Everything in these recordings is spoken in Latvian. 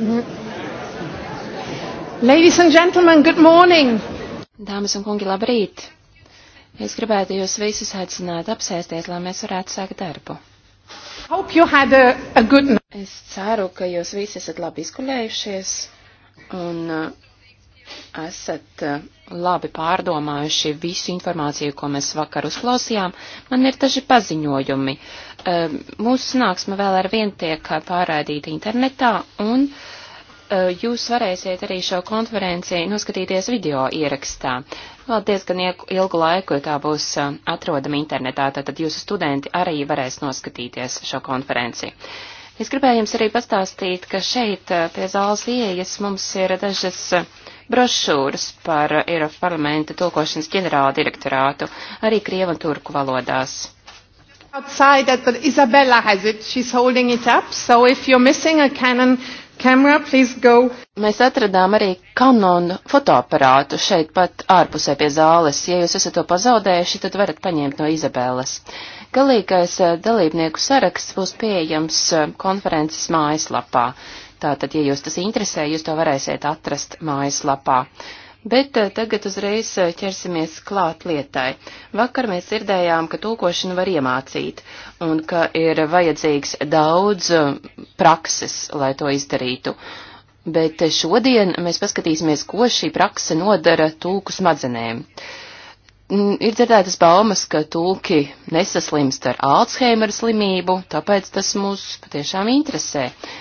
Mhm. Ladies and gentlemen, good morning! Dāmas un kungi, labrīt! Es gribētu jūs visus aicināt apsēsties, lai mēs varētu sākt darbu. Hope you had a, a good... Es ceru, ka jūs visi esat labi izkuļējušies un uh, esat eh, labi pārdomājuši visu informāciju, ko mēs vakar uzklausījām. Man ir daži paziņojumi. Eh, mūsu sanāksme vēl ar vien tiek pārraidīta internetā, un eh, jūs varēsiet arī šo konferenci noskatīties video ierakstā. Vēl diezgan ilgu laiku tā būs atrodama internetā, tātad jūsu studenti arī varēs noskatīties šo konferenci. Es gribēju jums arī pastāstīt, ka šeit pie zāles ieejas mums ir dažas uh, brošūras par Eiropas parlamenta tulkošanas ģenerāla direktorātu arī krievu un turku valodās. Outside that, but Isabella has it. She's holding it up. So if you're missing a Canon camera, please go. Mēs atradām arī Canon fotoaparātu šeit pat ārpusē pie zāles. Ja jūs esat to pazaudējuši, tad varat paņemt no Izabēlas. Galīgais eh, dalībnieku saraksts būs pieejams eh, konferences mājaslapā. Tātad, ja jūs tas interesē, jūs to varēsiet atrast mājaslapā. Bet eh, tagad uzreiz eh, ķersimies klāt lietai. Vakar mēs dzirdējām, ka tūkošanu var iemācīt un ka ir vajadzīgs daudz eh, prakses, lai to izdarītu. Bet šodien mēs paskatīsimies, ko šī prakse nodara tūku smadzenēm. Ir dzirdētas baumas, ka tūki nesaslimst ar Alzheimera slimību, tāpēc tas mūs patiešām interesē. Uh,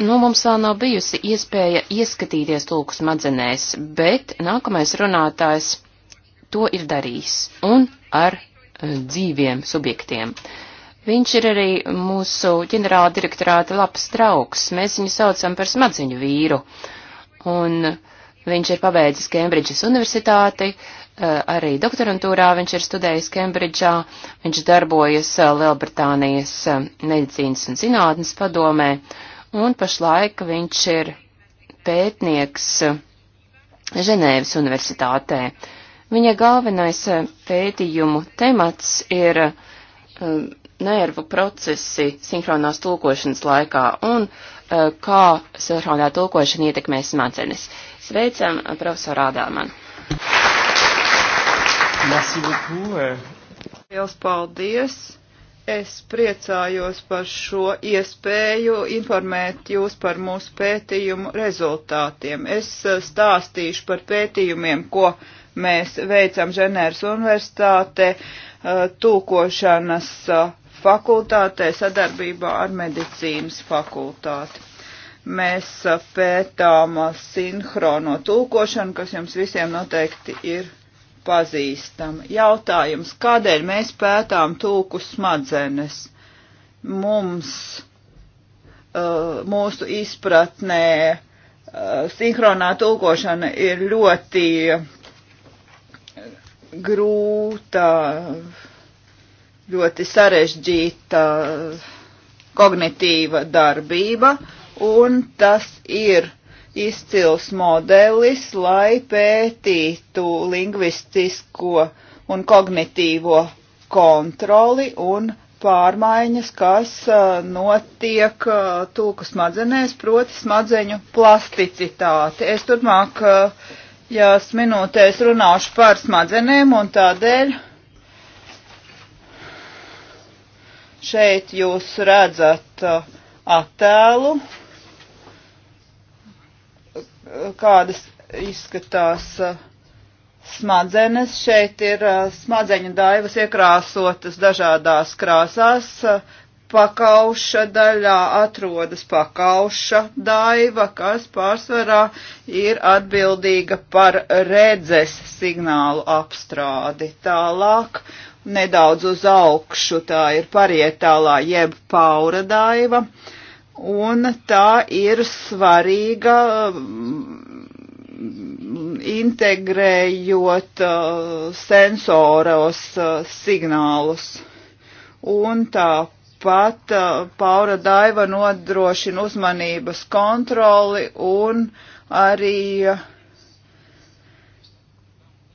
Nu, mums vēl nav bijusi iespēja ieskatīties tulku smadzenēs, bet nākamais runātājs to ir darījis un ar e, dzīviem subjektiem. Viņš ir arī mūsu ģenerāla direktorāta labs draugs. Mēs viņu saucam par smadziņu vīru. Un viņš ir pabeidzis Kembridžas universitāti, e, arī doktorantūrā viņš ir studējis Kembridžā. Viņš darbojas e, Lielbritānijas medicīnas un zinātnes padomē un pašlaik viņš ir pētnieks Ženēvas universitātē. Viņa galvenais eh, pētījumu temats ir uh, nervu procesi sinhronās tulkošanas laikā un uh, kā sinhronā tulkošana ietekmēs smadzenes. Sveicam profesoru Ādāmanu. Merci beaucoup. Liels paldies. Es priecājos par šo iespēju informēt jūs par mūsu pētījumu rezultātiem. Es eh, stāstīšu par pētījumiem, ko mēs veicam Ženēras universitāte eh, tūkošanas eh, fakultātē sadarbībā ar medicīnas fakultāti. Mēs pētām sinhrono tūkošanu, kas jums visiem noteikti ir pazīstama. Jautājums, kādēļ mēs pētām tūku smadzenes? Mums, uh, mūsu izpratnē, uh, sinhronā tulkošana ir ļoti grūta, ļoti sarežģīta kognitīva darbība, un tas ir izcils modelis, lai pētītu lingvistisko un kognitīvo kontroli un pārmaiņas, kas notiek tulku smadzenēs, proti smadzeņu plasticitāti. Es turpmāk jās minūtēs runāšu par smadzenēm un tādēļ šeit jūs redzat attēlu. Uh, kādas izskatās smadzenes. Šeit ir smadzeņu daivas iekrāsotas dažādās krāsās. Pakauša daļā atrodas pakauša daiva, kas pārsvarā ir atbildīga par redzes signālu apstrādi. Tālāk nedaudz uz augšu tā ir parietālā jeb paura daiva. Uh, un tā ir svarīga mm, integrējot uh, sensoros uh, signālus. Un tāpat uh, Paura Daiva nodrošina uzmanības kontroli un arī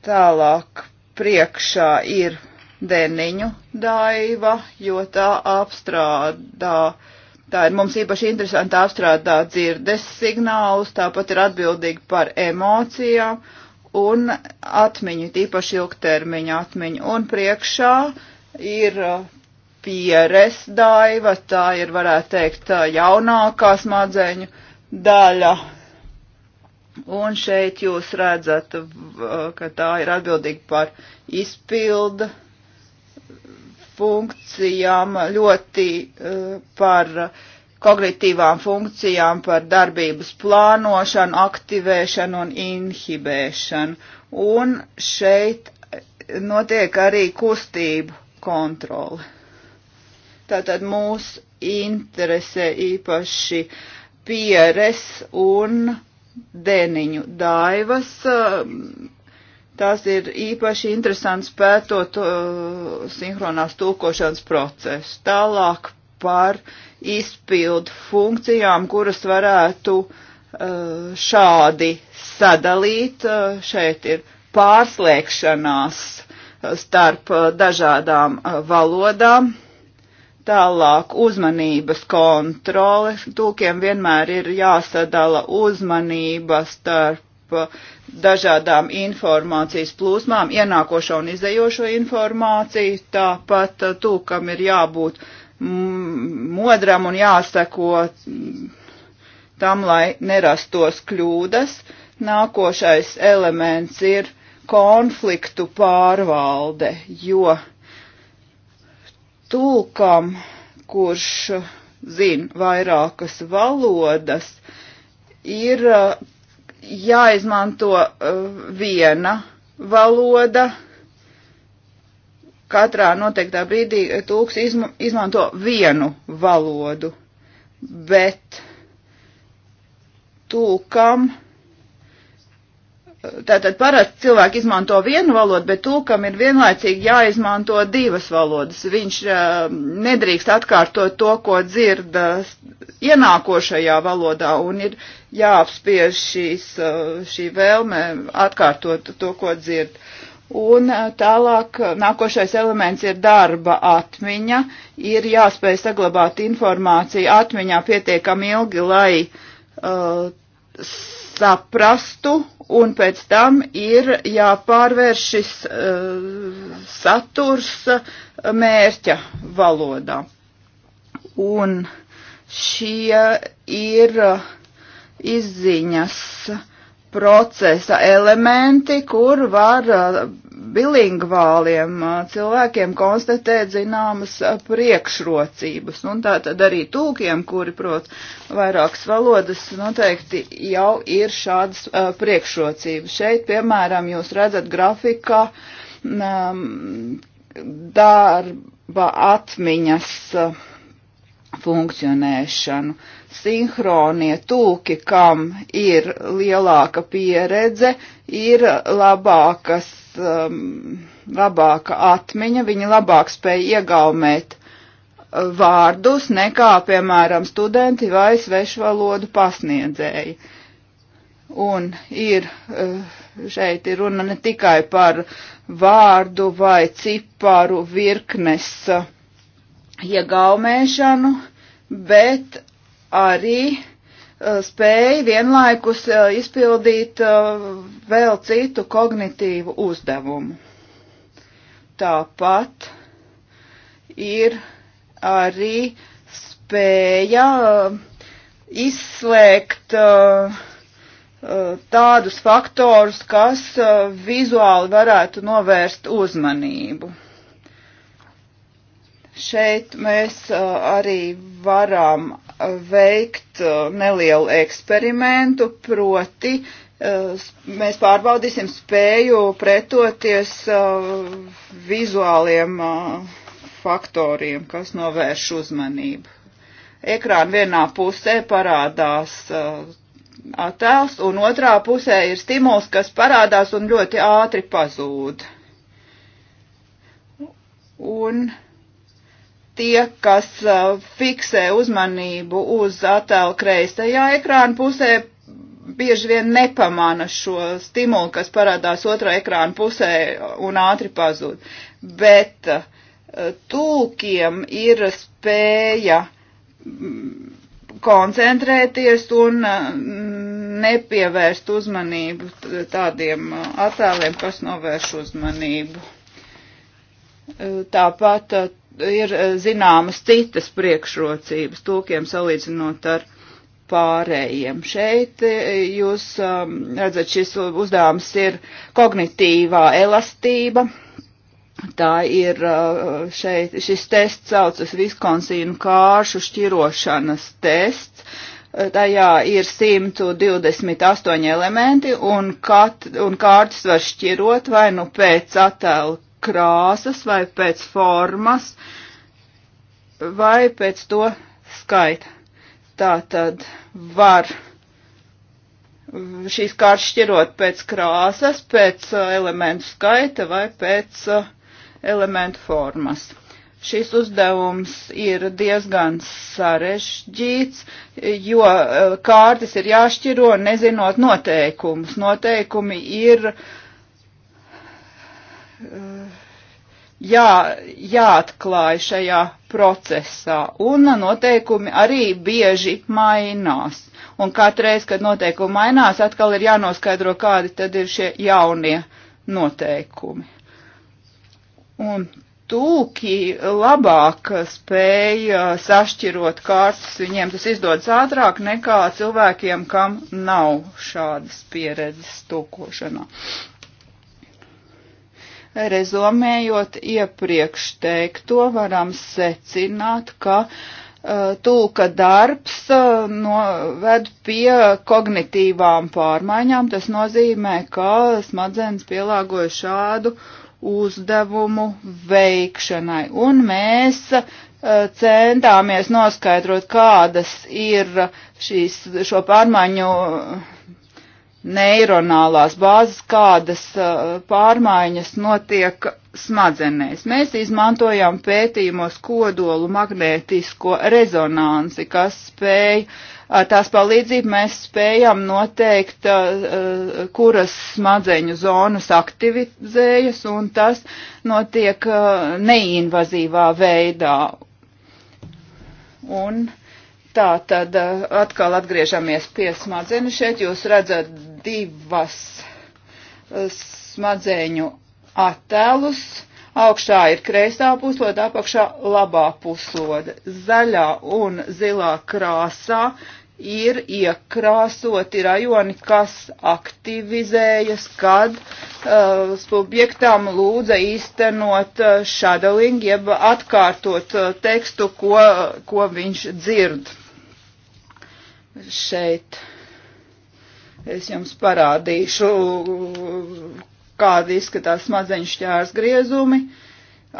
tālāk priekšā ir deniņu daiva, jo tā apstrādā uh, Tā ir mums īpaši interesanti apstrādāt dzirdes signālus, tāpat ir atbildīgi par emocijām un atmiņu, tīpaši ilgtermiņa atmiņu. Un priekšā ir uh, pieres daiva, tā ir, varētu teikt, jaunākā smadzeņu daļa. Un šeit jūs redzat, uh, ka tā ir atbildīga par izpildu funkcijām, ļoti eh, par kognitīvām funkcijām, par darbības plānošanu, aktivēšanu un inhibēšanu. Un šeit notiek arī kustību kontrole. Tātad mūs interesē īpaši pieres un deniņu daivas. Uh, Tās ir īpaši interesants pētot uh, sinhronās tulkošanas procesu. Tālāk par izpildu funkcijām, kuras varētu uh, šādi sadalīt. Uh, šeit ir pārslēgšanās uh, starp uh, dažādām uh, valodām. Tālāk uzmanības kontrole. Tūkiem vienmēr ir jāsadala uzmanība starp dažādām informācijas plūsmām, ienākošo un izējošo informāciju, tāpat eh, tūkam ir jābūt mm, modram un jāseko mm, tam, lai nerastos kļūdas. Nākošais elements ir konfliktu pārvalde, jo tulkam, kurš zina vairākas valodas, ir eh, jāizmanto uh, viena valoda. Katrā noteiktā brīdī eh, tūks izmanto vienu valodu, bet tūkam Tātad parasti cilvēki izmanto vienu valodu, bet tūkam ir vienlaicīgi jāizmanto divas valodas. Viņš uh, nedrīkst atkārtot to, ko dzird uh, ienākošajā valodā, un ir jāapspiež šīs, uh, šī vēlme atkārtot to, ko dzird. Un tālāk nākošais elements ir darba atmiņa. Ir jāspēj saglabāt informāciju atmiņā pietiekami ilgi, lai uh, saprastu, un pēc tam ir jāpārvērš šis uh, saturs eh, mērķa valodā. Un šie ir eh, izziņas uh, procesa elementi, kur var uh, bilingvāliem uh, cilvēkiem konstatēt zināmas uh, priekšrocības. Nu, un tā tad arī tūkiem, kuri prot vairākas valodas, noteikti jau ir šādas priekšrocības. Šeit, piemēram, jūs redzat grafikā um, darba atmiņas funkcionēšanu sinhronie tūki, kam ir lielāka pieredze, ir labākas, um, labāka atmiņa, viņi labāk spēja iegaumēt uh, vārdus nekā, piemēram, studenti vai svešvalodu pasniedzēji. Un ir, uh, šeit ir runa ne tikai par vārdu vai ciparu virknes uh, iegaumēšanu, bet arī eh, spēja vienlaikus eh, izpildīt eh, vēl citu kognitīvu uzdevumu. Tāpat ir arī spēja izslēgt tādus faktorus, kas vizuāli varētu novērst uzmanību. Šeit mēs uh, arī varam uh, veikt uh, nelielu eksperimentu, proti mēs pārbaudīsim spēju pretoties vizuāliem faktoriem, kas novērš uzmanību. Ekrāna vienā pusē parādās attēls, un otrā pusē ir stimuls, kas parādās un ļoti ātri pazūd. Un tie, kas uh, fiksē uzmanību uz attēlu kreisajā ekrāna pusē, bieži vien nepamana šo stimulu, kas parādās otrā ekrāna pusē un ātri pazūd. Bet uh, tulkiem ir spēja mm, koncentrēties un uh, nepievērst uzmanību tādiem attēliem, kas novērš uzmanību. Tāpat ir eh, zināmas citas priekšrocības tūkiem salīdzinot ar pārējiem. Šeit eh, jūs um, redzat, šis uzdevums ir kognitīvā elastība. Tā ir uh, šeit, šis tests saucas Viskonsīnu kāršu šķirošanas tests. Tajā ir 128 elementi un, kat, un kārtas var šķirot vai nu pēc attēlu krāsas vai pēc formas vai pēc to skaita. Tā tad var šīs kārtas šķirot pēc krāsas, pēc uh, elementu skaita vai pēc uh, elementu formas. Šis uzdevums ir diezgan sarežģīts, jo uh, kārtas ir jāšķiro nezinot noteikumus. Noteikumi ir uh, Eh, jā, jāatklāj šajā procesā, un noteikumi arī bieži mainās. Un katreiz, kad noteikumi mainās, atkal ir jānoskaidro, kādi tad ir šie jaunie noteikumi. Un tūki labāk spēja eh, sašķirot kārtas, viņiem tas izdodas ātrāk nekā cilvēkiem, kam nav šādas pieredzes tūkošanā. Uh, Rezumējot iepriekš teikto, varam secināt, ka uh, tulka darbs uh, noved pie kognitīvām pārmaiņām. Tas nozīmē, ka smadzenes pielāgoja šādu uzdevumu veikšanai. Un mēs uh, centāmies noskaidrot, kādas ir šīs, šo pārmaiņu neironālās bāzes, kādas uh, pārmaiņas notiek smadzenēs. Mēs izmantojam pētījumos kodolu magnētisko rezonansi, kas spēj, tās palīdzību mēs spējam noteikt, uh, uh, kuras smadzeņu zonas aktivizējas, un tas notiek neinvazīvā veidā. Un, Tā tad atkal atgriežamies pie smadzenes. Šeit jūs redzat divas eh, smadzeņu attēlus. Augšā ir kreisā puslode, apakšā labā puslode. Zaļā un zilā krāsā ir iekrāsoti rajoni, kas aktivizējas, kad uh, subjektam lūdza īstenot uh, shadowing, jeb atkārtot uh, tekstu, ko, ko viņš dzird. Šeit. Uh, Es jums parādīšu, kāda izskatās smadzeņu šķērs griezumi.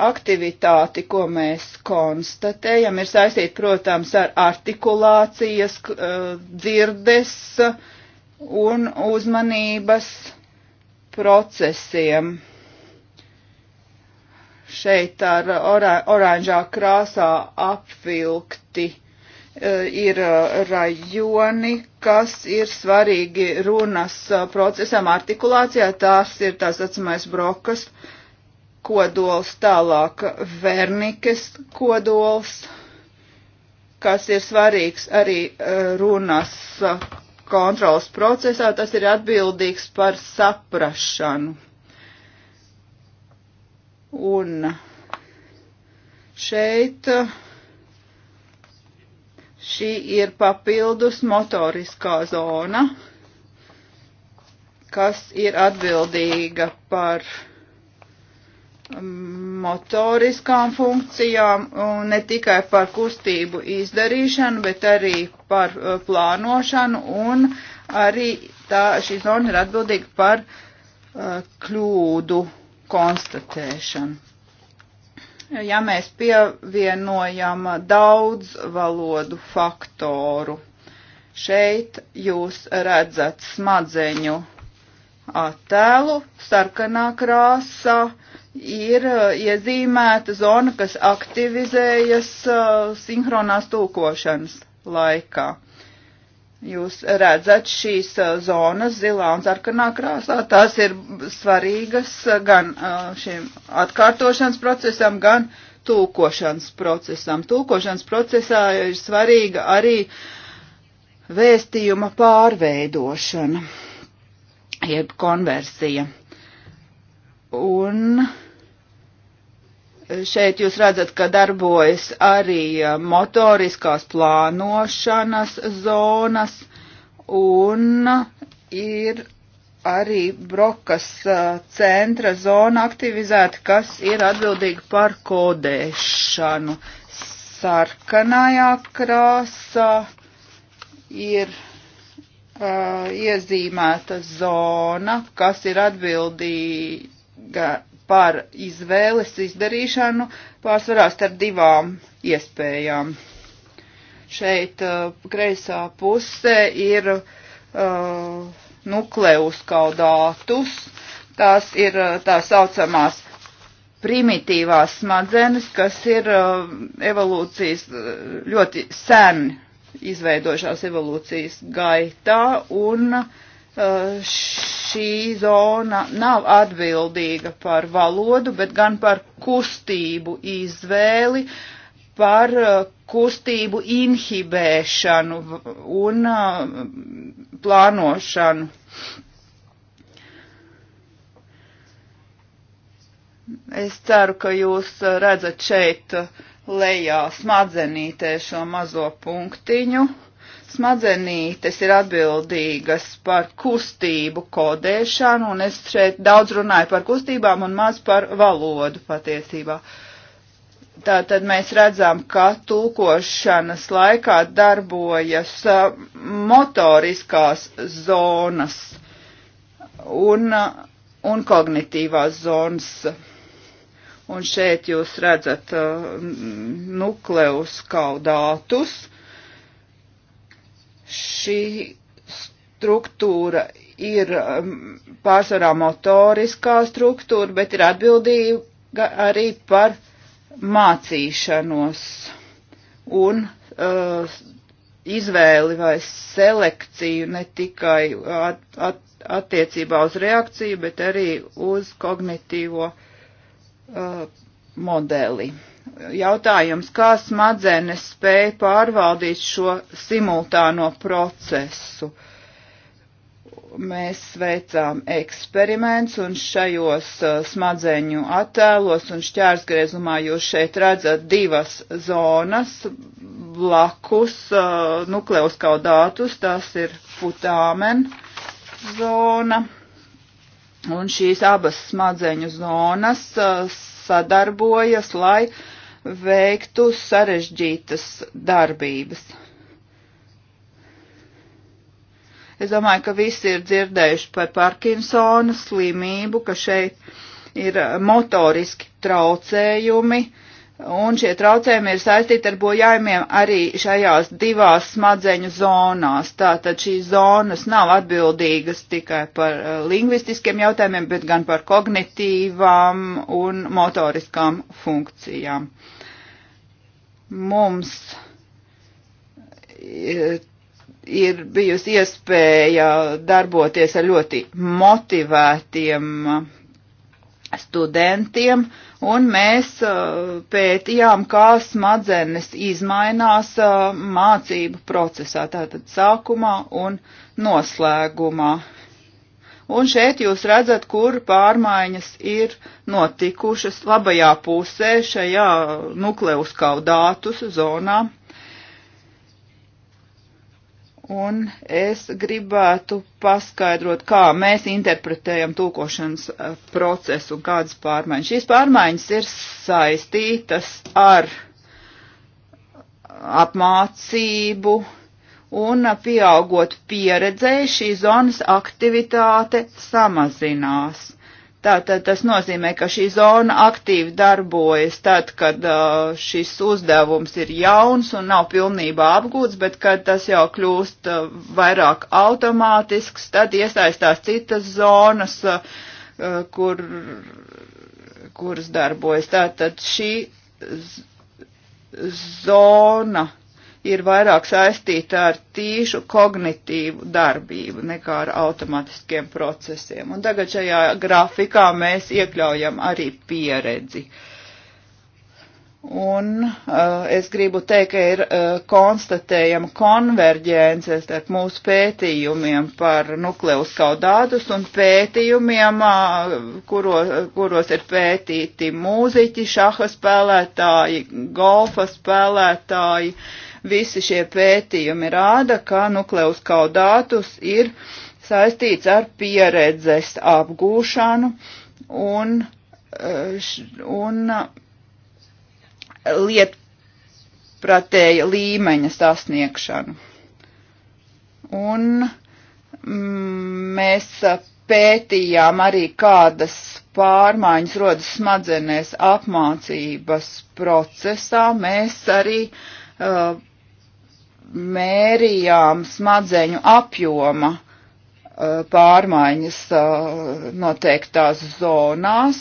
Aktivitāti, ko mēs konstatējam, ir saistīta, protams, ar artikulācijas, e, dzirdes un uzmanības procesiem šeit ar orā, oranžā krāsā apvilkti Eh, ir eh, rajoni, kas ir svarīgi runas eh, procesam artikulācijā. Tās ir tās atsamais brokas kodols, tālāk vernikes kodols, kas ir svarīgs arī runas kontrolas procesā. Tas ir atbildīgs par saprašanu. Un šeit uh, Šī ir papildus motoriskā zona, kas ir atbildīga par mm, motoriskām funkcijām, ne tikai par kustību izdarīšanu, bet arī par eh, plānošanu, un arī tā, šī zona ir atbildīga par uh, kļūdu konstatēšanu ja mēs pievienojam daudz valodu faktoru. Šeit jūs redzat smadzeņu attēlu, sarkanā krāsā ir uh, iezīmēta zona, kas aktivizējas uh, sinhronās tūkošanas laikā. Jūs redzat šīs uh, zonas zilā un sarkanā krāsā, tās ir svarīgas gan uh, šiem atkārtošanas procesam, gan tulkošanas procesam. Tulkošanas procesā ir svarīga arī vēstījuma pārveidošana, jeb konversija. Un Šeit jūs redzat, ka darbojas arī motoriskās plānošanas zonas un ir arī Brokas centra zona aktivizēta, kas ir atbildīga par kodēšanu. Sarkanajā krāsā ir uh, iezīmēta zona, kas ir atbildīga par izvēles izdarīšanu pārsvarā starp divām iespējām. Šeit uh, kreisā pusē ir uh, nukleuskaldatus. Tās ir uh, tā saucamās primitīvās smadzenes, kas ir uh, evolūcijas uh, ļoti sen izveidošās evolūcijas gaitā un uh, Eh, šī zona nav atbildīga par valodu, bet gan par kustību izvēli, par eh, kustību inhibēšanu un eh, plānošanu. Es ceru, ka jūs redzat šeit lejā smadzenītē šo mazo punktiņu. Uh, smadzenītes ir atbildīgas par kustību kodēšanu, un es šeit daudz runāju par kustībām un maz par valodu patiesībā. Tātad mēs redzam, ka tulkošanas laikā darbojas motoriskās zonas un, un kognitīvās zonas. Un šeit jūs redzat uh, nukleus kaudātus, uh, Šī struktūra ir um, pārsvarā motoriskā struktūra, bet ir atbildīga arī par mācīšanos un uh, izvēli vai selekciju ne tikai at, at, attiecībā uz reakciju, bet arī uz kognitīvo uh, modeli jautājums, kā smadzenes spēja pārvaldīt šo simultāno procesu. Mēs veicām eksperiments un šajos uh, smadzeņu attēlos un šķērsgriezumā jūs šeit redzat divas zonas blakus uh, nukleoskaudātus, tas ir putāmen zona. Un šīs abas smadzeņu zonas uh, sadarbojas, lai uh, veiktu sarežģītas darbības. Es domāju, ka visi ir dzirdējuši par Parkinsona slimību, ka šeit ir motoriski traucējumi, un šie traucējumi ir saistīti ar bojājumiem arī šajās divās smadzeņu zonās. Tātad šīs zonas nav atbildīgas tikai par eh, lingvistiskiem jautājumiem, bet gan par kognitīvām un motoriskām funkcijām. Uh, mums e, ir bijusi iespēja darboties ar ļoti motivētiem studentiem, un mēs e, pētījām, kā smadzenes izmainās e, mācību procesā, tātad sākumā un noslēgumā. Un šeit jūs redzat, kur pārmaiņas ir notikušas labajā pusē šajā nukleuskaudātus zonā. Un es gribētu paskaidrot, kā mēs interpretējam tūkošanas eh, procesu un kādas pārmaiņas. Šīs pārmaiņas ir saistītas ar eh, apmācību, uh, un pieaugot pieredzei, šī zonas aktivitāte samazinās. Tātad tas nozīmē, ka šī zona aktīvi darbojas tad, kad uh, šis uzdevums ir jauns un nav pilnībā apgūts, bet kad tas jau kļūst uh, vairāk automātisks, tad iesaistās citas zonas, uh, uh kur, kuras darbojas. Tātad šī zona ir vairāk saistīta ar tīšu kognitīvu darbību nekā ar automatiskiem procesiem. Un tagad šajā grafikā mēs iekļaujam arī pieredzi. Un uh, es gribu teikt, ka ir uh, konstatējama konverģence starp mūsu pētījumiem par nukleoskaudādus un pētījumiem, uh, kuro, kuros ir pētīti mūziķi, šaha spēlētāji, golfa spēlētāji, uh, Visi šie pētījumi rāda, ka nukleus kaudātus ir saistīts ar pieredzes apgūšanu un, eh, un eh, lietpratēja līmeņa sasniegšanu. Un mm, mēs pētījām arī, kādas pārmaiņas rodas smadzenēs apmācības procesā. Mēs arī uh, mērījām smadzeņu apjoma eh, pārmaiņas eh, noteiktās zonās.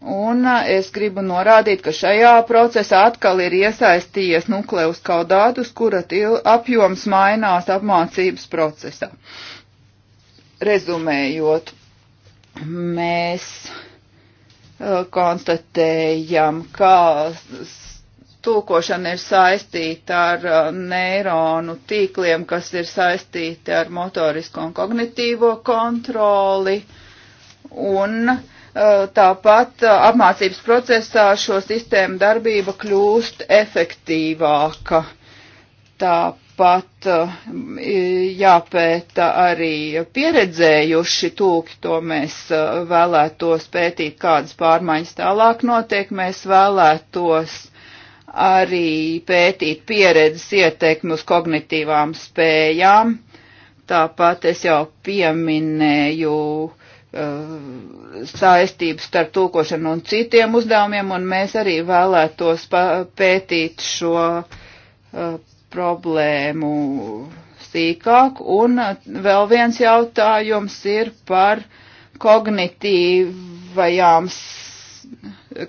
Un eh, es gribu norādīt, ka šajā procesā atkal ir iesaistījies nukleus kaudātus, kura apjoms mainās apmācības procesā. Rezumējot, mēs konstatējam, ka tulkošana ir saistīta ar uh, neironu tīkliem, kas ir saistīti ar motorisko un kognitīvo kontroli. Un uh, tāpat uh, apmācības procesā šo sistēmu darbība kļūst efektīvāka. Tāpat jāpēta arī pieredzējuši tūki, to mēs vēlētos pētīt, kādas pārmaiņas tālāk notiek. Mēs vēlētos arī pētīt pieredzes ieteikumu uz kognitīvām spējām. Tāpat es jau pieminēju uh, saistības starp tūkošanu un citiem uzdevumiem, un mēs arī vēlētos pētīt šo uh, problēmu sīkāk. Un uh, vēl viens jautājums ir par kognitīvajām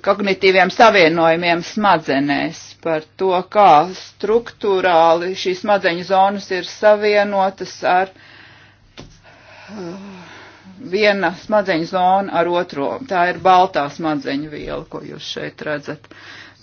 kognitīviem savienojumiem smadzenēs, par to, kā struktūrāli šīs smadzeņu zonas ir savienotas ar uh, viena smadzeņu zona ar otro. Tā ir baltā smadzeņu viela, ko jūs šeit redzat.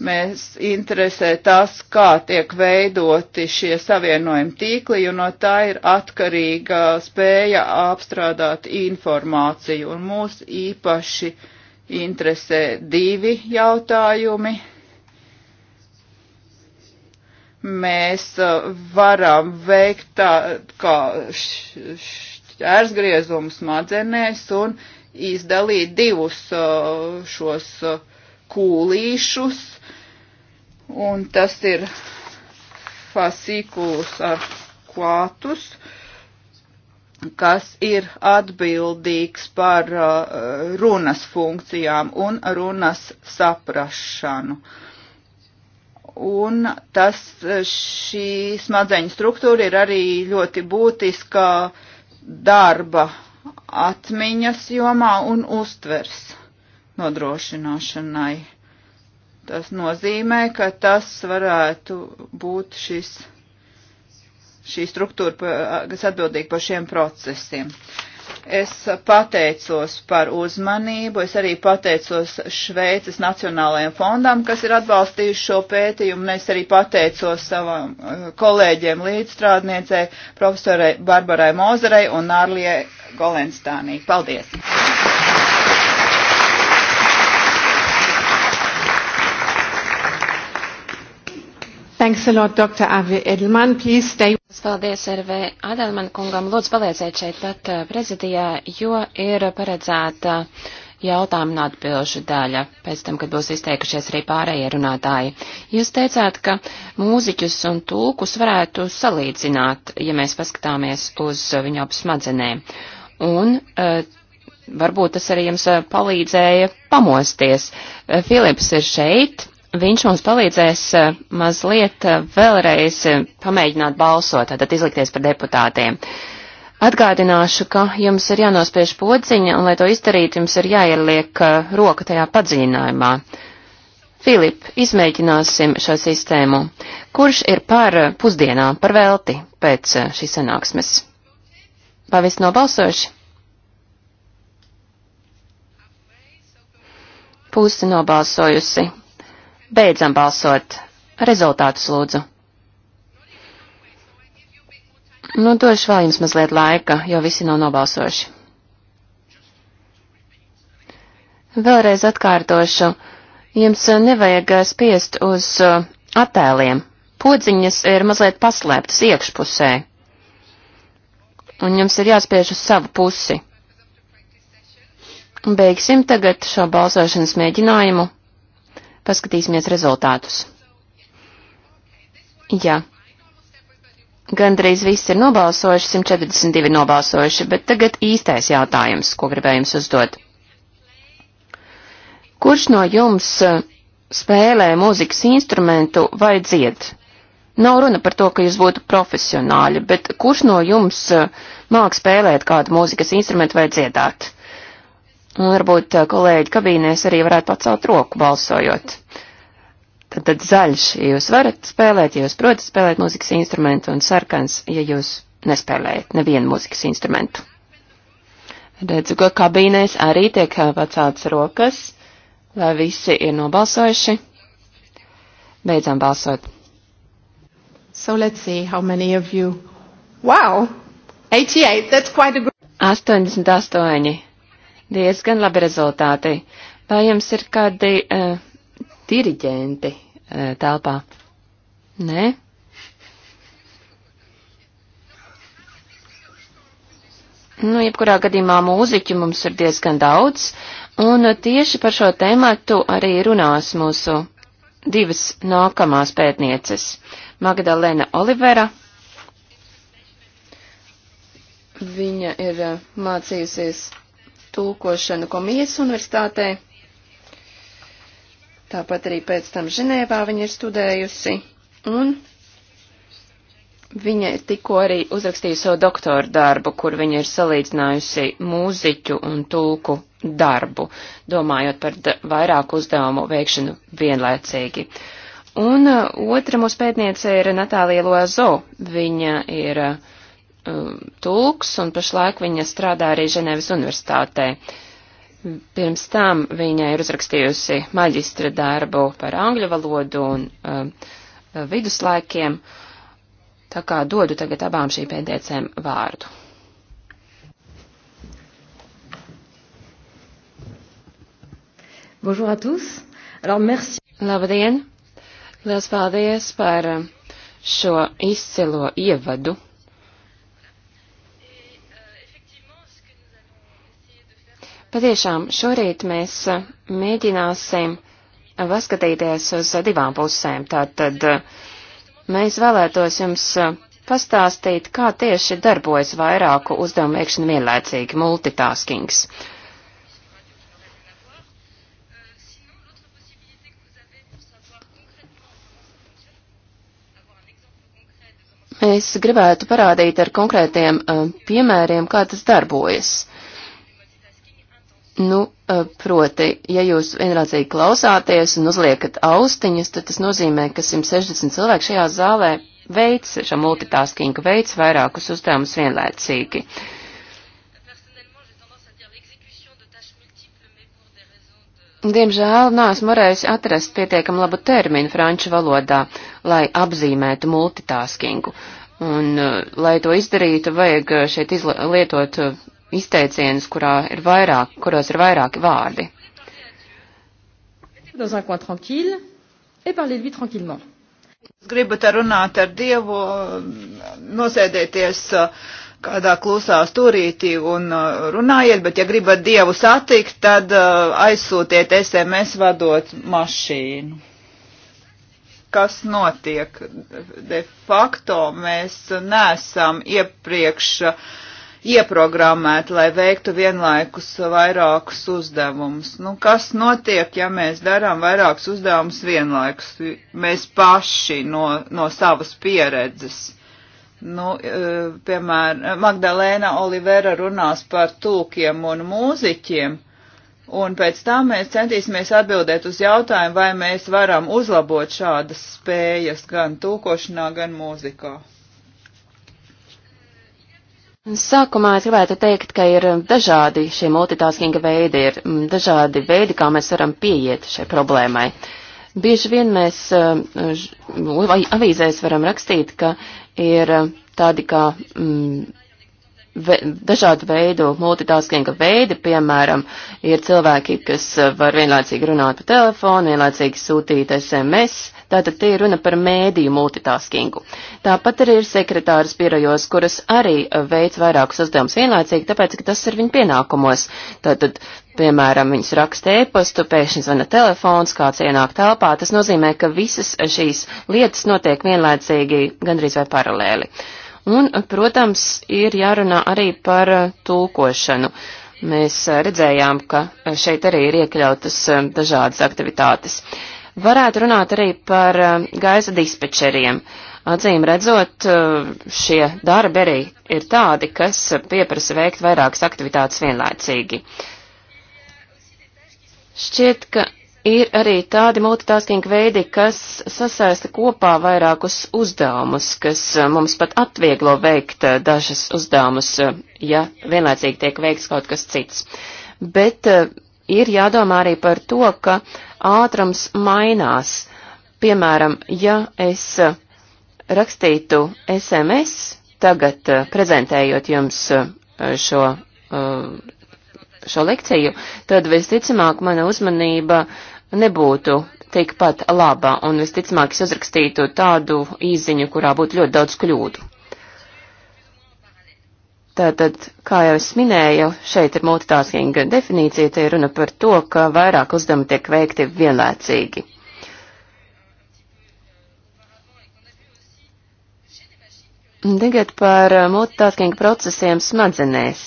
Mēs interesē tas, kā tiek veidoti šie savienojumi tīkli, jo no tā ir atkarīga spēja apstrādāt informāciju, un mūs īpaši uh, interesē divi jautājumi. Mēs uh, varam veikt tā kā šķērsgriezumu smadzenēs un izdalīt divus uh, šos uh, kūlīšus, un tas ir fasīkulus ar kvātus. Uh, kas ir atbildīgs par uh, runas funkcijām un runas saprašanu. Un tas, šī smadzeņu struktūra ir arī ļoti būtiska darba atmiņas jomā un uztvers nodrošināšanai. Tas nozīmē, ka tas varētu būt šis šī struktūra, kas atbildīga par šiem procesiem. Es pateicos par uzmanību, es arī pateicos Šveices Nacionālajiem fondam, kas ir atbalstījuši šo pētījumu, un es arī pateicos savam eh, kolēģiem līdzstrādniecei, profesorai Barbarai Mozarei un Nārlijai Golenstānī. Paldies! Thanks a lot, Dr. Avi Edelman. Please stay. Paldies, Erve Adelman kungam. Lūdzu, palieciet šeit pat eh, prezidijā, jo ir paredzēta jautājumu un atbilžu daļa, pēc tam, kad būs izteikušies arī pārējie runātāji. Jūs teicāt, ka mūziķus un tulkus varētu salīdzināt, ja mēs paskatāmies uz viņu ap smadzenēm. Un eh, varbūt tas arī jums eh, palīdzēja pamosties. Filips ir šeit viņš mums palīdzēs e, mazliet e, vēlreiz e, pamēģināt balsot, tātad izlikties par deputātiem. Atgādināšu, ka jums ir jānospiež podziņa, un, lai to izdarītu, jums ir jāieliek roka tajā padziļinājumā. Filip, izmēģināsim šo sistēmu. Kurš ir par pusdienām, par velti pēc šīs sanāksmes? Vai viss nobalsojuši? Pusi nobalsojusi. Beidzam balsot. Rezultātus lūdzu. Nu, došu vēl jums mazliet laika, jo visi nav nobalsojuši. Vēlreiz atkārtošu, jums nevajag spiest uz uh, attēliem. Podziņas ir mazliet paslēptas iekšpusē, un jums ir jāspiež uz savu pusi. Beigsim tagad šo balsošanas mēģinājumu. Paskatīsimies rezultātus. Jā. Gandrīz viss ir nobalsojuši, 142 nobalsojuši, bet tagad īstais jautājums, ko gribēju jums uzdot. Kurš no jums eh, spēlē mūzikas instrumentu vai dzied? Nav runa par to, ka jūs būtu profesionāļi, bet kurš no jums eh, māk spēlēt kādu mūzikas instrumentu vai dziedāt? Uh, Un varbūt eh, kolēģi kabīnēs arī varētu pacelt roku balsojot. Tad, tad zaļš, ja jūs varat spēlēt, ja jūs protat spēlēt mūzikas instrumentu, un sarkans, ja jūs nespēlējat nevienu mūzikas instrumentu. Redzu, ka kabīnēs arī tiek eh, paceltas rokas, lai visi ir nobalsojuši. Beidzam balsot. So let's see how many of you. Wow! 88, that's quite a good. 88 diezgan labi rezultāti. Vai jums ir kādi uh, diriģenti uh, telpā? Nē? Nu, jebkurā gadījumā mūziķu mums ir diezgan daudz, un tieši par šo tēmatu arī runās mūsu divas nākamās pētnieces - Magdalena Olivera. Viņa ir eh, mācījusies tulkošanu Komijas universitātē. Tāpat arī pēc tam Ženēvā viņa ir studējusi. Un viņa tikko arī uzrakstīja savu doktoru darbu, kur viņa ir salīdzinājusi mūziķu un tulku darbu, domājot par vairāku uzdevumu veikšanu vienlaicīgi. Un uh, otra mūsu pētniece ir Natālija Loazo. Viņa ir uh, Um, tulks, un pašlaik viņa strādā arī Ženēvas universitātē. Pirms tam viņa ir uzrakstījusi maģistra darbu par angļu valodu un uh, viduslaikiem, tā kā dodu tagad abām šī pēdējiem vārdu. Bonjour à tous. Alors, merci. Labdien! Liels paldies par šo izcilo ievadu Patiešām šorīt mēs eh, mēģināsim paskatīties uz divām pusēm. Tātad eh, mēs vēlētos jums eh, pastāstīt, kā tieši darbojas vairāku uzdevumu veikšana vienlaicīgi, multitaskings. Mēs gribētu parādīt ar konkrētiem uh, piemēriem, kā tas darbojas. Nu, eh, proti, ja jūs vienlaicīgi klausāties un uzliekat austiņas, tad tas nozīmē, ka 160 cilvēku šajā zālē veids šo multitaskingu, veids vairākus uzdevumus vienlaicīgi. Diemžēl nāsmu varējusi atrast pietiekam labu terminu franču valodā, lai apzīmētu multitaskingu. Un, eh, lai to izdarītu, vajag eh, šeit lietot izteicienus, kurā ir vairāk, kuros ir vairāki vārdi. Jūs gribat runāt ar Dievu, nosēdieties kādā klusā stūrītī un uh, runājiet, bet ja gribat Dievu satikt, tad uh, aizsūtiet SMS vadot mašīnu kas notiek. De facto mēs nesam iepriekš uh, ieprogrammēti, lai veiktu vienlaikus vairākus uzdevumus. Nu, kas notiek, ja mēs darām vairākus uzdevumus vienlaikus? Mēs paši no, no savas pieredzes. Nu, e, piemēram, Magdalēna Olivera runās par tūkiem un mūziķiem. Un pēc tam mēs centīsimies atbildēt uz jautājumu, vai mēs varam uzlabot šādas spējas gan tūkošanā, gan mūzikā. Sākumā es gribētu teikt, ka ir um, dažādi šie multitaskinga veidi, ir um, dažādi veidi, kā mēs varam pieiet šai problēmai. Bieži vien mēs uh, avīzēs varam rakstīt, ka ir tādi kā mm, ve, dažādu veidu multitaskinga veidi, piemēram, ir cilvēki, kas uh, var vienlaicīgi runāt pa telefonu, vienlaicīgi sūtīt SMS, Tātad te ir runa par mēdīju multitaskingu. Tāpat arī ir sekretāras birojos, kuras arī veic vairākus uzdevumus vienlaicīgi, tāpēc, ka tas ir viņu pienākumos. Tātad, piemēram, viņas raksta e-pastu, pēkšņi zvana telefons, kāds ienāk telpā. Tas nozīmē, ka visas šīs lietas notiek vienlaicīgi gandrīz vai paralēli. Un, protams, ir jārunā arī par tulkošanu. Mēs redzējām, ka šeit arī ir iekļautas dažādas aktivitātes. Varētu runāt arī par eh, gaisa dispečeriem. Acīm redzot, eh, šie darbi arī ir tādi, kas pieprasa veikt vairākas aktivitātes vienlaicīgi. Šķiet, ka ir arī tādi multitasking veidi, kas sasaista kopā vairākus uzdevumus, kas eh, mums pat atvieglo veikt dažas uzdevumus, ja vienlaicīgi tiek veikts kaut kas cits. Bet ir jādomā arī par to, ka ātrums mainās. Piemēram, ja es eh, rakstītu SMS tagad eh, prezentējot jums eh, šo, šo lekciju, tad visticamāk mana uzmanība nebūtu tikpat laba, un visticamāk es uzrakstītu tādu īziņu, kurā būtu ļoti daudz kļūdu. Tātad, kā jau es minēju, šeit ir multitasking definīcija, te ir runa par to, ka vairāk uzdevumi tiek veikti vienlaicīgi. Tagad par multitasking procesiem smadzenēs,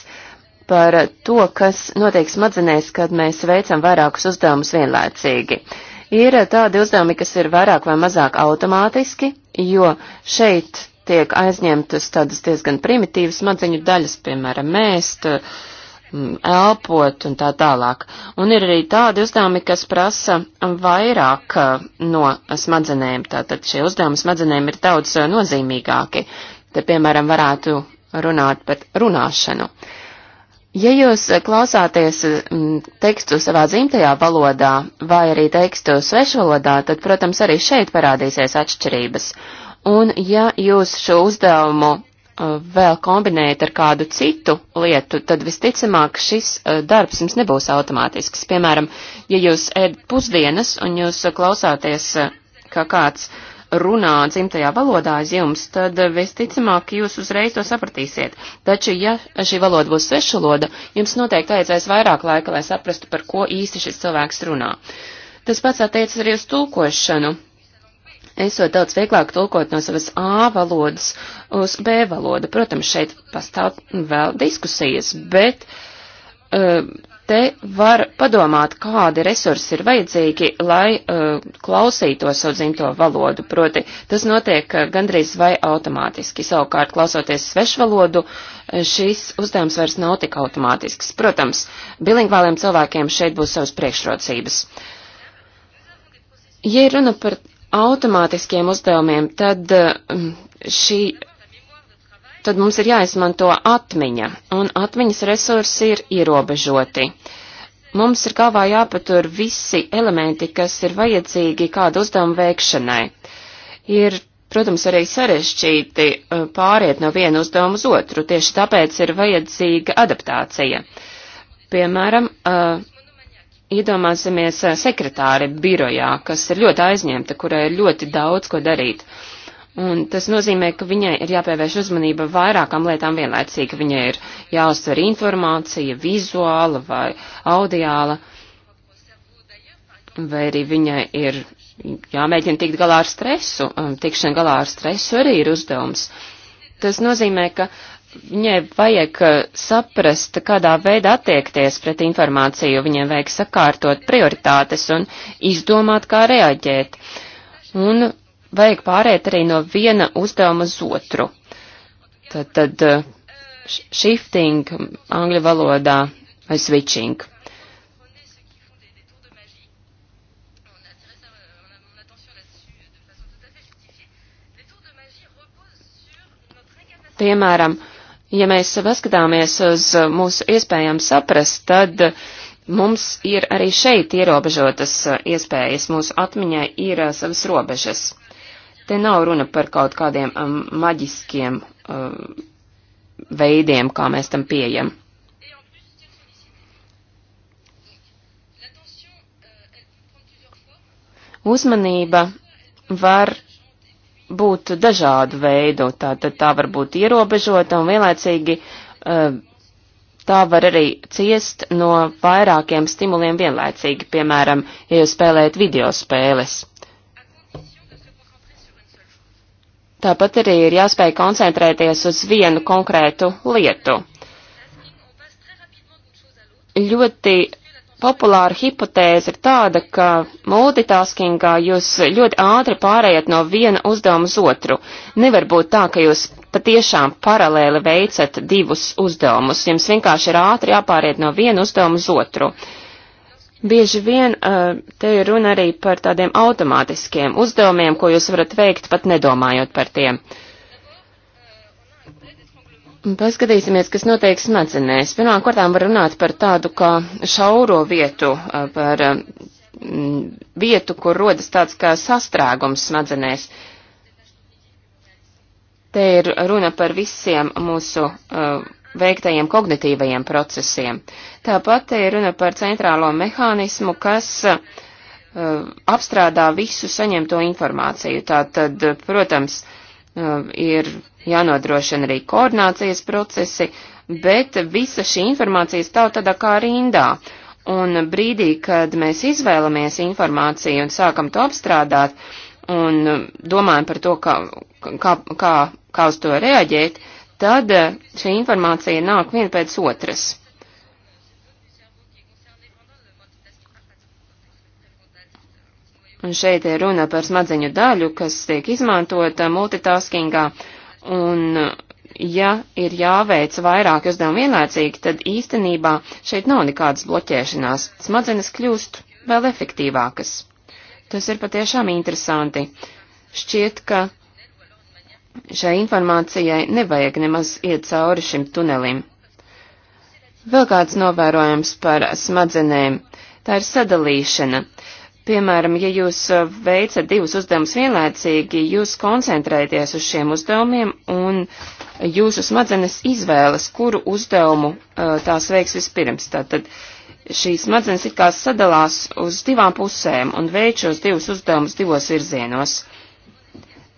par to, kas notiek smadzenēs, kad mēs veicam vairākus uzdevumus vienlaicīgi. Ir tādi uzdevumi, kas ir vairāk vai mazāk automātiski, jo šeit tiek aizņemtas tādas diezgan primitīvas smadzeņu daļas, piemēram, mēst, mm, elpot un tā tālāk. Un ir arī tādi uzdevumi, kas prasa vairāk eh, no smadzenēm, tātad šie uzdevumi smadzenēm ir daudz eh, nozīmīgāki. Te, piemēram, varētu runāt par runāšanu. Ja jūs klausāties mm, tekstu savā dzimtajā valodā vai arī tekstu svešvalodā, tad, protams, arī šeit parādīsies atšķirības. Un ja jūs šo uzdevumu uh, vēl kombinējat ar kādu citu lietu, tad visticamāk šis uh, darbs jums nebūs automātisks. Piemēram, ja jūs ēdat pusdienas un jūs klausāties, uh, kā kāds runā dzimtajā valodā aiz jums, tad visticamāk jūs uzreiz to sapratīsiet. Taču, ja šī valoda būs svešvaloda, jums noteikti vajadzēs vairāk laika, lai saprastu, par ko īsti šis cilvēks runā. Tas pats attiecas arī uz tulkošanu esot daudz vieglāk tulkot no savas A valodas uz B valodu. Protams, šeit pastāv vēl diskusijas, bet uh, te var padomāt, kādi resursi ir vajadzīgi, lai uh, eh, klausītos savu dzimto valodu. Proti, tas notiek eh, gandrīz vai automātiski. Savukārt, klausoties svešvalodu, šis uzdevums vairs nav tik automātisks. Protams, bilingvāliem cilvēkiem šeit būs savas priekšrocības. Ja runa par automātiskiem uzdevumiem, tad eh, šī tad mums ir jāizmanto atmiņa, un atmiņas resursi ir ierobežoti. Mums ir galvā jāpatur visi elementi, kas ir vajadzīgi kādu uzdevumu veikšanai. Ir, protams, arī sarežģīti eh, pāriet no viena uzdevuma uz otru, tieši tāpēc ir vajadzīga adaptācija. Piemēram, uh, iedomāsimies eh, sekretāri birojā, kas ir ļoti aizņemta, kurai ir ļoti daudz ko darīt. Un tas nozīmē, ka viņai ir jāpievērš uzmanība vairākām lietām vienlaicīgi. Viņai ir jāuztver informācija, vizuāla vai audiāla, vai arī viņai ir jāmēģina tikt galā ar stresu. Um, tikšana galā ar stresu arī ir uzdevums. Tas nozīmē, ka viņai vajag uh, saprast, kādā veidā attiekties pret informāciju, viņai vajag sakārtot prioritātes un izdomāt, kā reaģēt. Un vajag pāriet arī no viena uzdevuma uz otru. Tad, tad uh, shifting um, angļu valodā vai switching. Piemēram, uh, Ja mēs paskatāmies uz mūsu iespējām saprast, tad mums ir arī šeit ierobežotas iespējas, mūsu atmiņai ir savas robežas. Te nav runa par kaut kādiem um, maģiskiem uh, veidiem, kā mēs tam pieejam. Uzmanība var būt dažādu veidu, tā, tad tā var būt ierobežota un vienlaicīgi eh, tā var arī ciest no vairākiem stimuliem vienlaicīgi, piemēram, ja jūs spēlējat video spēles. Tāpat arī ir jāspēj koncentrēties uz vienu konkrētu lietu. Ļoti populāra hipotēze ir tāda, ka multitaskingā jūs ļoti ātri pārējat no viena uzdevuma uz otru. Nevar būt tā, ka jūs patiešām paralēli veicat divus uzdevumus. Jums vienkārši ir ātri jāpāriet no viena uzdevuma uz otru. Bieži vien eh, te ir runa arī par tādiem automātiskiem uzdevumiem, ko jūs varat veikt pat nedomājot par tiem. Uh, Paskatīsimies, kas notiek smadzenēs. Pirmām kārtām var runāt par tādu kā šauro vietu, par vietu, kur rodas tāds kā sastrēgums smadzenēs. Te ir runa par visiem mūsu uh, veiktajiem kognitīvajiem procesiem. Tāpat te ir runa par centrālo mehānismu, kas uh, apstrādā visu saņemto informāciju. Tātad, protams, uh, ir jānodrošina arī koordinācijas procesi, bet visa šī informācija stāv tādā kā rindā. Un brīdī, kad mēs izvēlamies informāciju un sākam to apstrādāt un domājam par to, kā, kā, kā, kā uz to reaģēt, tad šī informācija nāk viena pēc otras. Un šeit ir runa par smadzeņu daļu, kas tiek izmantota multitaskingā. Uh, Un, ja ir jāveic vairāk uzdevumu vienlaicīgi, tad īstenībā šeit nav nekādas bloķēšanās. Smadzenes kļūst vēl efektīvākas. Tas ir patiešām interesanti. Šķiet, ka šai informācijai nevajag nemaz iet cauri šim tunelim. Vēl kāds novērojums par smadzenēm. Tā ir sadalīšana. Piemēram, ja jūs uh, veicat divus uzdevumus vienlaicīgi, jūs koncentrēties uz šiem uzdevumiem un jūsu smadzenes izvēlas, kuru uzdevumu uh, tās veiks vispirms. Tātad šīs smadzenes it kā sadalās uz divām pusēm un veic šos divus uzdevumus divos virzienos.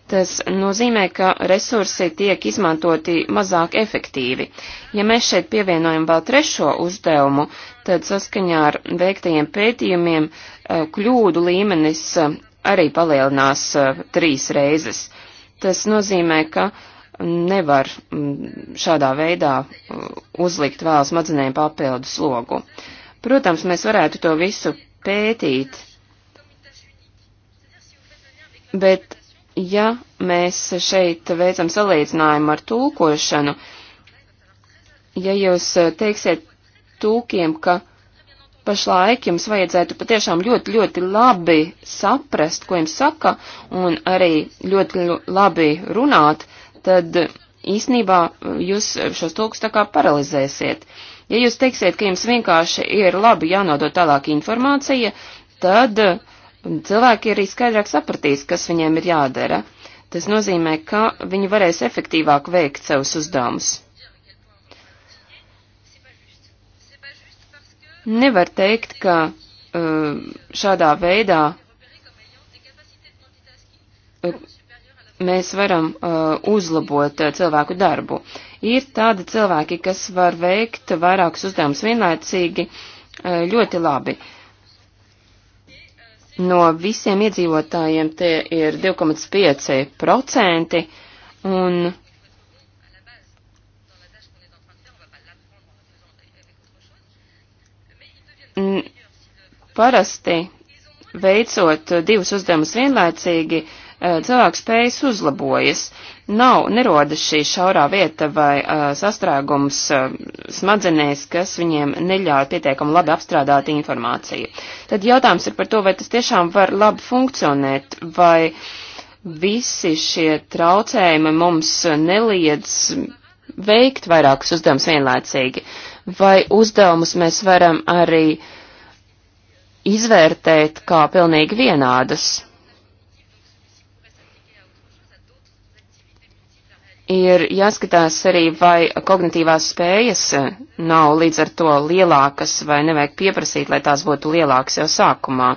Tas nozīmē, ka resursi tiek izmantoti mazāk efektīvi. Ja mēs šeit pievienojam vēl trešo uzdevumu, tad saskaņā ar veiktajiem pētījumiem eh, kļūdu līmenis eh, arī palielinās eh, trīs reizes. Tas nozīmē, ka nevar mm, šādā veidā uzlikt vēl smadzenēm papildu slogu. Protams, mēs varētu to visu pētīt, bet ja mēs šeit veicam salīdzinājumu ar tulkošanu, ja jūs teiksiet tūkiem, ka pašlaik jums vajadzētu patiešām ļoti, ļoti labi saprast, ko jums saka, un arī ļoti labi runāt, tad īsnībā jūs šos tulkus tā kā paralizēsiet. Ja jūs teiksiet, ka jums vienkārši ir labi jānodot tālāk informācija, tad uh, cilvēki arī skaidrāk sapratīs, kas viņiem ir jādara. Tas nozīmē, ka viņi varēs efektīvāk veikt savus uzdevumus. Nevar teikt, ka uh, šādā veidā uh, mēs varam uh, uzlabot cilvēku darbu. Ir tādi cilvēki, kas var veikt vairākus uzdevumus vienlaicīgi ļoti labi. Uh, no visiem iedzīvotājiem tie ir 2,5%, un parasti veicot divus uzdevumus vienlaicīgi, eh, cilvēks spējas uzlabojas nav, nerodas šī šaurā vieta vai uh, sastrēgums uh, smadzenēs, kas viņiem neļauj pietiekami labi apstrādāt informāciju. Tad jautājums ir par to, vai tas tiešām var labi funkcionēt, vai visi šie traucējumi mums neliedz veikt vairākus uzdevumus vienlaicīgi, vai uzdevumus mēs varam arī izvērtēt kā pilnīgi vienādas ir jāskatās arī, vai kognitīvās spējas eh, nav līdz ar to lielākas, vai nevajag pieprasīt, lai tās būtu lielākas jau sākumā.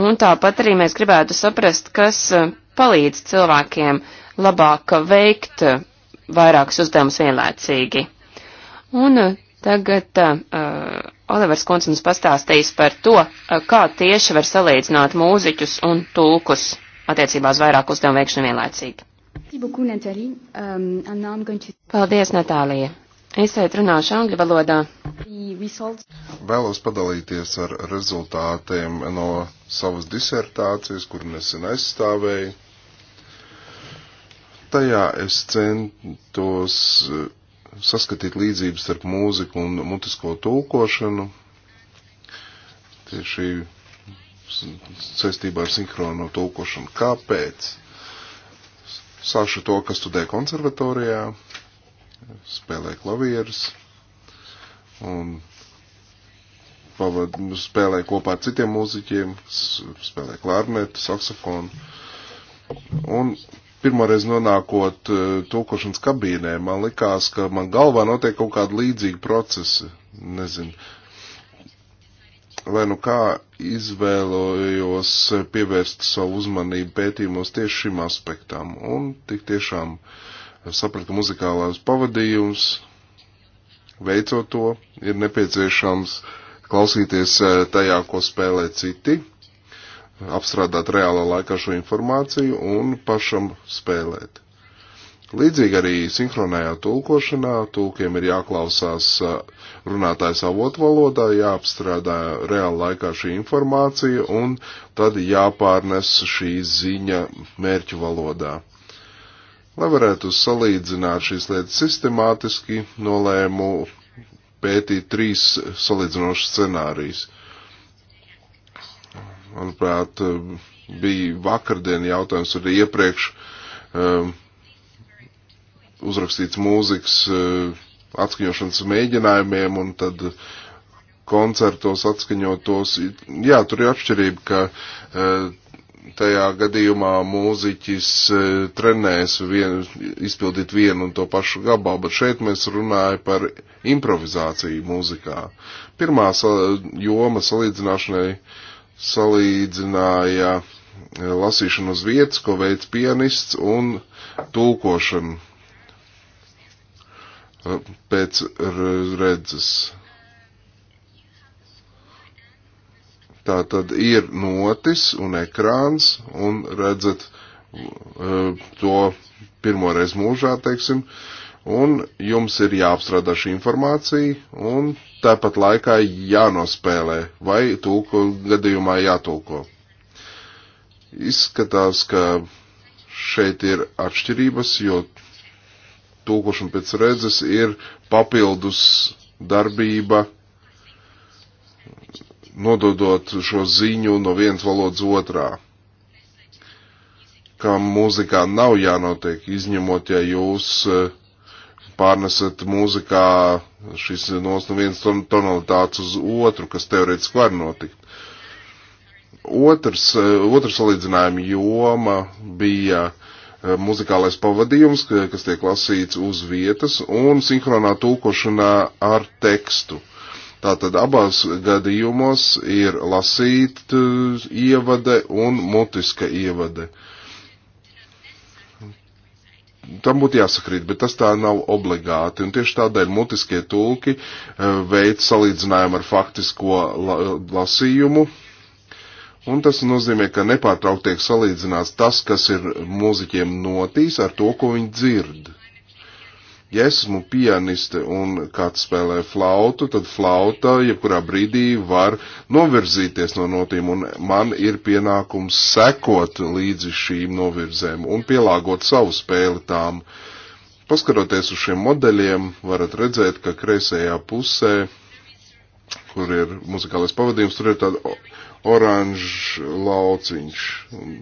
Un tāpat arī mēs gribētu saprast, kas eh, palīdz cilvēkiem labāk veikt eh, vairākus uzdevumus vienlaicīgi. Un tagad uh, Olivers Kunts mums pastāstīs par to, kā tieši var salīdzināt mūziķus un tulkus attiecībā uz vairāku uzdevumu veikšanu vienlaicīgi. Um, Paldies, Natālija! Es šeit runāšu angļu valodā. Vēlos padalīties ar rezultātiem no savas disertācijas, kur nesen aizstāvēju. Tajā es centos eh, saskatīt līdzības starp mūziku un mutisko tulkošanu. Tieši saistībā ar sinhrono tulkošanu. Kāpēc? Sāšu to, kas studē konservatorijā, spēlē klavierus un pavad, spēlē kopā ar citiem mūziķiem, spēlē klārnetu, saksofonu. Un pirmoreiz nonākot e, tulkošanas kabīnē, man likās, ka man galvā notiek kaut kādi līdzīgi procesi. Nezinu, lai nu kā izvēlojos pievērst savu uzmanību pētījumos tieši šim aspektam. Un tik tiešām sapratu, ka muzikālās pavadījums, veicot to, ir nepieciešams klausīties eh, tajā, ko spēlē citi, apstrādāt reālā laikā šo informāciju un pašam spēlēt. Līdzīgi arī sinhronējā tulkošanā tulkiem ir jāklausās runātājs avotu valodā, jāapstrādā reāli laikā šī informācija un tad jāpārnes šī ziņa mērķu valodā. Lai varētu salīdzināt šīs lietas sistemātiski, nolēmu pētīt trīs salīdzinošas scenārijas. Manuprāt, bija vakardien jautājums arī iepriekš. Um, uzrakstīts mūzikas e, atskaņošanas mēģinājumiem un tad koncertos atskaņotos. Jā, tur ir atšķirība, ka e, tajā gadījumā mūziķis e, trenēs vien, izpildīt vienu un to pašu gabalu, bet šeit mēs runājam par improvizāciju mūzikā. Pirmā joma salīdzināšanai salīdzināja lasīšanu uz vietas, ko veids pianists, un tulkošanu pēc redzes. Tā tad ir notis un ekrāns, un redzat uh, to pirmoreiz mūžā, teiksim, un jums ir jāapstrādā šī informācija, un tāpat laikā jānospēlē, vai tūko gadījumā jātūko. Izskatās, ka šeit ir atšķirības, jo tūkošana pēc redzes ir papildus darbība, nododot šo ziņu no vienas valodas otrā, kam mūzikā nav jānotiek, izņemot, ja jūs eh, pārnesat mūzikā šīs nos no vienas tonalitātes uz otru, kas teorētiski var notikt. Otrs, eh, otrs salīdzinājuma joma bija Eh, muzikālais pavadījums, kas tiek lasīts uz vietas, un sinhronā tūkošanā ar tekstu. Tātad abās gadījumos ir lasīt eh, ievade un mutiska ievade. Tam būtu jāsakrīt, bet tas tā nav obligāti, un tieši tādēļ mutiskie tulki eh, veic salīdzinājumu ar faktisko la lasījumu, Un tas nozīmē, ka nepārtraukt tiek salīdzināts tas, kas ir mūziķiem notīs, ar to, ko viņi dzird. Ja es esmu pianiste un kāds spēlē flautu, tad flauta jebkurā brīdī var novirzīties no notīm, un man ir pienākums sekot līdzi šīm novirzēm un pielāgot savu spēli tām. Paskaroties uz šiem modeļiem, varat redzēt, ka kreisajā pusē, kur ir muzikālais pavadījums, tur ir tāda oranžs lauciņš. Un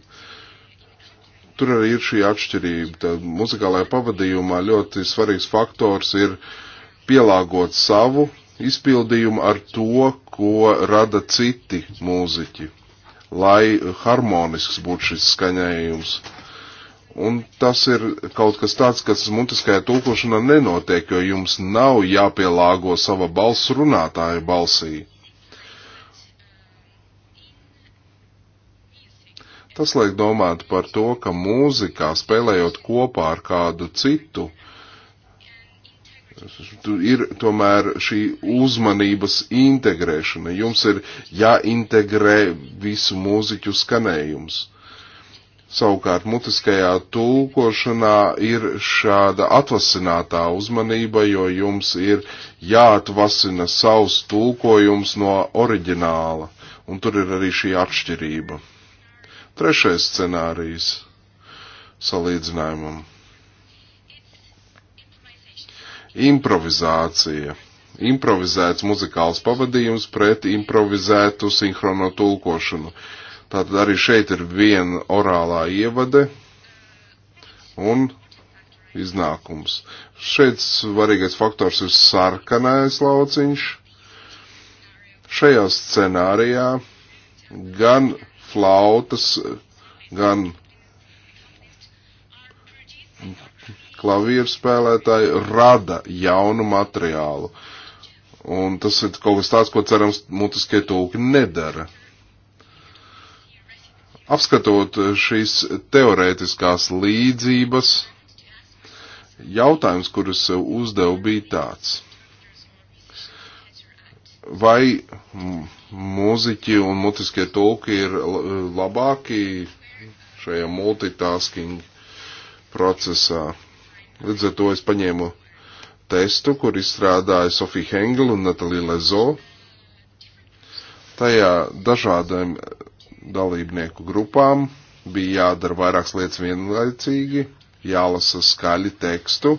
tur arī ir šī atšķirība. Tā muzikālajā pavadījumā ļoti svarīgs faktors ir pielāgot savu izpildījumu ar to, ko rada citi mūziķi, lai harmonisks būtu šis skaņējums. Un tas ir kaut kas tāds, kas mutiskajā tulkošanā nenotiek, jo jums nav jāpielāgo sava balss runātāja balsī. Tas liek domāt par to, ka mūzikā spēlējot kopā ar kādu citu, ir tomēr šī uzmanības integrēšana. Jums ir jāintegrē visu mūziķu skanējums. Savukārt mutiskajā tulkošanā ir šāda atvasinātā uzmanība, jo jums ir jāatvasina savs tulkojums no oriģināla, un tur ir arī šī atšķirība. Trešais scenārijs salīdzinājumam. Improvizācija. Improvizēts muzikāls pavadījums pret improvizētu sinhrono tulkošanu. Tātad arī šeit ir viena orālā ievade un iznākums. Šeit svarīgais faktors ir sarkanais lauciņš. Šajā scenārijā gan flautas, gan klavieru spēlētāji rada jaunu materiālu. Un tas ir kaut kas tāds, ko cerams mutiskie tulki nedara. Apskatot šīs teorētiskās līdzības, jautājums, kurus sev uzdevu, bija tāds. Vai mūziķi un mutiskie tulki ir labāki šajā multitasking procesā. Līdz ar to es paņēmu testu, kur izstrādāja Sofija Hengela un Natalija Lezo. Tajā dažādiem dalībnieku grupām bija jādara vairākas lietas vienlaicīgi, jālasa skaļi tekstu,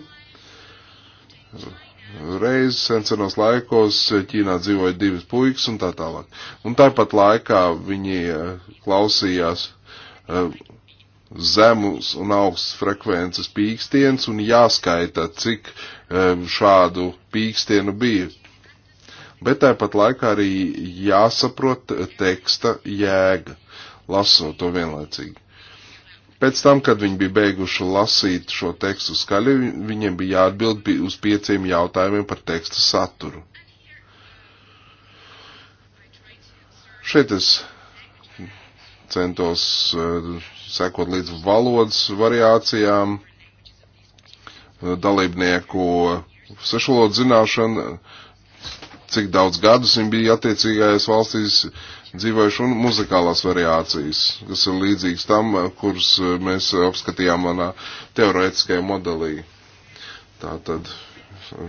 reiz senos laikos Ķīnā dzīvoja divas puikas un tā tālāk. Un tāpat laikā viņi eh, klausījās eh, zemus un augstas frekvences pīkstiens un jāskaita, cik eh, šādu pīkstienu bija. Bet tāpat laikā arī jāsaprot teksta jēga, lasot to vienlaicīgi. Pēc tam, kad viņi bija beiguši lasīt šo tekstu skaļi, viņiem bija jāatbild uz pieciem jautājumiem par teksta saturu. Šeit es centos eh, sekot līdz valodas variācijām, eh, dalībnieku sešvalodu zināšanu, cik daudz gadus viņi bija attiecīgajās valstīs dzīvojuši un muzikālās variācijas, kas ir līdzīgs tam, kurus eh, mēs apskatījām manā teorētiskajā modelī. Tātad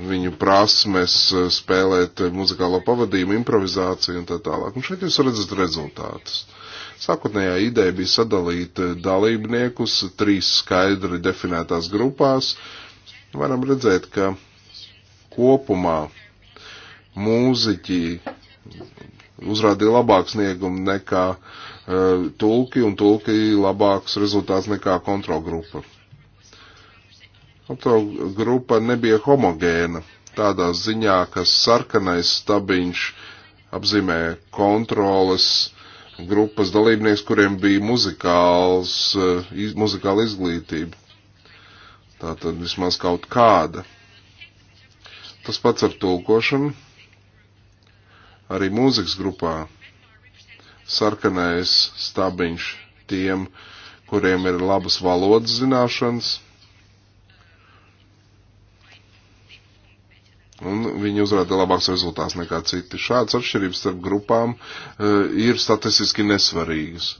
viņu prasmes eh, spēlēt muzikālo pavadījumu, improvizāciju un tā tālāk. Un šeit jūs redzat rezultātus. Sākotnējā ideja bija sadalīt eh, dalībniekus trīs skaidri definētās grupās. Varam redzēt, ka kopumā mūziķi uzrādīja labāku sniegumu nekā uh, tulki, un tulki labāks rezultāts nekā kontrolgrupa. Kontrolgrupa nebija homogēna tādā ziņā, ka sarkanais stabiņš apzīmē kontroles grupas dalībnieks, kuriem bija muzikāls, uh, iz, muzikāla izglītība. Tātad vismaz kaut kāda. Tas pats ar tulkošanu arī mūzikas grupā sarkanais stabiņš tiem, kuriem ir labas valodas zināšanas. Un viņi uzrāda labāks rezultāts nekā citi. Šādas atšķirības starp grupām uh, ir statistiski nesvarīgas.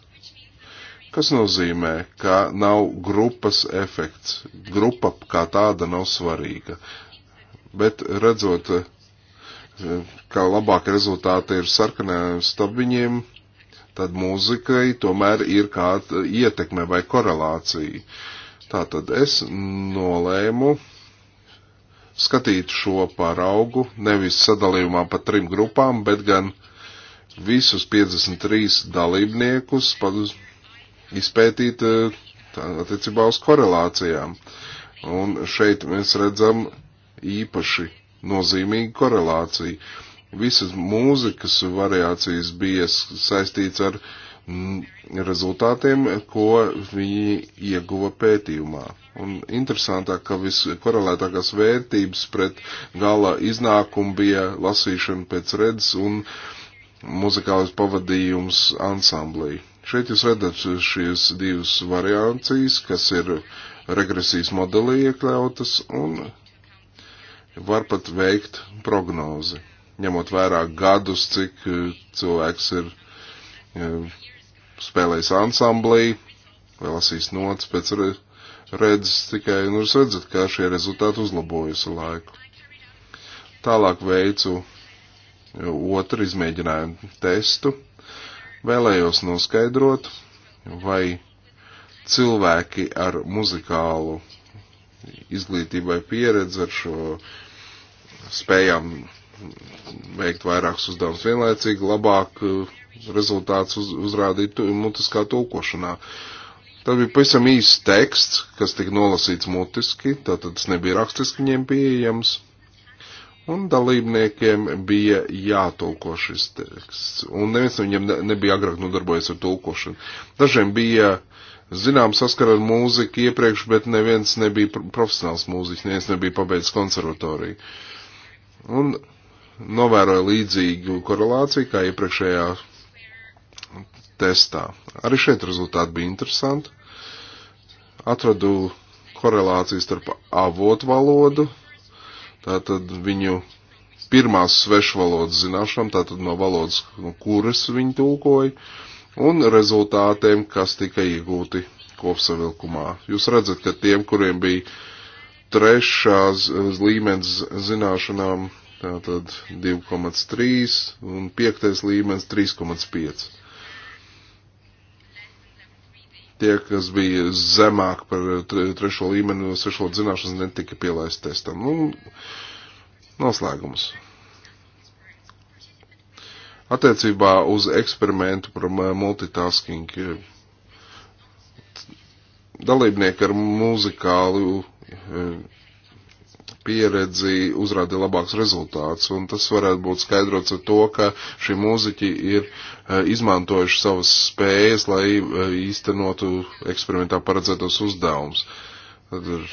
Kas nozīmē, ka nav grupas efekts. Grupa kā tāda nav svarīga. Bet redzot uh, kā labākie rezultāti ir sarkanajiem stabiņiem, tad mūzikai tomēr ir kāda ietekme vai korelācija. Tātad es nolēmu skatīt šo paraugu nevis sadalījumā pa trim grupām, bet gan visus 53 dalībniekus izpētīt attiecībā uz korelācijām. Un šeit mēs redzam īpaši nozīmīga korelācija. Visas mūzikas variācijas bija saistīts ar mm, rezultātiem, ko viņi ieguva pētījumā. Un interesantāk, ka viskorelētākās vērtības pret gala iznākumu bija lasīšana pēc redzes un muzikālais pavadījums ansamblī. Šeit jūs redzat šīs divas variācijas, kas ir regresijas modelī iekļautas, un var pat veikt prognozi, ņemot vērā gadus, cik eh, cilvēks ir eh, spēlējis ansamblī, vai lasījis nots pēc redzes tikai, nu, jūs redzat, kā šie rezultāti uzlabojas ar laiku. Tālāk veicu eh, otru izmēģinājumu testu. Vēlējos noskaidrot, vai cilvēki ar muzikālu izglītībai pieredzi ar šo uh, spējām veikt vairākus uzdevumus vienlaicīgi, labāk eh, rezultāts uz, uzrādīt mutiskā tulkošanā. Tad bija pavisam īsts teksts, kas tika nolasīts mutiski, tātad tas nebija rakstiski viņiem pieejams. Un dalībniekiem bija jātulko šis teksts. Un neviens no viņiem nebija agrāk nodarbojies ar tulkošanu. Dažiem bija zinām saskara ar mūziku iepriekš, bet neviens nebija profesionāls mūziķis, neviens nebija pabeidzis konservatoriju. Uh, Un novēroja līdzīgu korelāciju kā iepriekšējā testā. Arī šeit rezultāti bija interesanti. Atradu korelāciju starp avotu valodu, tātad viņu pirmās svešvalodas zināšanām, tātad no valodas, kuras viņi tulkoja, un rezultātiem, kas tika iegūti kopsavilkumā. Jūs redzat, ka tiem, kuriem bija trešās līmenis zināšanām tātad 2,3 un piektais līmenis 3,5. Tie, kas bija zemāk par trešo līmeni, sešo zināšanas netika pielaist testam. Nu, noslēgums. Attiecībā uz eksperimentu par multitasking dalībnieki ar muzikālu Eh, pieredzi uzrāda labāks rezultāts, un tas varētu būt skaidrots ar to, ka šie mūziķi ir eh, izmantojuši savas spējas, lai eh, īstenotu eksperimentā paredzētos uzdevumus. Tad ir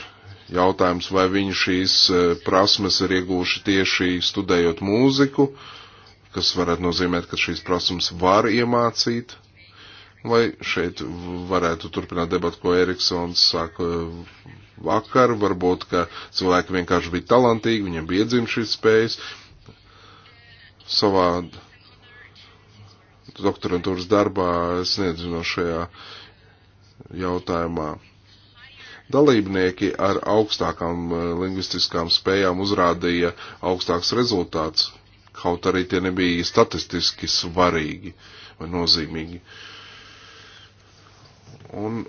jautājums, vai viņi šīs prasmes ir iegūši tieši studējot mūziku, kas varētu nozīmēt, ka šīs prasmes var iemācīt, vai šeit varētu turpināt debatu, ko Eriksons saka vakar, varbūt, ka cilvēki vienkārši bija talantīgi, viņiem bija iedzimšas spējas savā doktorantūras darbā sniedzu no šajā jautājumā. Dalībnieki ar augstākām eh, lingvistiskām spējām uzrādīja augstāks rezultāts, kaut arī tie nebija statistiski svarīgi vai nozīmīgi. Un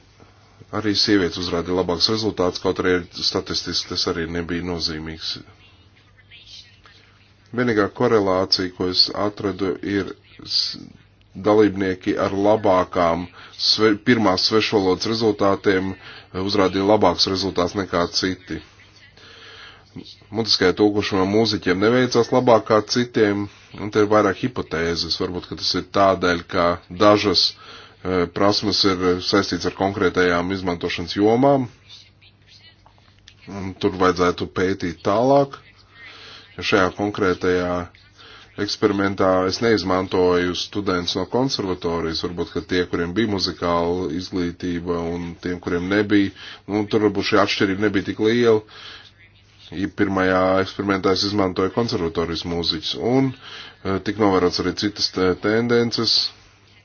Arī sievietes uzrādīja labāks rezultāts, kaut arī statistiski tas arī nebija nozīmīgs. Vienīgā korelācija, ko es atradu, ir dalībnieki ar labākām sve, pirmās svešvalodas rezultātiem eh, uzrādīja labāks rezultāts nekā citi. Mutiskajā tūkošanā mūziķiem neveicās labāk kā citiem, un te ir vairāk hipotēzes. Varbūt, ka tas ir tādēļ, ka dažas uh, Eh, prasmes ir eh, saistīts ar konkrētajām izmantošanas jomām. Un tur vajadzētu pētīt tālāk. Ja šajā konkrētajā eksperimentā es neizmantoju studentus no konservatorijas, varbūt, ka tie, kuriem bija muzikāla izglītība un tiem, kuriem nebija, nu, tur varbūt šī atšķirība nebija tik liela. Ja pirmajā eksperimentā es izmantoju konservatorijas mūziķus un eh, tik novērots arī citas tendences,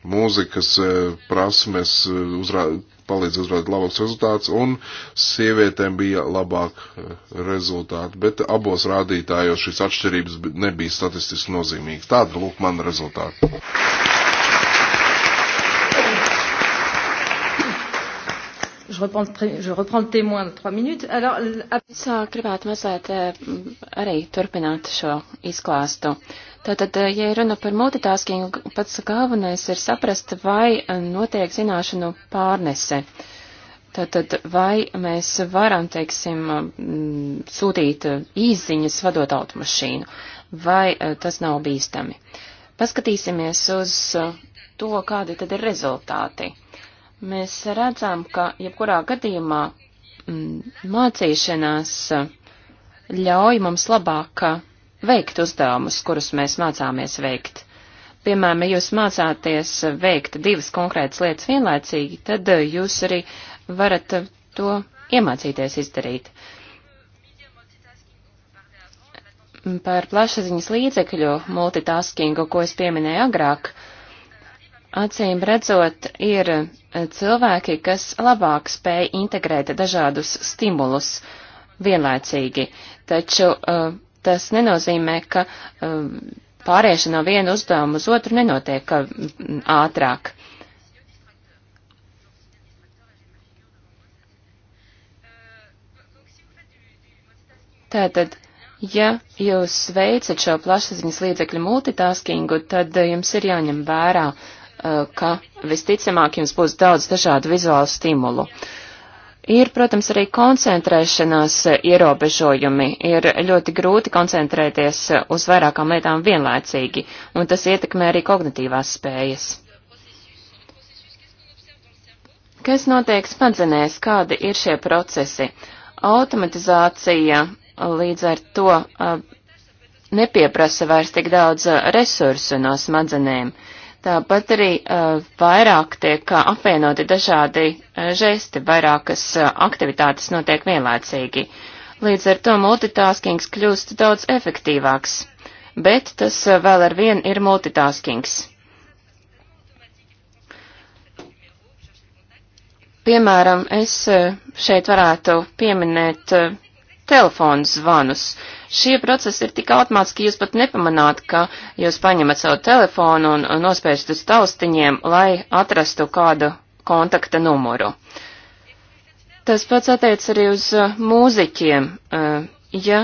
mūzikas eh, prasmes eh, uzrā, palīdz uzrādīt labāks rezultāts, un sievietēm bija labāk eh, rezultāti, bet abos rādītājos šīs atšķirības nebija statistiski nozīmīgas. Tāda lūk mana rezultāta. Je reprends, je reprends le témoin de trois minutes. Alors, es gribētu mazliet arī turpināt šo izklāstu. Uh, Tātad, eh, ja runa par multitaskingu, pats galvenais ir saprast, vai eh, notiek zināšanu pārnese. Tātad, vai mēs varam, teiksim, mm, sūtīt eh, īziņas vadot automašīnu, vai tas nav bīstami. Paskatīsimies uz to, kādi tad ir rezultāti. Mēs redzam, ka jebkurā gadījumā mm, mācīšanās ļauj mums labāk veikt uzdevumus, kurus mēs mācāmies veikt. Piemēram, ja jūs mācāties veikt divas konkrētas lietas vienlaicīgi, tad eh, jūs arī varat to iemācīties izdarīt. Par plašsaziņas līdzekļu multitaskingu, ko es pieminēju agrāk, acīm redzot, ir cilvēki, kas labāk spēj integrēt dažādus stimulus vienlaicīgi, taču uh, tas nenozīmē, ka um, pāriešana no viena uzdevuma uz otru nenotiek mm, ātrāk. Tātad, ja jūs veicat šo plašsaziņas līdzekļu multitaskingu, tad uh, jums ir jāņem vērā, uh, ka visticamāk jums būs daudz dažādu vizuālu stimulu. Uh, Ir, protams, arī koncentrēšanās eh, ierobežojumi. Ir ļoti grūti koncentrēties eh, uz vairākām lietām vienlaicīgi, un tas ietekmē arī kognitīvās spējas. Kas notiek smadzenēs, kādi ir šie procesi? Automatizācija līdz ar to eh, nepieprasa vairs tik daudz resursu no smadzenēm. Uh, Tāpat arī uh, vairāk tiek eh, apvienoti dažādi uh, žesti, vairākas uh, aktivitātes notiek vienlaicīgi. Līdz ar to multitaskings kļūst daudz efektīvāks, bet tas uh, vēl ar vien ir multitaskings. Piemēram, es šeit varētu pieminēt uh, telefonu zvanus. Šie procesi ir tik automātiski, jūs pat nepamanāt, ka jūs paņemat savu telefonu un nospiežat uz taustiņiem, lai atrastu kādu kontakta numuru. Tas pats attiec arī uz uh, mūziķiem. Uh, ja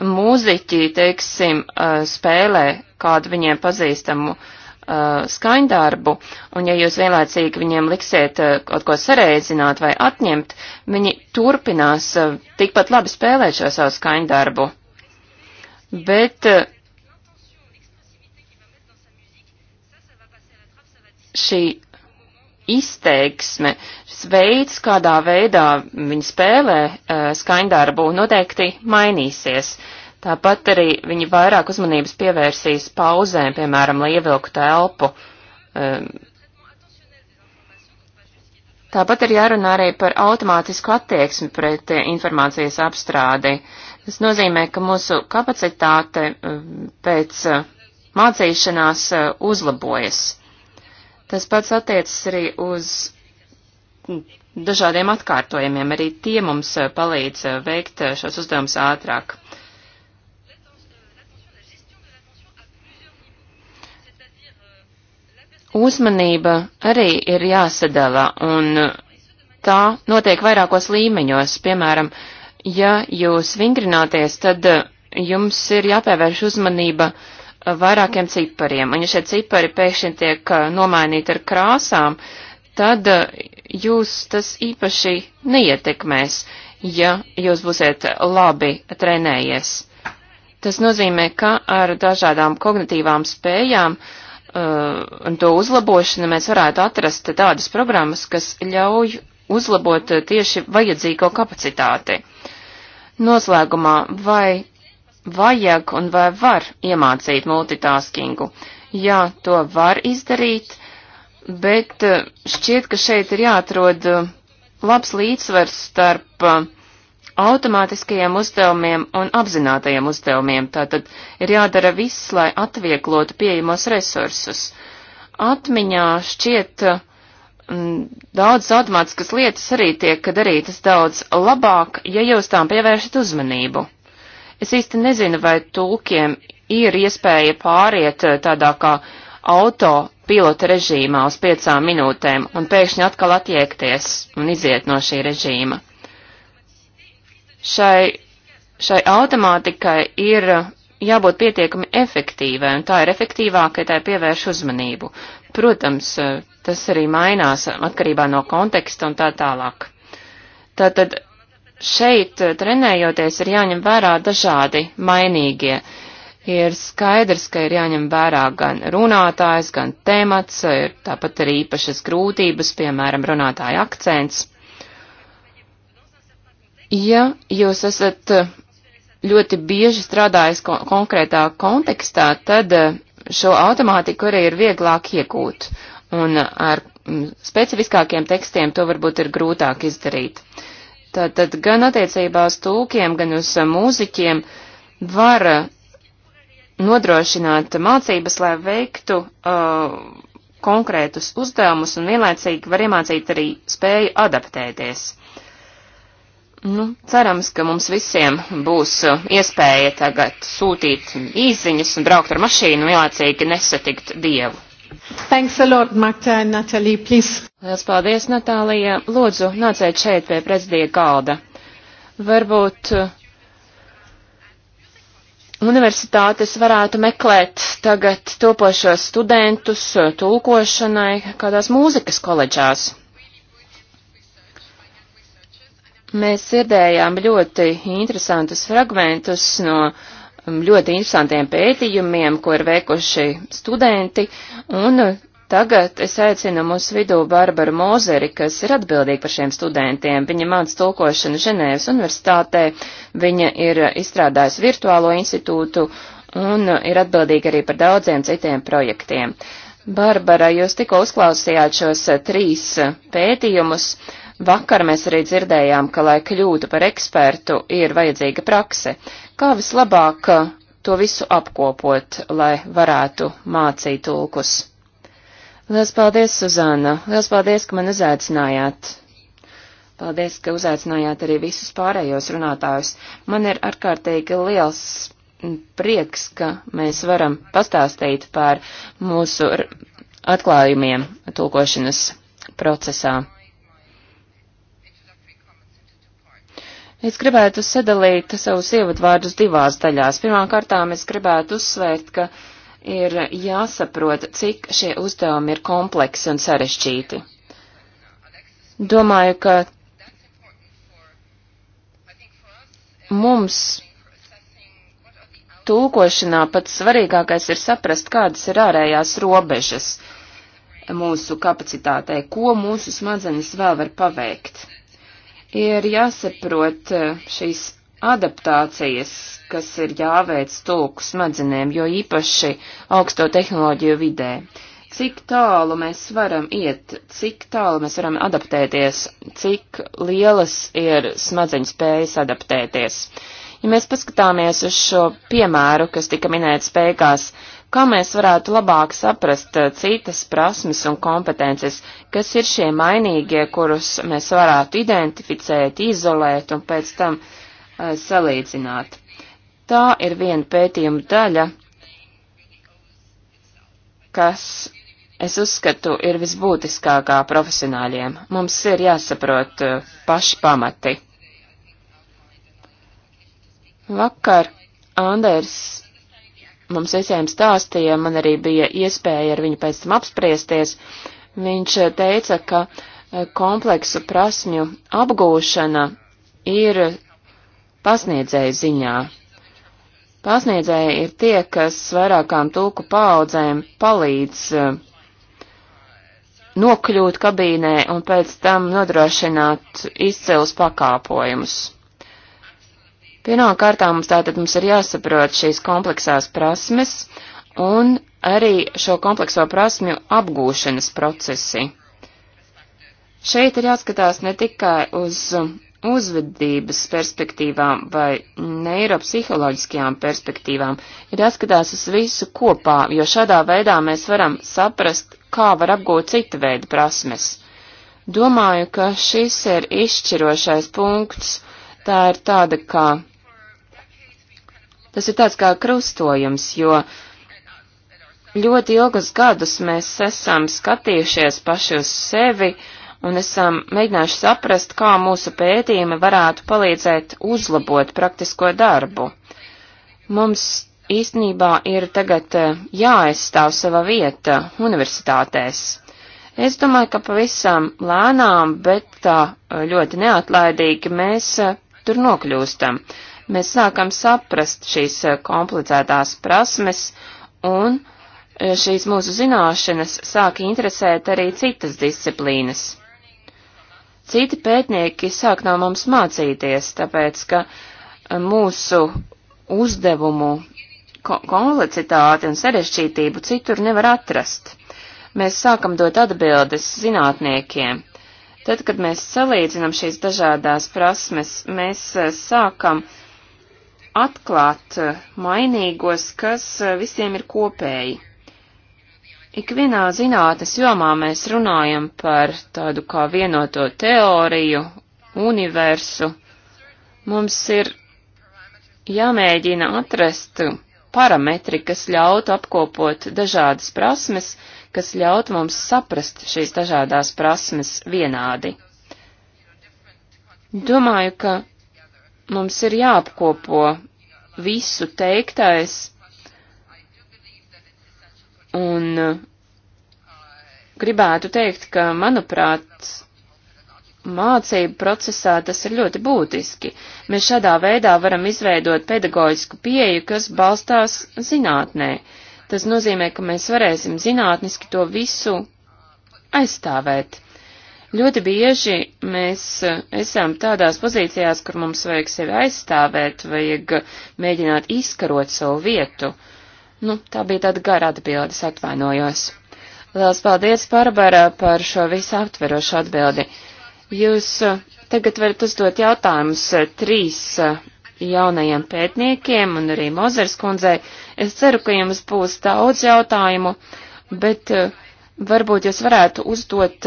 mūziķi, teiksim, uh, spēlē kādu viņiem pazīstamu uh, uh, skaņdarbu, un ja jūs vienlaicīgi viņiem liksiet uh, kaut ko sareizināt vai atņemt, viņi turpinās uh, tikpat labi spēlēt šo savu skaņdarbu. Bet uh, šī izteiksme, veids, kādā veidā viņi spēlē uh, skaņdarbu, noteikti mainīsies. Uh, Tāpat arī viņi vairāk uzmanības pievērsīs pauzēm, piemēram, lai ievilktu telpu. Ehm, tāpat ir jārunā arī par automātisku attieksmi pret eh, informācijas apstrādi. Tas nozīmē, ka mūsu kapacitāte ehm, pēc eh, mācīšanās eh, uzlabojas. Tas pats attiecas arī uz hm, dažādiem atkārtojumiem. Arī tie mums palīdz veikt šos uzdevumus ātrāk. uzmanība arī ir jāsadala, un tā notiek vairākos līmeņos. Piemēram, ja jūs vingrināties, tad jums ir jāpievērš uzmanība vairākiem cipariem, un ja šie cipari pēkšņi tiek eh, nomainīti ar krāsām, tad eh, jūs tas īpaši neietekmēs, ja jūs būsiet labi trenējies. Tas nozīmē, ka ar dažādām kognitīvām spējām uh, Uh, un to uzlabošana mēs varētu atrast tādas programmas, kas ļauj uzlabot uh, tieši vajadzīgo kapacitāti. Noslēgumā, vai vajag un vai var iemācīt multitaskingu? Jā, to var izdarīt, bet uh, šķiet, ka šeit ir jāatrod labs līdzsvars starp uh, automātiskajiem uzdevumiem un apzinātajiem uzdevumiem. Tātad ir jādara viss, lai atvieglotu pieejamos resursus. Atmiņā šķiet mm, daudzas automātiskas lietas arī tiek darītas daudz labāk, ja jūs tām pievēršat uzmanību. Es īsti nezinu, vai tulkiem ir iespēja pāriet eh, tādā kā auto pilota režīmā uz piecām minūtēm un pēkšņi atkal attiekties un iziet no šī režīma šai, šai automātikai ir jābūt pietiekami efektīvai, un tā ir efektīvākai, tā ir pievērš uzmanību. Protams, tas arī mainās atkarībā no konteksta un tā tālāk. Tātad šeit trenējoties ir jāņem vērā dažādi mainīgie. Ir skaidrs, ka ir jāņem vērā gan runātājs, gan temats, ir tāpat arī īpašas grūtības, piemēram, runātāja akcents. Ja jūs esat eh, ļoti bieži strādājis ko konkrētā kontekstā, tad eh, šo automātiku arī ir vieglāk iegūt, un eh, ar mm, specifiskākiem tekstiem to varbūt ir grūtāk izdarīt. Tātad gan attiecībā uz tūkiem, gan uz mūziķiem var nodrošināt mācības, lai veiktu uh, konkrētus uzdevumus un vienlaicīgi var iemācīt arī spēju adaptēties. Nu, cerams, ka mums visiem būs uh, iespēja tagad sūtīt īsiņas un braukt ar mašīnu un ielācīgi nesatikt Dievu. Thanks a lot, Marta and Natalie, please. Lielas paldies, Natālija. Lūdzu, nāciet šeit pie prezidija galda. Varbūt uh, universitātes varētu meklēt tagad topošos studentus uh, tulkošanai kādās mūzikas koledžās. Mēs dzirdējām ļoti interesantus fragmentus no um, ļoti interesantiem pētījumiem, ko ir veikuši studenti, un uh, tagad es aicinu mūsu vidū Barbaru Mozeri, kas ir atbildīga par šiem studentiem. Viņa māca tulkošanu Ženēvas universitātē, viņa ir izstrādājusi virtuālo institūtu un uh, ir atbildīga arī par daudziem citiem projektiem. Barbara, jūs tikko uzklausījāt šos uh, trīs pētījumus. Uh, Vakar mēs arī dzirdējām, ka, lai kļūtu par ekspertu, ir vajadzīga prakse. Kā vislabāk uh, to visu apkopot, lai varētu mācīt tulkus? Lielas paldies, Suzana! Lielas paldies, ka man uzaicinājāt! Paldies, ka uzaicinājāt arī visus pārējos runātājus. Man ir ārkārtīgi liels mm, prieks, ka mēs varam pastāstīt par mūsu atklājumiem tulkošanas procesā. Es gribētu sadalīt savus ievadvārdus divās daļās. Pirmām kārtām es gribētu uzsvērt, ka ir jāsaprot, cik šie uzdevumi ir kompleksi un sarešķīti. Domāju, ka mums tulkošanā pats svarīgākais ir saprast, kādas ir ārējās robežas mūsu kapacitātei, ko mūsu smadzenes vēl var paveikt ir jāsaprot eh, šīs adaptācijas, kas ir jāveic tulku smadzenēm, jo īpaši augsto tehnoloģiju vidē. Cik tālu mēs varam iet, cik tālu mēs varam adaptēties, cik lielas ir smadzeņu spējas adaptēties. Ja mēs paskatāmies uz šo piemēru, kas tika minēts beigās, Kā mēs varētu labāk saprast eh, citas prasmes un kompetences, kas ir šie mainīgie, kurus mēs varētu identificēt, izolēt un pēc tam uh, salīdzināt? Tā ir viena pētījuma daļa, kas, es uzskatu, ir visbūtiskākā profesionāļiem. Mums ir jāsaprot uh, paši pamati. Vakar Anders mums visiem stāstīja, man arī bija iespēja ar viņu pēc tam apspriesties, viņš eh, teica, ka eh, kompleksu prasmju apgūšana ir pasniedzēja ziņā. Pasniedzēji ir tie, kas vairākām tulku paudzēm palīdz eh, nokļūt kabīnē un pēc tam nodrošināt izcilus pakāpojumus. Pirmām kārtām mums tātad mums ir jāsaprot šīs kompleksās prasmes un arī šo komplekso prasmju apgūšanas procesi. Šeit ir jāskatās ne tikai uz uzvedības perspektīvām vai neiropsiholoģiskajām perspektīvām, ir jāskatās uz visu kopā, jo šādā veidā mēs varam saprast, kā var apgūt cita veida prasmes. Domāju, ka šis ir izšķirošais punkts, tā ir tāda kā Tas ir tāds kā krustojums, jo ļoti ilgus gadus mēs esam skatījušies paši uz sevi un esam mēģinājuši saprast, kā mūsu pētījumi varētu palīdzēt uzlabot praktisko darbu. Mums īstenībā ir tagad eh, jāaizstāv sava vieta universitātēs. Es domāju, ka pavisam lēnām, bet tā eh, ļoti neatlaidīgi mēs eh, tur nokļūstam. Uh, mēs sākam saprast šīs eh, komplicētās prasmes un eh, šīs mūsu zināšanas sāk interesēt arī citas disciplīnas. Citi pētnieki sāk no mums mācīties, tāpēc ka eh, mūsu uzdevumu komplicitāti un sarežģītību citur nevar atrast. Mēs sākam dot atbildes zinātniekiem. Tad, kad mēs salīdzinām šīs dažādās prasmes, mēs sākam uh, atklāt eh, mainīgos, kas eh, visiem ir kopēji. Ikvienā zinātnes jomā mēs runājam par tādu kā vienoto teoriju, universu. Mums ir jāmēģina atrast parametri, kas ļautu apkopot dažādas prasmes, kas ļautu mums saprast šīs dažādās prasmes vienādi. Domāju, ka mums ir jāapkopo visu teiktais un eh, gribētu teikt, ka, manuprāt, mācību procesā tas ir ļoti būtiski. Mēs šādā veidā varam izveidot pedagoģisku pieeju, kas balstās zinātnē. Tas nozīmē, ka mēs varēsim zinātniski to visu aizstāvēt. Ļoti bieži mēs eh, esam tādās pozīcijās, kur mums vajag sevi aizstāvēt, vajag mēģināt izkarot savu vietu. Nu, tā bija tāda gara atbildes, atvainojos. Liels paldies, Barbara, par šo visu aptverošu atbildi. Jūs eh, tagad varat uzdot jautājumus eh, trīs jaunajiem pētniekiem un arī Mozers kundzei. Es ceru, ka jums būs daudz jautājumu, bet varbūt jūs varētu uzdot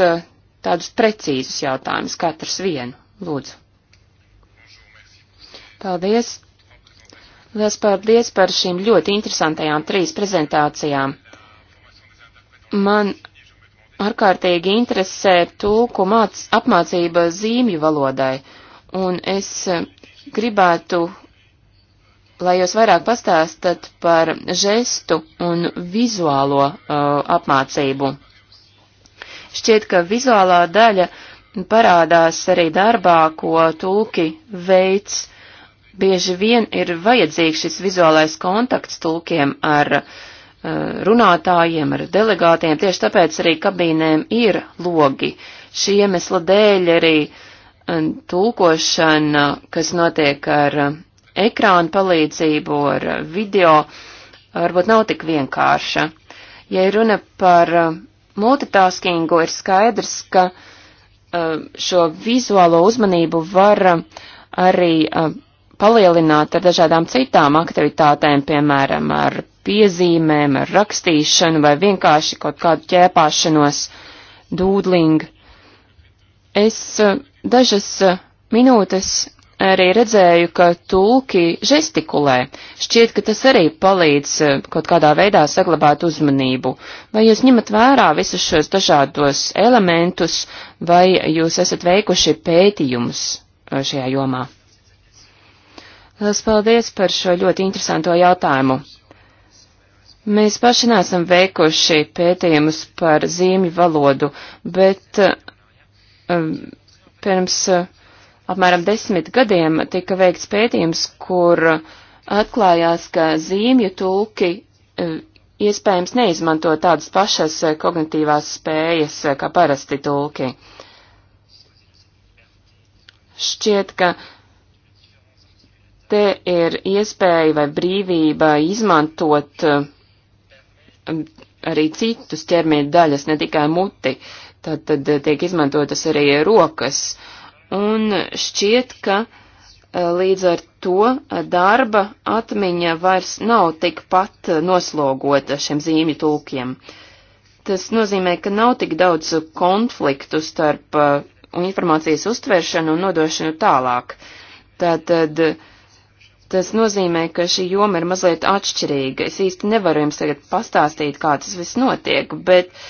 tādus precīzus jautājumus, katrs vienu. Lūdzu. Paldies. Lielas paldies par šīm ļoti interesantajām trīs prezentācijām. Man ārkārtīgi interesē tūku māc, apmācība zīmju valodai, un es eh, gribētu, lai jūs vairāk pastāstat par žestu un vizuālo uh, apmācību. Šķiet, ka vizuālā daļa parādās arī darbā, ko tulki veids. Bieži vien ir vajadzīgs šis vizuālais kontakts tulkiem ar uh, runātājiem, ar delegātiem, tieši tāpēc arī kabīnēm ir logi. Šī iemesla dēļ arī um, tulkošana, kas notiek ar uh, ekrānu palīdzību, ar uh, video, varbūt nav tik vienkārša. Ja runa par uh, multitaskingu, ir skaidrs, ka uh, šo vizuālo uzmanību var uh, arī uh, palielināt ar dažādām citām aktivitātēm, piemēram, ar piezīmēm, ar rakstīšanu vai vienkārši kaut kādu ķēpāšanos, dūdlingu. Es dažas minūtes arī redzēju, ka tulki žestikulē. Šķiet, ka tas arī palīdz eh, kaut kādā veidā saglabāt uzmanību. Vai jūs ņemat vērā visus šos dažādos elementus, vai jūs esat veikuši pētījumus eh, šajā jomā? Lielas paldies par šo ļoti interesanto jautājumu. Mēs paši neesam veikuši pētījumus par zīmju valodu, bet um, pirms uh, apmēram desmit gadiem tika veikts pētījums, kur atklājās, ka zīmju tulki e, iespējams neizmanto tādas pašas e, kognitīvās spējas e, kā parasti tulki. Šķiet, ka te ir iespēja vai brīvība izmantot arī citus ķermeņa daļas, ne tikai muti. Tad, tad tiek izmantotas arī rokas un šķiet, ka e, līdz ar to e, darba atmiņa vairs nav tikpat noslogota šiem zīmju tūkiem. Tas nozīmē, ka nav tik daudz konfliktu starp e, informācijas uztvēršanu un nodošanu tālāk. Tātad tas nozīmē, ka šī joma ir mazliet atšķirīga. Es īsti nevaru jums tagad pastāstīt, kā tas viss notiek, bet uh,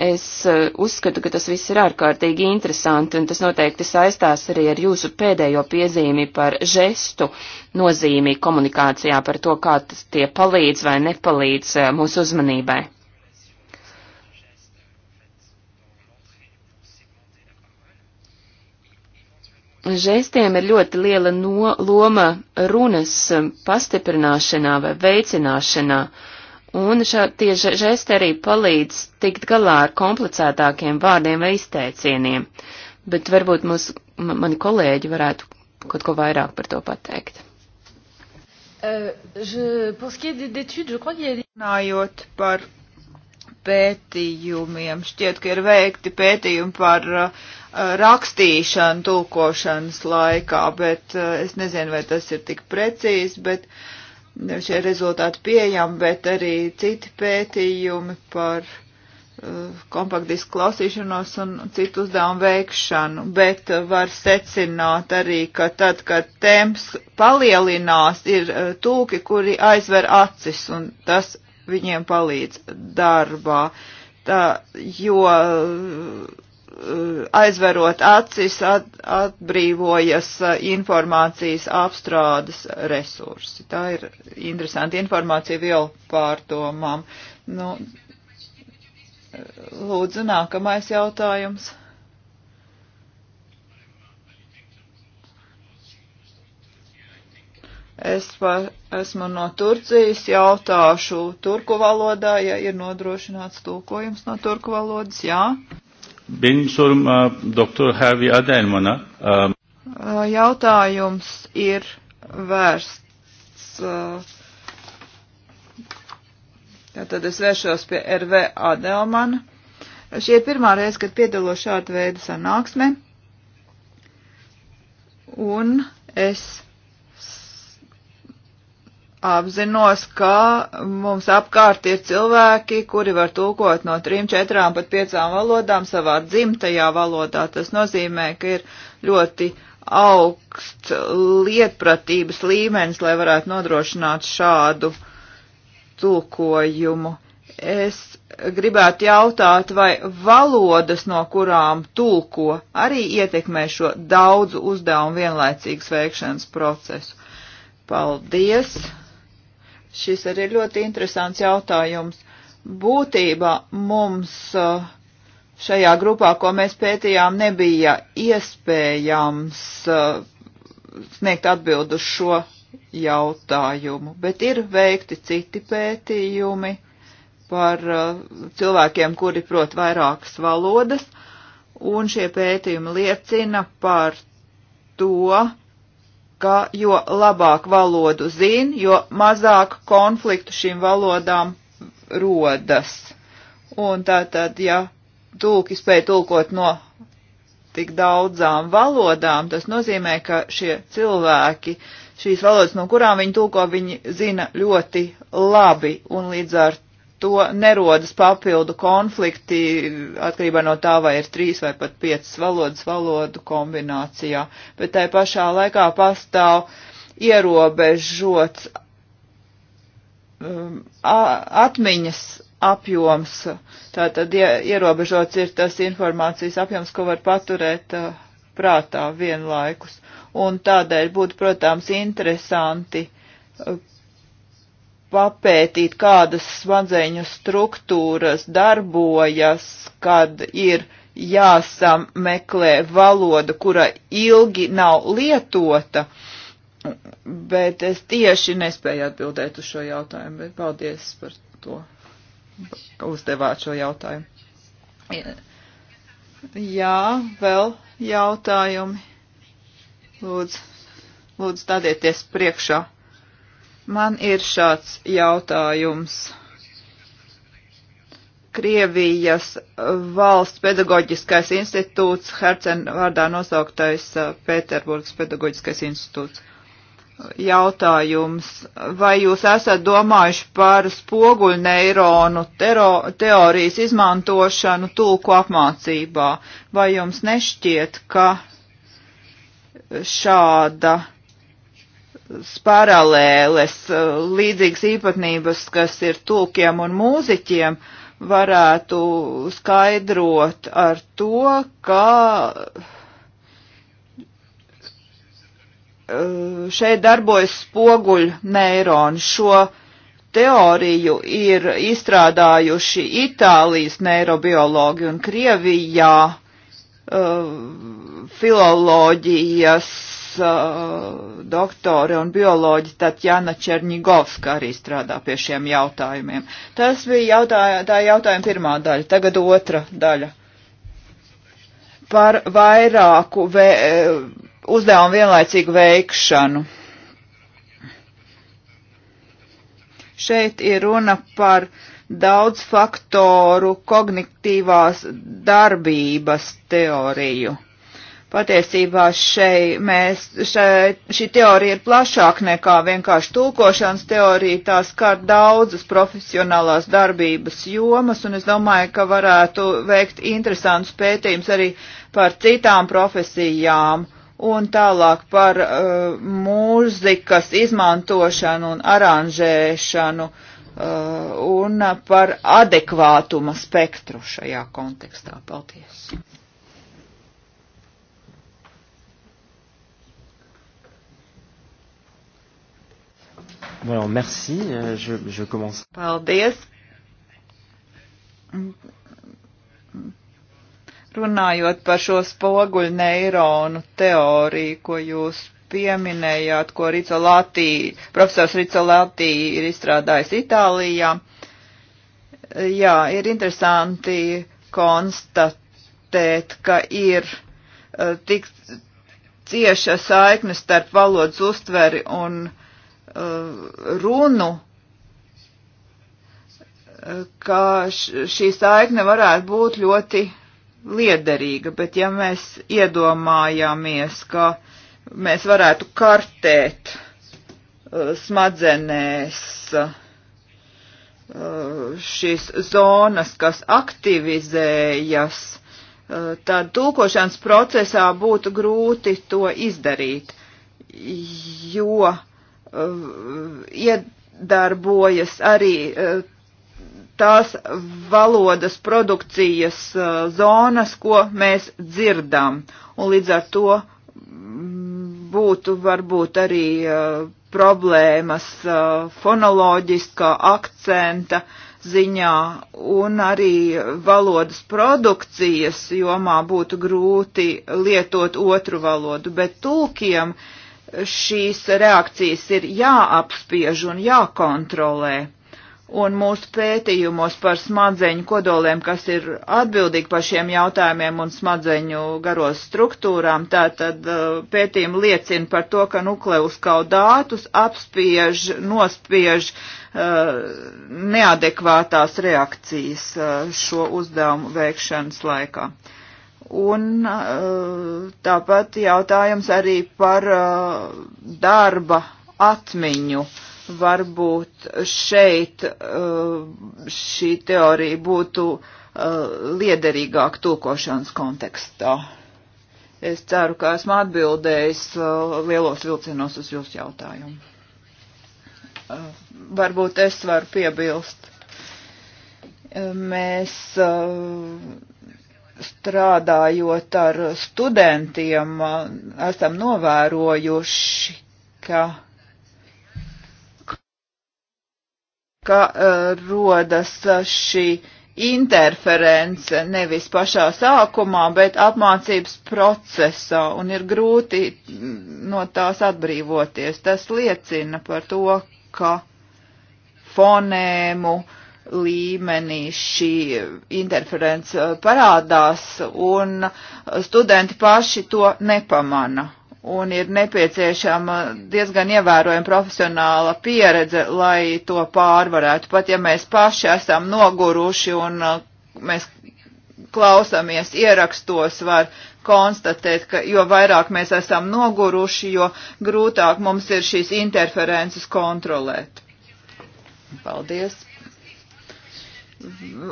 Es eh, uzskatu, ka tas viss ir ārkārtīgi interesanti, un tas noteikti saistās arī ar jūsu pēdējo piezīmi par žestu nozīmi komunikācijā, par to, kā tie palīdz vai nepalīdz eh, mūsu uzmanībai. Žestiem ir ļoti liela no, loma runas eh, pastiprināšanā vai veicināšanā. Uh, Un šie žesti arī palīdz tikt galā ar komplicētākiem vārdiem vai izteicieniem, bet varbūt mūs, man, mani kolēģi varētu kaut ko vairāk par to pateikt. Uh, Runājot uh, par pētījumiem, šķiet, ka ir veikti pētījumi par uh, rakstīšanu tulkošanas laikā, bet uh, es nezinu, vai tas ir tik precīzi, bet uh, šie rezultāti pieejami, bet arī citi pētījumi par uh, kompaktdisku klausīšanos un citu uzdevumu veikšanu. Bet uh, var secināt arī, ka tad, kad temps palielinās, ir uh, tūki, kuri aizver acis, un tas viņiem palīdz darbā. Tā, jo uh, aizverot acis, at, atbrīvojas uh, informācijas apstrādes resursi. Tā ir interesanti informācija vēl pārdomām. Nu, lūdzu, nākamais jautājums. Es pa, esmu no Turcijas, jautāšu turku valodā, ja ir nodrošināts tulkojums no turku valodas, jā. Benim sorum e, doktor Hervi Adelman'a. E, e, jautājums ir vērsts. Tad es vēršos pie RV Adelmana. Šī ir pirmā reize, kad piedalos šāda veida sanāksmē. Un es apzinos, ka mums apkārt ir cilvēki, kuri var tulkot no trim, četrām, pat piecām valodām savā dzimtajā valodā. Tas nozīmē, ka ir ļoti augsts lietpratības līmenis, lai varētu nodrošināt šādu tulkojumu. Es gribētu jautāt, vai valodas, no kurām tulko, arī ietekmē šo daudzu uzdevumu vienlaicīgas veikšanas procesu. Paldies! Šis arī ir ļoti interesants jautājums. Būtībā mums uh, šajā grupā, ko mēs pētījām, nebija iespējams uh, sniegt atbildu šo jautājumu, bet ir veikti citi pētījumi par uh, cilvēkiem, kuri prot vairākas valodas, un šie pētījumi liecina par to, ka jo labāk valodu zin, jo mazāk konfliktu šīm valodām rodas. Un tātad, ja tulki spēja tulkot no tik daudzām valodām, tas nozīmē, ka šie cilvēki, šīs valodas, no kurām viņi tulko, viņi zina ļoti labi, un līdz ar to nerodas papildu konflikti atkarībā no tā, vai ir trīs vai pat piecas valodas valodu kombinācijā, bet tai pašā laikā pastāv ierobežots um, atmiņas apjoms, tātad ierobežots ir tas informācijas apjoms, ko var paturēt uh, prātā vienlaikus. Un tādēļ būtu, protams, interesanti uh, papētīt, kādas smadzeņu struktūras darbojas, kad ir jāsameklē valoda, kura ilgi nav lietota, bet es tieši nespēju atbildēt uz šo jautājumu, bet paldies par to, ka uzdevāt šo jautājumu. Jā, vēl jautājumi. Lūdzu, lūdzu stādieties priekšā. Man ir šāds jautājums. Krievijas valsts pedagoģiskais institūts, Hercen vārdā nosauktais eh, Pēterburgas pedagoģiskais institūts. Jautājums, vai jūs esat domājuši par spoguļneironu teorijas izmantošanu tulku apmācībā? Vai jums nešķiet, ka šāda paralēles, uh, līdzīgas īpatnības, kas ir tulkiem un mūziķiem, varētu skaidrot ar to, ka uh, šeit darbojas spoguļu neironi. Šo teoriju ir izstrādājuši Itālijas neirobiologi un Krievijā uh, filoloģijas uh, doktore un bioloģi Tatjana Černigovska arī strādā pie šiem jautājumiem. Tas bija jautājā, tā jautājuma pirmā daļa, tagad otra daļa. Par vairāku vē, uh, uzdevumu vienlaicīgu veikšanu. Šeit ir runa par daudz faktoru kognitīvās darbības teoriju Patiesībā šeit mēs, šeit, šī teorija ir plašāk nekā vienkārši tulkošanas teorija, tā skar daudzas profesionālās darbības jomas, un es domāju, ka varētu veikt interesantus pētījumus arī par citām profesijām un tālāk par uh, mūzikas izmantošanu un aranžēšanu uh, un par adekvātuma spektru šajā kontekstā. Paldies! Bon, alors, merci. Euh, je, je commence. Paldies. Runājot par šo spoguļu neironu teoriju, ko jūs pieminējāt, ko Ricolati, profesors Ricolati ir izstrādājis Itālijā, jā, ir interesanti konstatēt, ka ir uh, tik cieša saikne starp valodas uztveri un Uh, runu, ka šī saikne varētu būt ļoti liederīga, bet ja mēs iedomājāmies, ka mēs varētu kartēt uh, smadzenēs uh, šīs zonas, kas aktivizējas, tad tulkošanas procesā būtu grūti to izdarīt, jo Uh, iedarbojas arī uh, tās valodas produkcijas uh, zonas, ko mēs dzirdam. Un līdz ar to mm, būtu varbūt arī problēmas fonoloģiskā akcenta ziņā un arī valodas produkcijas jomā būtu grūti lietot otru valodu, bet tulkiem uh, šīs reakcijas ir jāapspiež un jākontrolē. Un mūsu pētījumos par smadzeņu kodoliem, kas ir atbildīgi par šiem jautājumiem un smadzeņu garos struktūrām, tātad uh, pētījumi liecina par to, ka nukleuskaudātus apspiež, nospiež uh, neadekvātās reakcijas uh, šo uzdevumu veikšanas laikā. Uh, Un eh, tāpat jautājums arī par eh, darba atmiņu. Varbūt šeit eh, šī teorija būtu liederīgāk tulkošanas kontekstā. Es ceru, ka esmu atbildējis lielos vilcienos uz jūsu jautājumu. Varbūt es varu piebilst. Mēs strādājot ar studentiem, esam novērojuši, ka, ka e, rodas šī interference nevis pašā sākumā, bet apmācības procesā, un ir grūti no tās atbrīvoties. Tas liecina par to, ka fonēmu uh, līmenī šī interference uh, parādās, un studenti paši to nepamana. Un ir nepieciešama diezgan ievērojama profesionāla pieredze, lai to pārvarētu. Pat ja mēs paši esam noguruši un uh, mēs klausāmies ierakstos, var konstatēt, ka jo vairāk mēs esam noguruši, jo grūtāk mums ir šīs interferences kontrolēt. Paldies!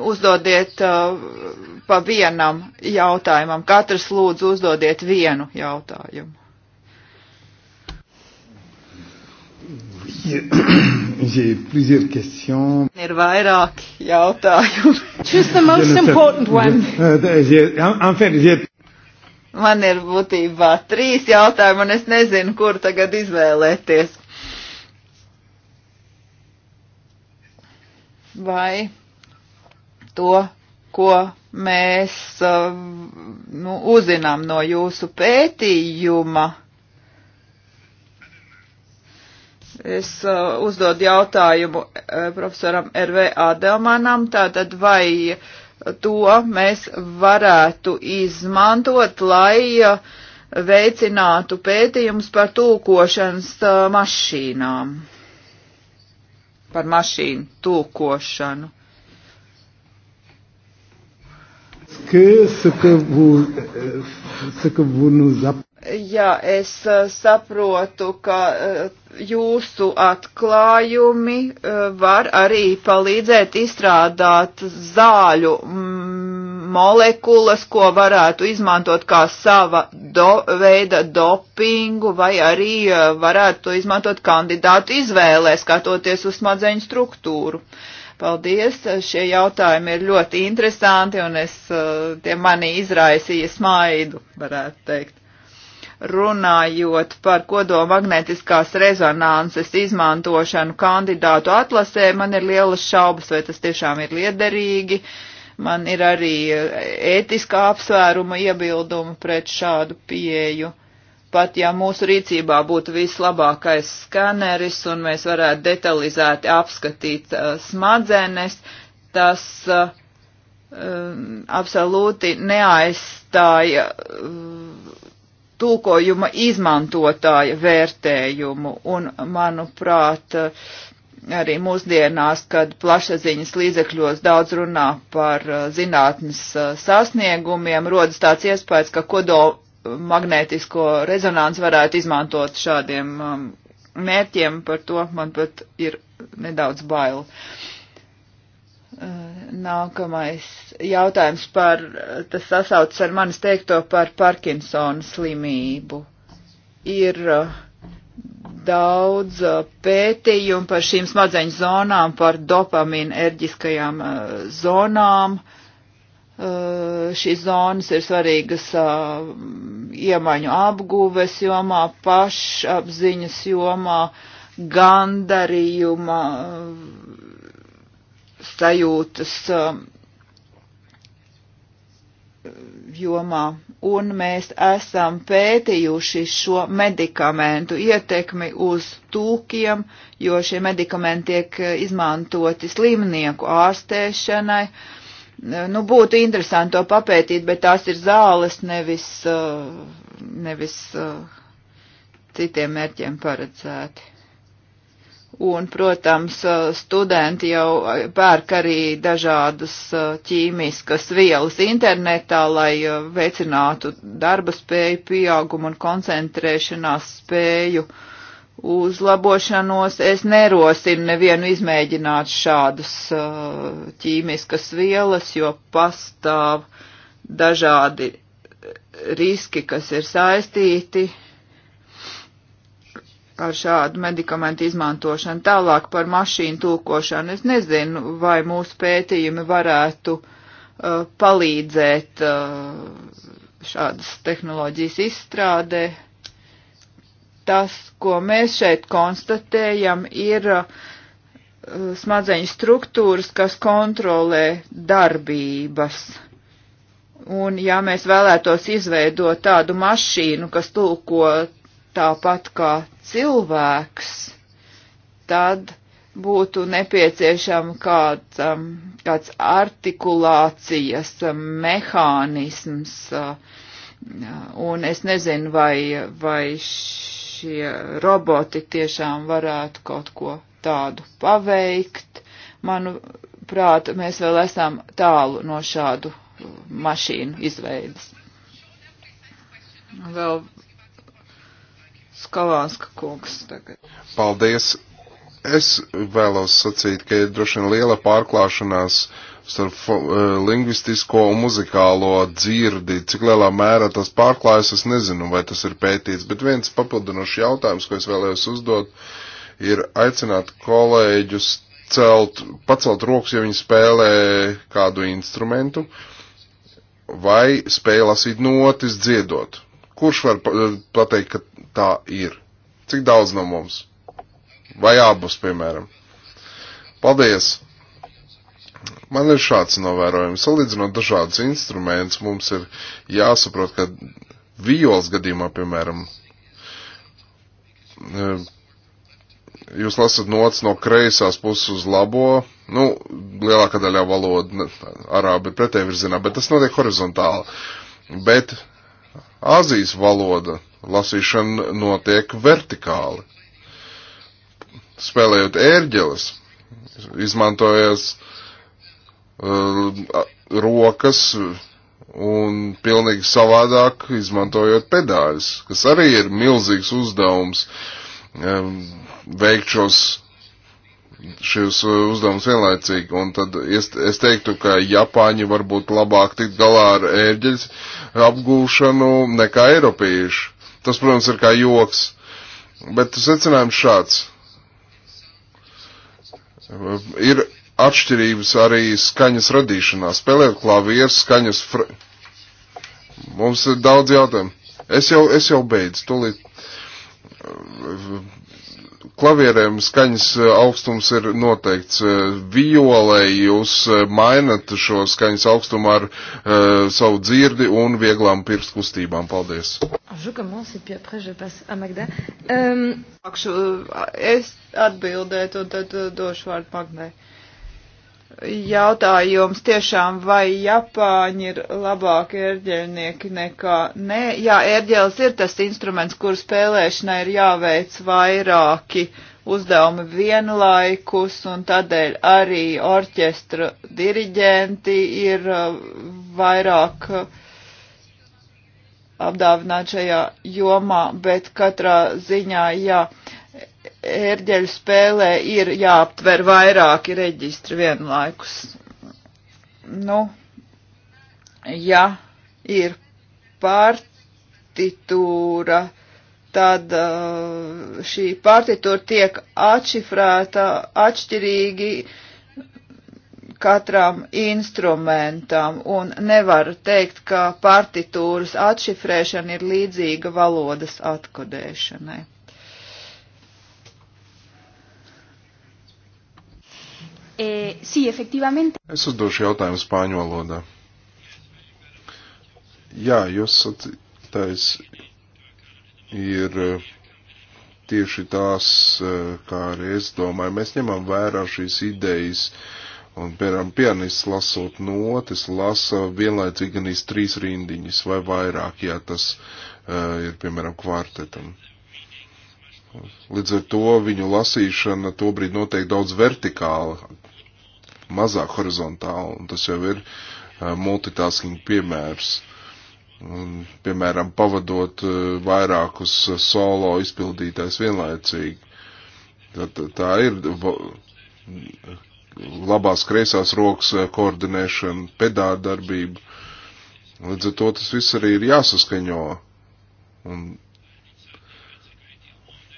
uzdodiet uh, pa vienam jautājumam. Katrs lūdzu uzdodiet vienu jautājumu. Ir vairāki jautājumi. Choose the most important one. Eh, eh, Man ir būtībā trīs jautājumi, un es nezinu, kur tagad izvēlēties. Vai to, ko mēs uh, nu, uzzinām no jūsu pētījuma. Es uh, uzdodu jautājumu uh, profesoram R.V. Adelmanam, tātad vai to mēs varētu izmantot, lai uh, veicinātu pētījumus par tulkošanas uh, mašīnām, par mašīnu tulkošanu. que ce que vous, ce que vous nous Jā, es uh, saprotu, ka uh, jūsu atklājumi uh, var arī palīdzēt izstrādāt zāļu mm, molekulas, ko varētu izmantot kā sava do, veida dopingu, vai arī varētu to izmantot kandidātu izvēlē, skatoties uz smadzeņu struktūru. Uh, Paldies, šie jautājumi ir ļoti interesanti un es, eh, tie mani izraisīja smaidu, varētu teikt. Runājot par kodomagnētiskās rezonanses izmantošanu kandidātu atlasē, man ir lielas šaubas, vai tas tiešām ir liederīgi. Man ir arī eh, ētiskā apsvēruma iebilduma pret šādu pieeju. Uh, Pat ja mūsu rīcībā būtu vislabākais skaneris un mēs varētu detalizēti apskatīt uh, smadzenes, tas uh, um, absolūti neaizstāja uh, tulkojuma izmantotāja vērtējumu. Un, manuprāt, uh, arī mūsdienās, kad plašsaziņas līdzekļos daudz runā par uh, zinātnes uh, sasniegumiem, rodas tāds iespējas, ka kodola magnētisko rezonansu varētu izmantot šādiem um, mērķiem, par to man pat ir nedaudz bail. Uh, nākamais jautājums par, tas sasaucas ar manis teikto par Parkinsona slimību. Ir uh, daudz uh, pētījumu par šīm smadzeņu zonām, par dopamīnu erģiskajām zonām. Uh, Eh, šīs zonas ir svarīgas eh, iemaņu apgūves jomā, pašapziņas jomā, gandarījuma eh, sajūtas jomā. Un mēs esam pētījuši šo medikamentu ietekmi uz tūkiem, jo šie medikamenti tiek izmantoti slimnieku ārstēšanai, uh, Nu, būtu interesanti to papētīt, bet tās ir zāles, nevis, uh, nevis uh, citiem mērķiem paredzēti. Un, protams, uh, studenti jau pērk arī dažādas ķīmiskas vielas internetā, lai veicinātu darba spēju, pieaugumu un koncentrēšanās spēju. Uh, uzlabošanos. Es nerosinu nevienu izmēģināt šādas uh, ķīmiskas vielas, jo pastāv dažādi riski, kas ir saistīti ar šādu medikamentu izmantošanu. Tālāk par mašīnu tulkošanu. Es nezinu, vai mūsu pētījumi varētu uh, palīdzēt uh, šādas tehnoloģijas izstrādē. Uh, tas, ko mēs šeit konstatējam, ir uh, smadzeņu struktūras, kas kontrolē darbības. Un ja mēs vēlētos izveidot tādu mašīnu, kas tulko tāpat kā cilvēks, tad būtu nepieciešama kāds, um, kāds artikulācijas um, mehānisms, uh, un es nezinu, vai, vai š šie roboti tiešām varētu kaut ko tādu paveikt. Manuprāt, mēs vēl esam tālu no šādu mašīnu izveidas. Vēl Skalānska kungs tagad. Paldies! Es vēlos sacīt, ka ir droši vien liela pārklāšanās uh, starp eh, lingvistisko un muzikālo dzirdi. Cik lielā mērā tas pārklājas, es nezinu, vai tas ir pētīts, bet viens papildinošs jautājums, ko es vēlējos uzdot, ir aicināt kolēģus celt, pacelt rokas, ja viņi spēlē kādu instrumentu, vai spēja lasīt notis dziedot. Kurš var eh, pateikt, ka tā ir? Cik daudz no mums? Vai abus, piemēram? Paldies! Man ir šāds novērojums. Salīdzinot dažādus instrumentus, mums ir jāsaprot, ka viols gadījumā, piemēram, e, jūs lasat nots no kreisās puses uz labo, nu, lielākā daļā valoda arābi ir pretēji virzienā, bet tas notiek horizontāli. Bet Āzijas valoda lasīšana notiek vertikāli. Spēlējot ērģeles, izmantojas Uh, rokas un pilnīgi savādāk izmantojot pedāļus, kas arī ir milzīgs uzdevums um, veikt šos šis uzdevums vienlaicīgi, un tad es, es teiktu, ka Japāņi varbūt labāk tikt galā ar ērģeļs apgūšanu nekā Eiropieši. Tas, protams, ir kā joks, bet secinājums šāds. Ir atšķirības arī skaņas radīšanā. Spēlēt klavieres, skaņas. Fra... Mums ir daudz jautājumu. Es jau, es jau beidzu. Tūlīt klavierēm skaņas eh, augstums ir noteikts. Eh, Violei jūs eh, mainat šo skaņas augstumu ar uh, savu dzirdi un vieglām pirkstu kustībām. Paldies. Um, es atbildētu un tad došu vārdu Magnai. Uh, jautājums tiešām, vai Japāņi ir labāki ērģelnieki nekā nē. Jā, ērģels ir tas instruments, kur spēlēšanai ir jāveic vairāki uzdevumi vienlaikus, un tādēļ arī orķestra diriģenti ir uh, vairāk uh, apdāvināti šajā jomā, bet katrā ziņā, jā. Ja ērģeļu spēlē ir jāaptver vairāki reģistri vienlaikus. Nu, ja ir partitūra, tad uh, šī partitūra tiek atšifrēta atšķirīgi katram instrumentam, un nevar teikt, ka partitūras atšifrēšana ir līdzīga valodas atkodēšanai. Eh, sí, efectivamente. Es uzdošu jautājumu spāņu valodā. Jā, jūs sacītais ir eh, tieši tās, eh, kā arī es domāju, mēs ņemam vērā šīs idejas. Un, piemēram, pianists lasot notis, lasa vienlaicīgi gan iz trīs rindiņas vai vairāk, ja tas uh, ir, piemēram, kvartetam. Līdz ar to viņu lasīšana tobrīd notiek daudz vertikāla, mazāk horizontāli, un tas jau ir uh, multitasking piemērs. Un, piemēram, pavadot uh, vairākus uh, solo izpildītājs vienlaicīgi. Tā, tā, tā ir labās kreisās rokas koordinēšana, pedāla darbība. Līdz ar to tas viss arī ir jāsaskaņo. Un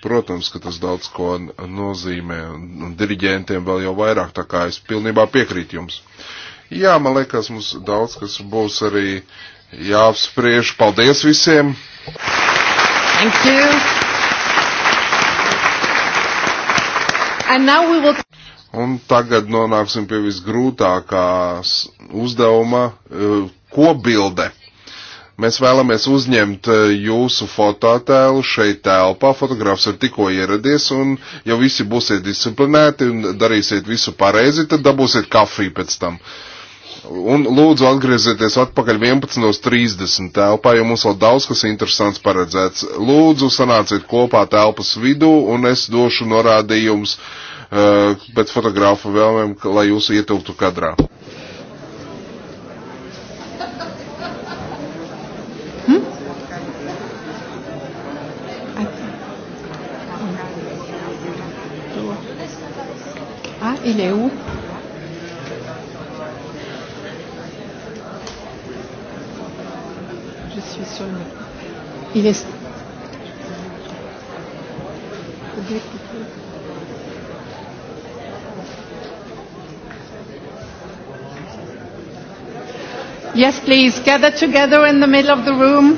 Protams, ka tas daudz ko nozīmē, un diriģentiem vēl jau vairāk, tā kā es pilnībā piekrītu jums. Jā, man liekas, mums daudz kas būs arī jāapspriež. Paldies visiem! Thank you! And now we will... Un tagad nonāksim pie visgrūtākās uzdevuma, eh, ko bilde. Mēs vēlamies uzņemt eh, jūsu fotoattēlu šeit telpā. Fotogrāfs ir tikko ieradies un ja visi būsiet disciplinēti un darīsiet visu pareizi, tad dabūsiet kafiju pēc tam. Un lūdzu atgriezieties atpakaļ 11.30 telpā, jo mums vēl daudz kas interesants paredzēts. Lūdzu sanāciet kopā telpas vidū un es došu norādījums uh, eh, pēc fotogrāfa vēlmēm, lai jūs ietilptu kadrā. Il est où Je suis sur le. Il est. Yes, please gather together in the middle of the room.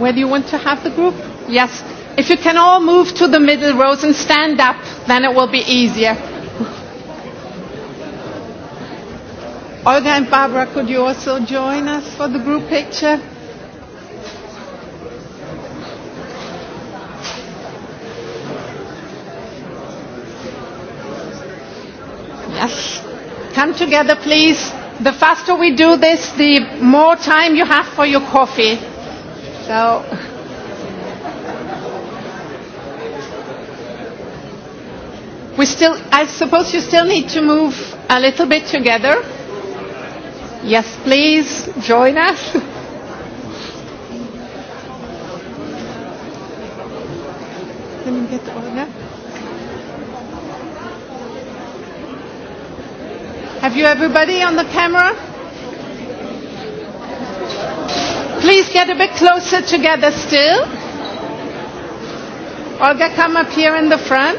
Where do you want to have the group? Yes, If you can all move to the middle rows and stand up, then it will be easier. Olga and Barbara, could you also join us for the group picture? Yes. Come together, please. The faster we do this, the more time you have for your coffee. So. We still, I suppose you still need to move a little bit together. Yes, please join us. Let me get order. Have you everybody on the camera? Please get a bit closer together still. Olga, come up here in the front.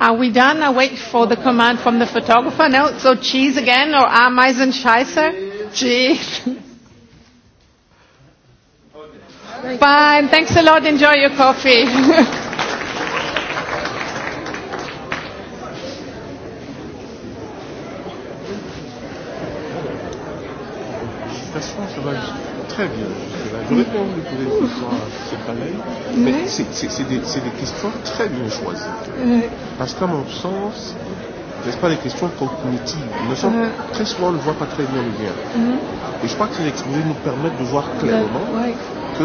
Are we done? I wait for the command from the photographer. No, so cheese again or Ameisen Scheiße? Cheese. Fine. Thanks a lot. Enjoy your coffee. ça va très bien pouvez, vous pouvez voir ce panel, mais c'est des, des questions très bien choisies. Oui. Euh. Parce qu'à mon sens, n'est-ce pas, les questions cognitives, ne sont, euh... très souvent on ne voit pas très bien le lien. Mm -hmm. Et je crois que l'exposé nous permet de voir clairement ouais. que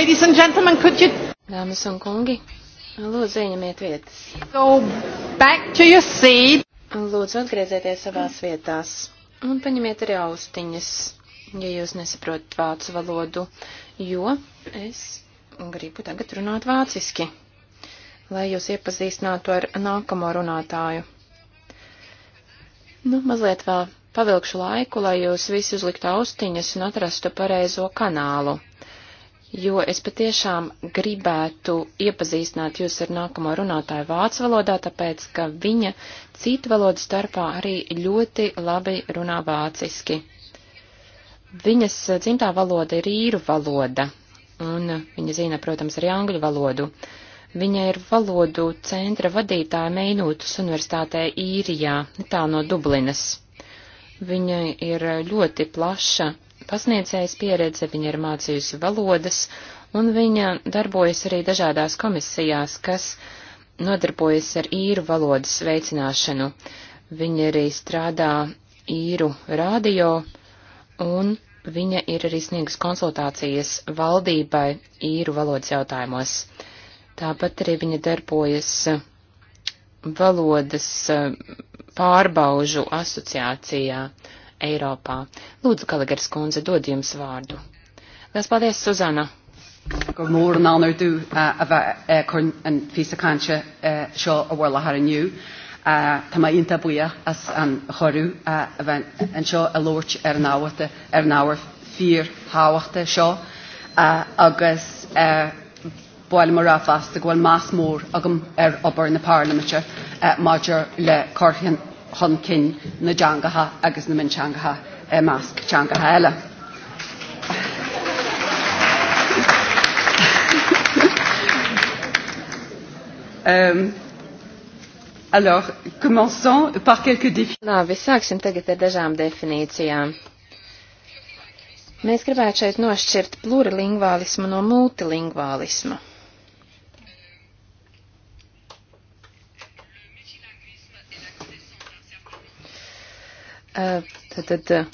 Ladies and gentlemen, could you... Dāmas un kungi, lūdzu ieņemiet vietas. Go back to your seat. Lūdzu atgriezieties savās vietās un paņemiet arī austiņas, ja jūs nesaprotat vācu valodu, jo es gribu tagad runāt vāciski, lai jūs iepazīstinātu ar nākamo runātāju. Nu, mazliet vēl pavilkšu laiku, lai jūs visi uzliktu austiņas un atrastu pareizo kanālu jo es patiešām gribētu iepazīstināt jūs ar nākamo runātāju vācu valodā, tāpēc, ka viņa citu valodu starpā arī ļoti labi runā vāciski. Viņas eh, dzimtā valoda ir īru valoda, un viņa zina, protams, arī angļu valodu. Viņa ir valodu centra vadītāja Meinūtas universitātē īrijā, tā no Dublinas. Viņa ir ļoti plaša pasniedzējas pieredze, viņa ir mācījusi valodas, un viņa darbojas arī dažādās komisijās, kas nodarbojas ar īru valodas veicināšanu. Viņa arī strādā īru radio, un viņa ir arī sniegus konsultācijas valdībai īru valodas jautājumos. Tāpat arī viņa darbojas valodas eh, pārbaužu asociācijā, Eiropā. Lūdzu, Kaligars kundze, dod jums vārdu. Lielas paldies, Suzana! Go mór an anir dú a bheith chun an fís a canse seo a bhharla har aniu. Tá mai inta buia as an chorú a bheith an seo a lóirt ar náhata ar náhar fír háhachta seo agus bhil mar ráfasta ghfuil más mór agam ar obair na parlamente maidir le corthain chun cin na deangatha agus na minseangatha i eh, measc teangatha eile. Um, alors, commençons par quelques définitions. Labi, sāksim tagad ar dažām definīcijām. Mēs gribētu šeit nošķirt plurilingvālismu no multilingvālismu. Eh, tad, tad eh,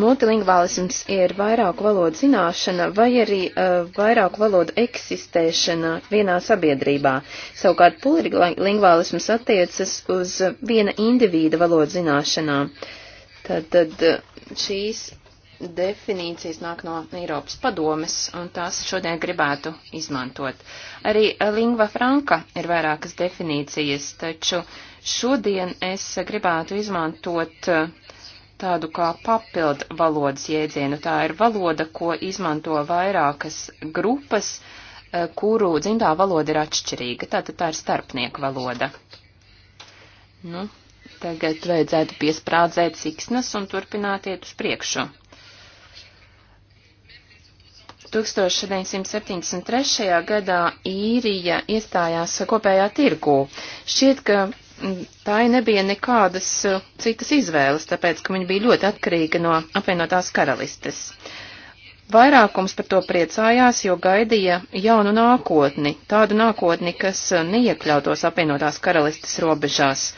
multilingvālisms ir vairāku valodu zināšana vai arī uh, vairāku valodu eksistēšana vienā sabiedrībā. Savukārt polilingvālisms attiecas uz viena individa valodu zināšanām. Tad, tad šīs definīcijas nāk no Eiropas padomes, un tās šodien gribētu izmantot. Arī lingva franka ir vairākas definīcijas, taču uh, Šodien es gribētu izmantot eh, tādu kā papildu valodas jēdzienu. Tā ir valoda, ko izmanto vairākas grupas, eh, kuru dzimtā valoda ir atšķirīga. Tātad tā ir starpnieku valoda. Nu, tagad vajadzētu piesprādzēt siksnas un turpināt iet uz priekšu. 1973. gadā īrija iestājās kopējā tirgū. Šķiet, ka tai nebija nekādas uh, citas izvēles, tāpēc, ka viņa bija ļoti atkarīga no apvienotās karalistes. Vairākums par to priecājās, jo gaidīja jaunu nākotni, tādu nākotni, kas uh, neiekļautos apvienotās karalistes robežās.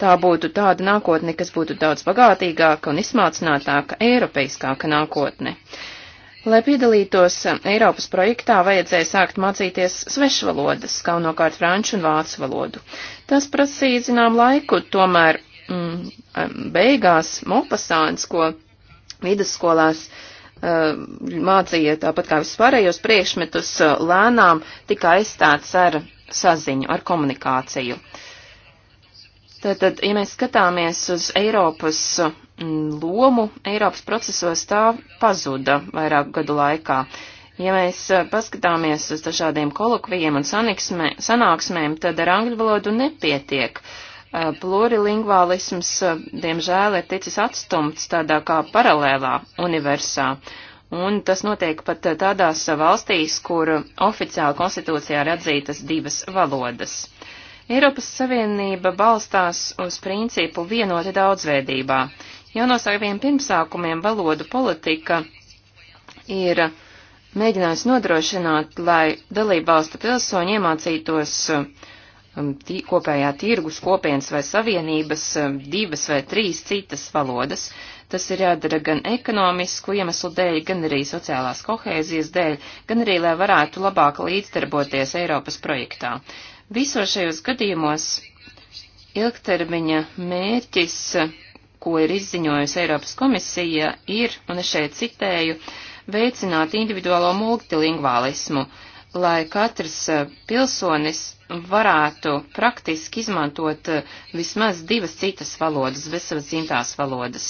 Tā būtu tāda nākotne, kas būtu daudz bagātīgāka un izsmalcinātāka, eiropeiskāka nākotne. Lai piedalītos uh, Eiropas projektā, vajadzēja sākt mācīties svešvalodas, galvenokārt franču un vācu valodu. Tas prasīja, zinām, laiku, tomēr mm, beigās Mopasāns, ko vidusskolās uh, mācīja tāpat kā vispārējos priekšmetus, uh, lēnām tika aizstāts ar saziņu, ar komunikāciju. Tātad, ja mēs skatāmies uz Eiropas mm, lomu, Eiropas procesos tā pazuda vairāku gadu laikā. Uh, Ja mēs paskatāmies uz dažādiem kolokvijiem un saniksmē, sanāksmēm, tad ar angļu valodu nepietiek. Plurilingvālisms, diemžēl, ir ticis atstumts tādā kā paralēlā universā. Un tas notiek pat tādās valstīs, kur oficiāli konstitūcijā ir atzītas divas valodas. Eiropas Savienība balstās uz principu vienoti daudzveidībā. Jau no saviem pirmsākumiem valodu politika ir uh, mēģinās nodrošināt, lai dalībvalstu pilsoņi iemācītos um, um, tī, kopējā tirgus kopienas vai savienības um, divas vai trīs citas valodas. Tas ir jādara gan ekonomisku iemeslu dēļ, gan arī sociālās kohēzijas dēļ, gan arī, lai varētu labāk līdzdarboties Eiropas projektā. Visos šajos gadījumos ilgtermiņa mērķis, ko ir izziņojusi Eiropas komisija, ir, un es šeit citēju, uh, veicināt individuālo multilingvālismu, lai katrs eh, pilsonis varētu praktiski izmantot eh, vismaz divas citas valodas, bez savas dzimtās valodas.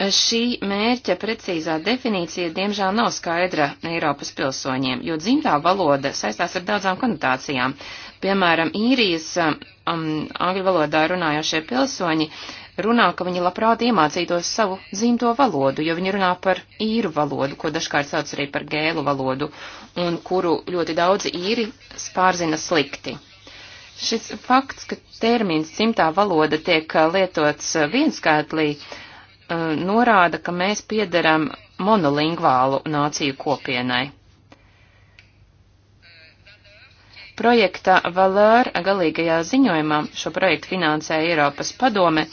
Eh, šī mērķa precīzā definīcija, diemžēl, nav skaidra Eiropas pilsoņiem, jo dzimtā valoda saistās ar daudzām konotācijām. Piemēram, īrijas um, angļu valodā runājošie pilsoņi uh, runā, ka viņi labprāt iemācītos savu dzimto valodu, jo viņi runā par īru valodu, ko dažkārt sauc arī par gēlu valodu, un kuru ļoti daudzi īri spārzina slikti. Šis fakts, ka termins dzimtā valoda tiek lietots vienskaitlī, norāda, ka mēs piederam monolingvālu nāciju kopienai. projekta Valēr galīgajā ziņojumā šo projektu finansēja Eiropas padome,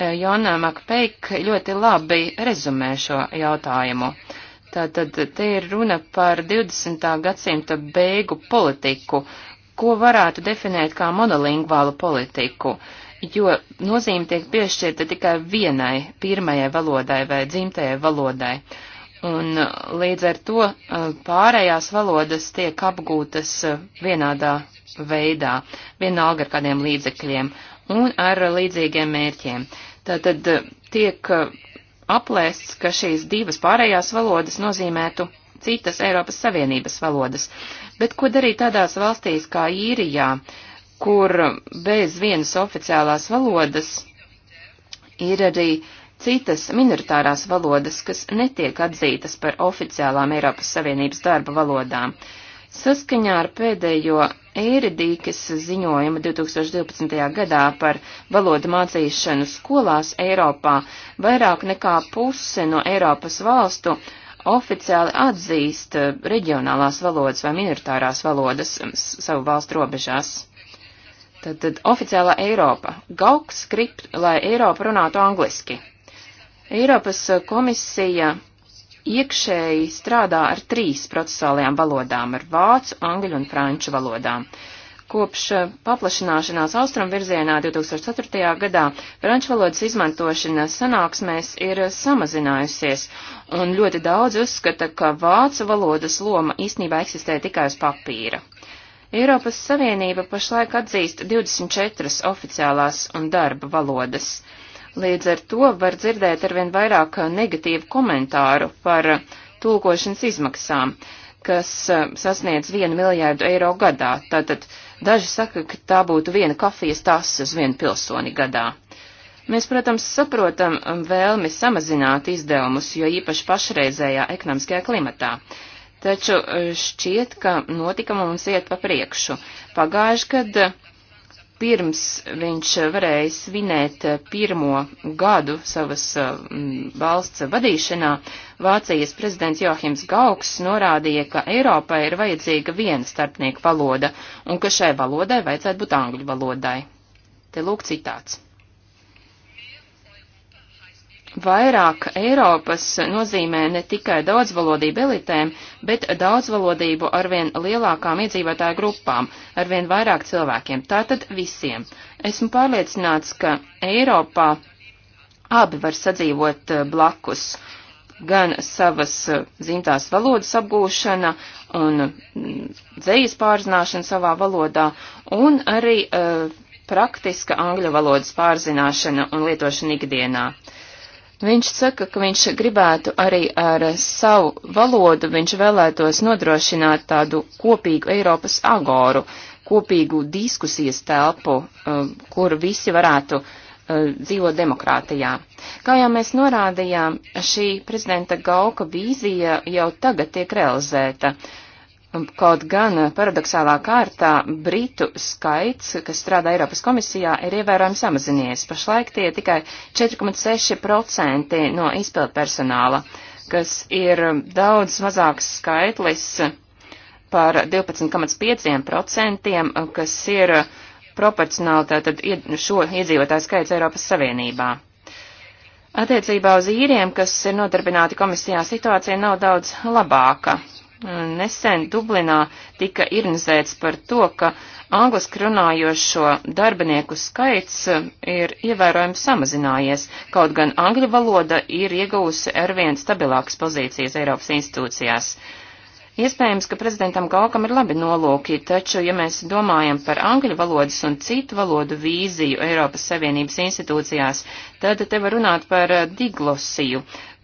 Eh, Jona Makpeik ļoti labi rezumē šo jautājumu. Tātad te ir runa par 20. gadsimta beigu politiku, ko varētu definēt kā monolingvālu politiku, jo nozīme tiek piešķirta tikai vienai pirmajai valodai vai dzimtajai valodai. Un eh, līdz ar to eh, pārējās valodas tiek apgūtas vienādā veidā, vienalga ar kādiem līdzekļiem un ar līdzīgiem mērķiem. Tātad eh, tiek eh, aplēsts, ka šīs divas pārējās valodas nozīmētu citas Eiropas Savienības valodas. Bet ko darīt tādās valstīs kā īrijā, kur bez vienas oficiālās valodas ir arī citas minoritārās valodas, kas netiek atzītas par oficiālām Eiropas Savienības darba valodām? Saskaņā ar pēdējo Eiridīkas ziņojuma 2012. gadā par valodu mācīšanu skolās Eiropā vairāk nekā puse no Eiropas valstu oficiāli atzīst eh, reģionālās valodas vai minoritārās valodas mm, savu valstu robežās. Tad, tad oficiālā Eiropa. Gauk skript, lai Eiropa runātu angliski. Eiropas eh, komisija iekšēji strādā ar trīs procesuālajām valodām - ar vācu, angļu un franču valodām. Kopš eh, paplašināšanās austrum virzienā 2004. gadā franču valodas izmantošana sanāksmēs ir samazinājusies, un ļoti daudz uzskata, ka vācu valodas loma īstenībā eksistē tikai uz papīra. Eiropas Savienība pašlaik atzīst 24 oficiālās un darba valodas. Uh, Līdz ar to var dzirdēt arvien vairāk negatīvu komentāru par tulkošanas izmaksām, kas eh, sasniedz 1 miljārdu eiro gadā. Tātad daži saka, ka tā būtu viena kafijas tasa uz vienu pilsoni gadā. Mēs, protams, saprotam um, vēlmi samazināt izdevumus, jo īpaši pašreizējā ekonomiskajā klimatā. Taču eh, šķiet, ka notikumi mums iet pa priekšu. Pagājuši, kad pirms viņš varēja svinēt pirmo gadu savas eh, valsts vadīšanā, Vācijas prezidents Johims Gauks norādīja, ka Eiropai ir vajadzīga viena starpnieku valoda un ka šai valodai vajadzētu būt angļu valodai. Te lūk citāts. Vairāk Eiropas nozīmē ne tikai daudzvalodību elitēm, bet daudzvalodību arvien lielākām iedzīvotāju grupām, arvien vairāk cilvēkiem, tātad visiem. Esmu pārliecināts, ka Eiropā abi var sadzīvot eh, blakus gan savas eh, dzimtās valodas apgūšana un mm, dzejas pārzināšana savā valodā, un arī uh, praktiska angļu valodas pārzināšana un lietošana ikdienā. Uh, Viņš saka, ka viņš gribētu arī ar savu valodu, viņš vēlētos nodrošināt tādu kopīgu Eiropas agoru, kopīgu diskusijas telpu, um, kur visi varētu uh, dzīvot demokrātijā. Kā jau mēs norādījām, šī prezidenta Gauka vīzija jau tagad tiek realizēta. Kaut gan eh, paradoxālā kārtā Britu skaits, kas strādā Eiropas komisijā, ir ievērojami samazinies. Pašlaik tie tikai 4,6% no izpildu personāla, kas ir daudz mazāks skaitlis par 12,5%, kas ir proporcionāli tātad šo iedzīvotāju skaits Eiropas Savienībā. Attiecībā uz īriem, kas ir nodarbināti komisijā, situācija nav daudz labāka. Nesen Dublinā tika ironizēts par to, ka angliski runājošo darbinieku skaits e, ir ievērojami samazinājies, kaut gan angļu valoda ir iegūsi arvien stabilākas pozīcijas Eiropas institūcijās. Iespējams, ka prezidentam Galkam ir labi nolūki, taču, ja mēs domājam par angļu valodas un citu valodu vīziju Eiropas Savienības institūcijās, tad te var runāt par e, diglosiju,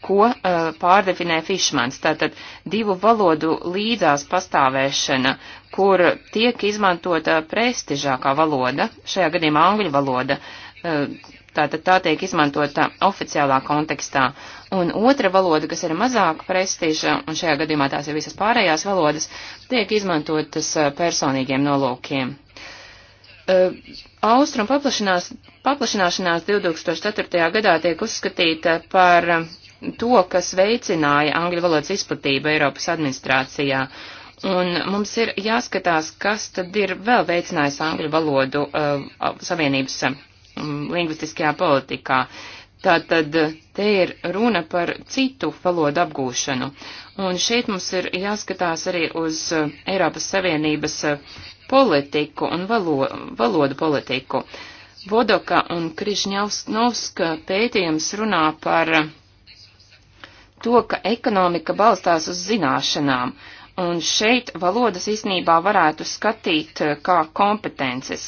ko uh, pārdefinē Fišmans. Tātad divu valodu līdzās pastāvēšana, kur tiek izmantota prestižākā valoda, šajā gadījumā angļu valoda, uh, tātad tā tiek izmantota oficiālā kontekstā. Un otra valoda, kas ir mazāk prestiža, un šajā gadījumā tās ir visas pārējās valodas, tiek izmantotas uh, personīgiem nolūkiem. Uh, Austrum paplašanās, paplašanāšanās 2004. gadā tiek uzskatīta par to, kas veicināja angļu valodas izplatību Eiropas administrācijā. Un mums ir jāskatās, kas tad ir vēl veicinājis angļu valodu uh, savienības um, lingvistiskajā politikā. Tātad uh, te ir runa par citu valodu apgūšanu. Un šeit mums ir jāskatās arī uz uh, Eiropas Savienības uh, politiku un valo, valodu politiku. Vodoka un Križņovska pētījums runā par uh, to, ka ekonomika balstās uz zināšanām, un šeit valodas īstenībā varētu skatīt eh, kā kompetences.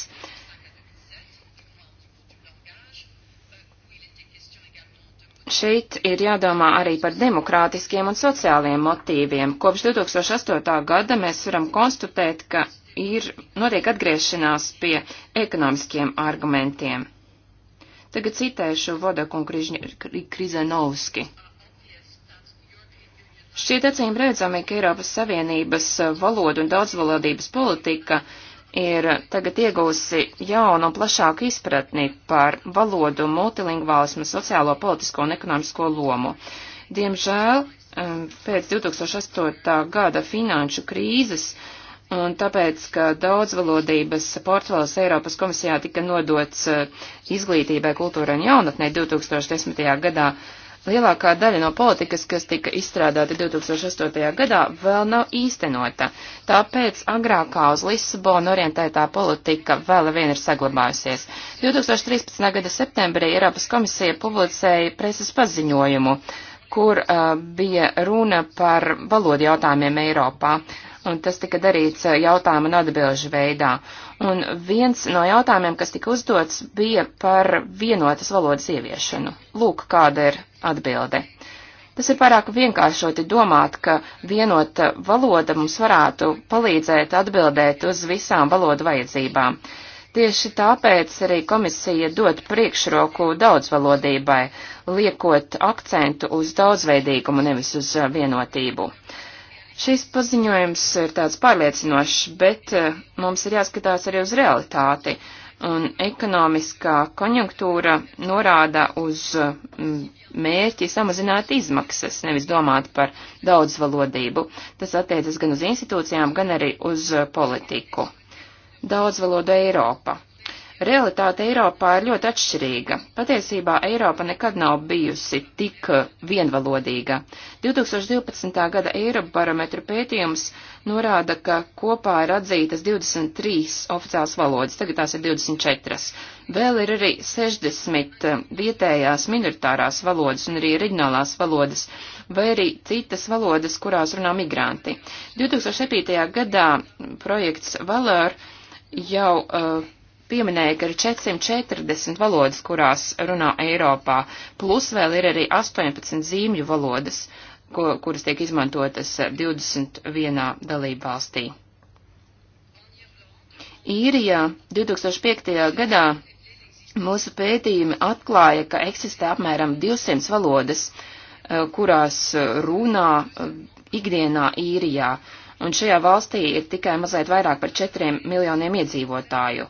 Šeit ir jādomā arī par demokrātiskiem un sociāliem motīviem. Kopš 2008. gada mēs varam konstatēt, ka ir notiek atgriešanās pie ekonomiskiem argumentiem. Tagad citēšu Vodakungu Krizenovski. Križ Šķiet acīm redzami, ka Eiropas Savienības eh, valodu un daudzvalodības politika ir tagad iegūsi jaunu un plašāku izpratni par valodu, multilingvālismu, sociālo, politisko un ekonomisko lomu. Diemžēl eh, pēc 2008. gada finanšu krīzes un tāpēc, ka daudzvalodības portfels Eiropas komisijā tika nodots eh, izglītībai, kultūrai un jaunatnē 2010. gadā, Lielākā daļa no politikas, kas tika izstrādāta 2008. gadā, vēl nav īstenota, tāpēc agrākā uz Lisabonu orientētā politika vēl vien ir saglabājusies. 2013. gada septembrī Eiropas komisija publicēja preses paziņojumu, kur uh, bija runa par valodu jautājumiem Eiropā. Un tas tika darīts jautājuma un atbilžu veidā. Un viens no jautājumiem, kas tika uzdots, bija par vienotas valodas ieviešanu. Lūk, kāda ir atbilde. Tas ir pārāk vienkāršoti domāt, ka vienota valoda mums varētu palīdzēt atbildēt uz visām valodu vajadzībām. Tieši tāpēc arī komisija dod priekšroku daudzvalodībai, liekot akcentu uz daudzveidīgumu, nevis uz vienotību. Uh, Šis paziņojums ir tāds pārliecinošs, bet eh, mums ir jāskatās arī uz realitāti, un ekonomiskā konjunktūra norāda uz eh, mērķi samazināt izmaksas, nevis domāt par daudzvalodību. Tas attiecas gan uz institūcijām, gan arī uz eh, politiku. Daudzvaloda Eiropa. Realitāte Eiropā ir ļoti atšķirīga. Patiesībā Eiropa nekad nav bijusi tik vienvalodīga. 2012. gada Eirobarometru pētījums norāda, ka kopā ir atzītas 23 oficiālas valodas, tagad tās ir 24. Vēl ir arī 60 eh, vietējās minoritārās valodas un arī reģionālās valodas, vai arī citas valodas, kurās runā migranti. 2007. gadā projekts Valor jau uh, pieminēja, ka ir 440 valodas, kurās runā Eiropā, plus vēl ir arī 18 zīmju valodas, ko, kuras tiek izmantotas 21 dalību valstī. Īrijā 2005. gadā mūsu pētījumi atklāja, ka eksistē apmēram 200 valodas, eh, kurās runā eh, ikdienā īrijā, un šajā valstī ir tikai mazliet vairāk par 4 miljoniem iedzīvotāju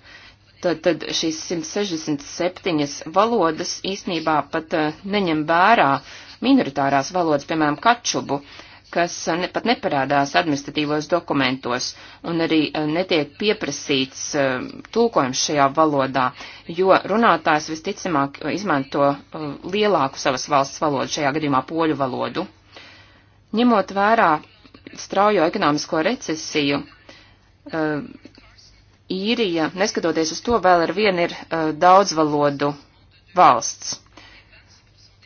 tad, tad šīs 167 valodas īsnībā pat eh, neņem vērā minoritārās valodas, piemēram, kačubu, kas eh, ne, pat neparādās administratīvos dokumentos un arī eh, netiek pieprasīts uh, tulkojums šajā valodā, jo runātājs visticamāk izmanto uh, lielāku savas valsts valodu, šajā gadījumā poļu valodu. Ņemot vērā straujo ekonomisko recesiju, uh, īrija, neskatoties uz to, vēl ar vienu ir uh, daudzvalodu valsts.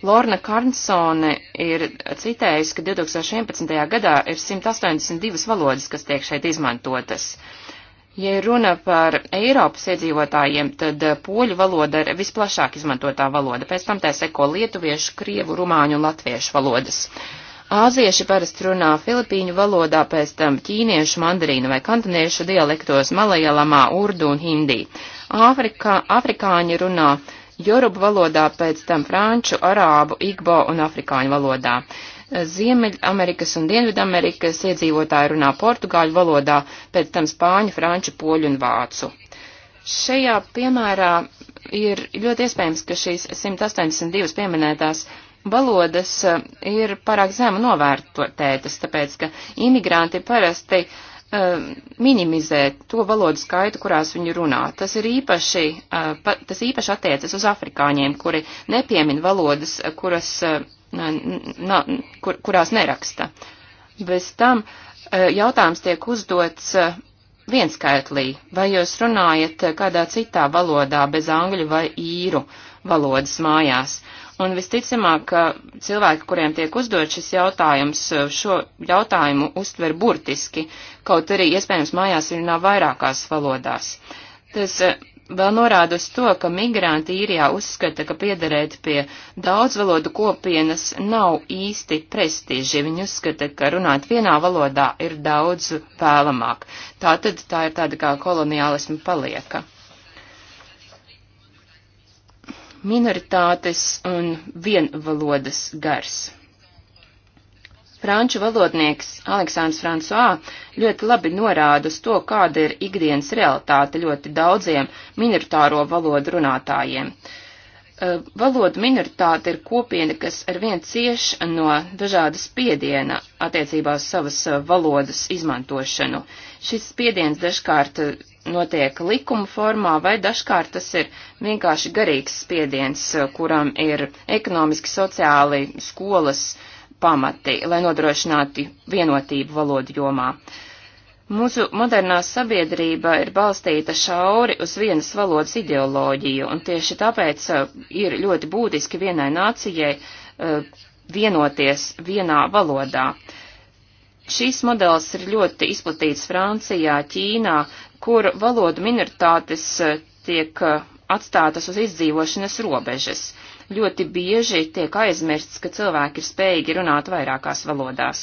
Lorna Karnsone ir citējusi, ka 2011. gadā ir 182 valodas, kas tiek šeit izmantotas. Ja runa par Eiropas iedzīvotājiem, tad uh, poļu valoda ir visplašāk izmantotā valoda, pēc tam tā seko lietuviešu, krievu, rumāņu un latviešu valodas. Uh, Āzieši parasti runā filipīņu valodā, pēc tam ķīniešu, mandarīnu vai kantoniešu dialektos, malajalamā, urdu un hindi. Āfrikā, afrikāņi runā jorubu valodā, pēc tam franču, arābu, igbo un afrikāņu valodā. Ziemeļamerikas un Dienvidamerikas iedzīvotāji runā portugāļu valodā, pēc tam spāņu, franču, poļu un vācu. Šajā piemērā ir ļoti iespējams, ka šīs 182 pieminētās valodas eh, ir pārāk zemu novērtētas, tāpēc, ka imigranti parasti uh, minimizē to valodu skaitu, kurās viņi runā. Tas ir īpaši, uh, pa, tas īpaši attiecas uz afrikāņiem, kuri nepiemin valodas, kuras, uh, na, kur, kurās neraksta. Bez tam jautājums tiek uzdots vienskaitlī, vai jūs runājat kādā citā valodā bez angļu vai īru valodas mājās. Un visticamāk, ka cilvēki, kuriem tiek uzdot šis jautājums, šo jautājumu uztver burtiski, kaut arī iespējams mājās ir nav vairākās valodās. Tas eh, vēl norāda uz to, ka migranti īrijā uzskata, ka piederēt pie daudzvalodu kopienas nav īsti prestiži. Viņi uzskata, ka runāt vienā valodā ir daudz vēlamāk. Tātad tā ir tāda kā koloniālisma palieka. minoritātes un vienvalodas gars. Franču valodnieks Aleksandrs Fransuā ļoti labi norāda uz to, kāda ir ikdienas realitāte ļoti daudziem minoritāro valodu runātājiem. Eh, valodu minoritāte ir kopiena, kas ar vien cieš no dažāda spiediena attiecībā uz savas eh, valodas izmantošanu. Šis spiediens dažkārt eh, notiek likuma formā, vai dažkārt tas ir vienkārši garīgs spiediens, eh, kuram ir ekonomiski, sociāli skolas pamati, lai nodrošinātu vienotību valodu jomā. Mūsu modernā sabiedrība ir balstīta šauri uz vienas valodas ideoloģiju, un tieši tāpēc eh, ir ļoti būtiski vienai nācijai eh, vienoties vienā valodā. Šīs modelis ir ļoti izplatīts Francijā, Ķīnā, kur valodu minoritātes eh, tiek eh, atstātas uz izdzīvošanas robežas. Ļoti bieži tiek aizmirsts, ka cilvēki ir spējīgi runāt vairākās valodās.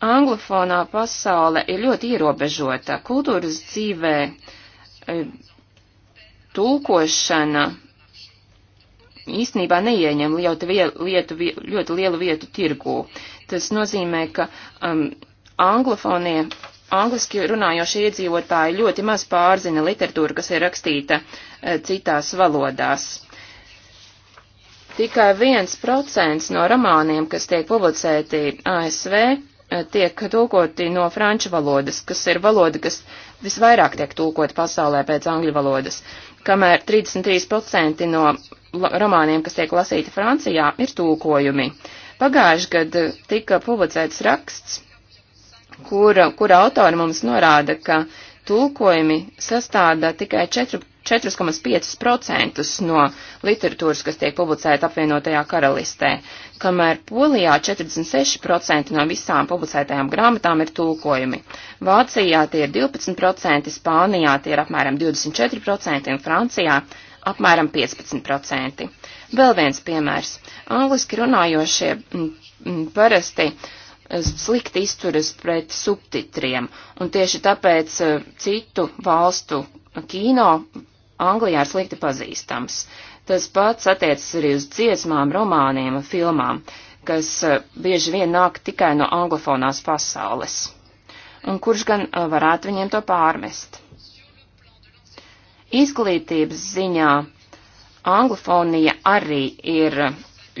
Anglofonā pasaule ir ļoti ierobežota. Kultūras dzīvē eh, tulkošana īstenībā neieņem ļoti, lietu, ļoti lielu vietu tirgū. Tas nozīmē, ka um, anglofonie angliski runājošie iedzīvotāji ļoti maz pārzina literatūru, kas ir rakstīta eh, citās valodās. Tikai viens procents no romāniem, kas tiek publicēti ASV, eh, tiek tulkoti no franču valodas, kas ir valoda, kas visvairāk tiek tulkota pasaulē pēc angļu valodas, kamēr 33% no romāniem, kas tiek lasīti Francijā, ir tulkojumi. Pagājuši gadu tika publicēts raksts, kura, kura autori mums norāda, ka tulkojumi sastāda tikai 4,5% no literatūras, kas tiek publicēta apvienotajā karalistē, kamēr Polijā 46% no visām publicētajām grāmatām ir tulkojumi. Vācijā tie ir 12%, Spānijā tie ir apmēram 24% un Francijā apmēram 15%. Vēl viens piemērs. Angliski runājošie m, m, parasti uh, Eh, slikti izturas pret subtitriem, un tieši tāpēc eh, citu valstu kino Anglijā ir slikti pazīstams. Tas pats attiecas arī uz dziesmām, romāniem un filmām, kas eh, bieži vien nāk tikai no anglofonās pasaules. Un kurš gan varētu viņiem to pārmest? Izglītības ziņā anglofonija arī ir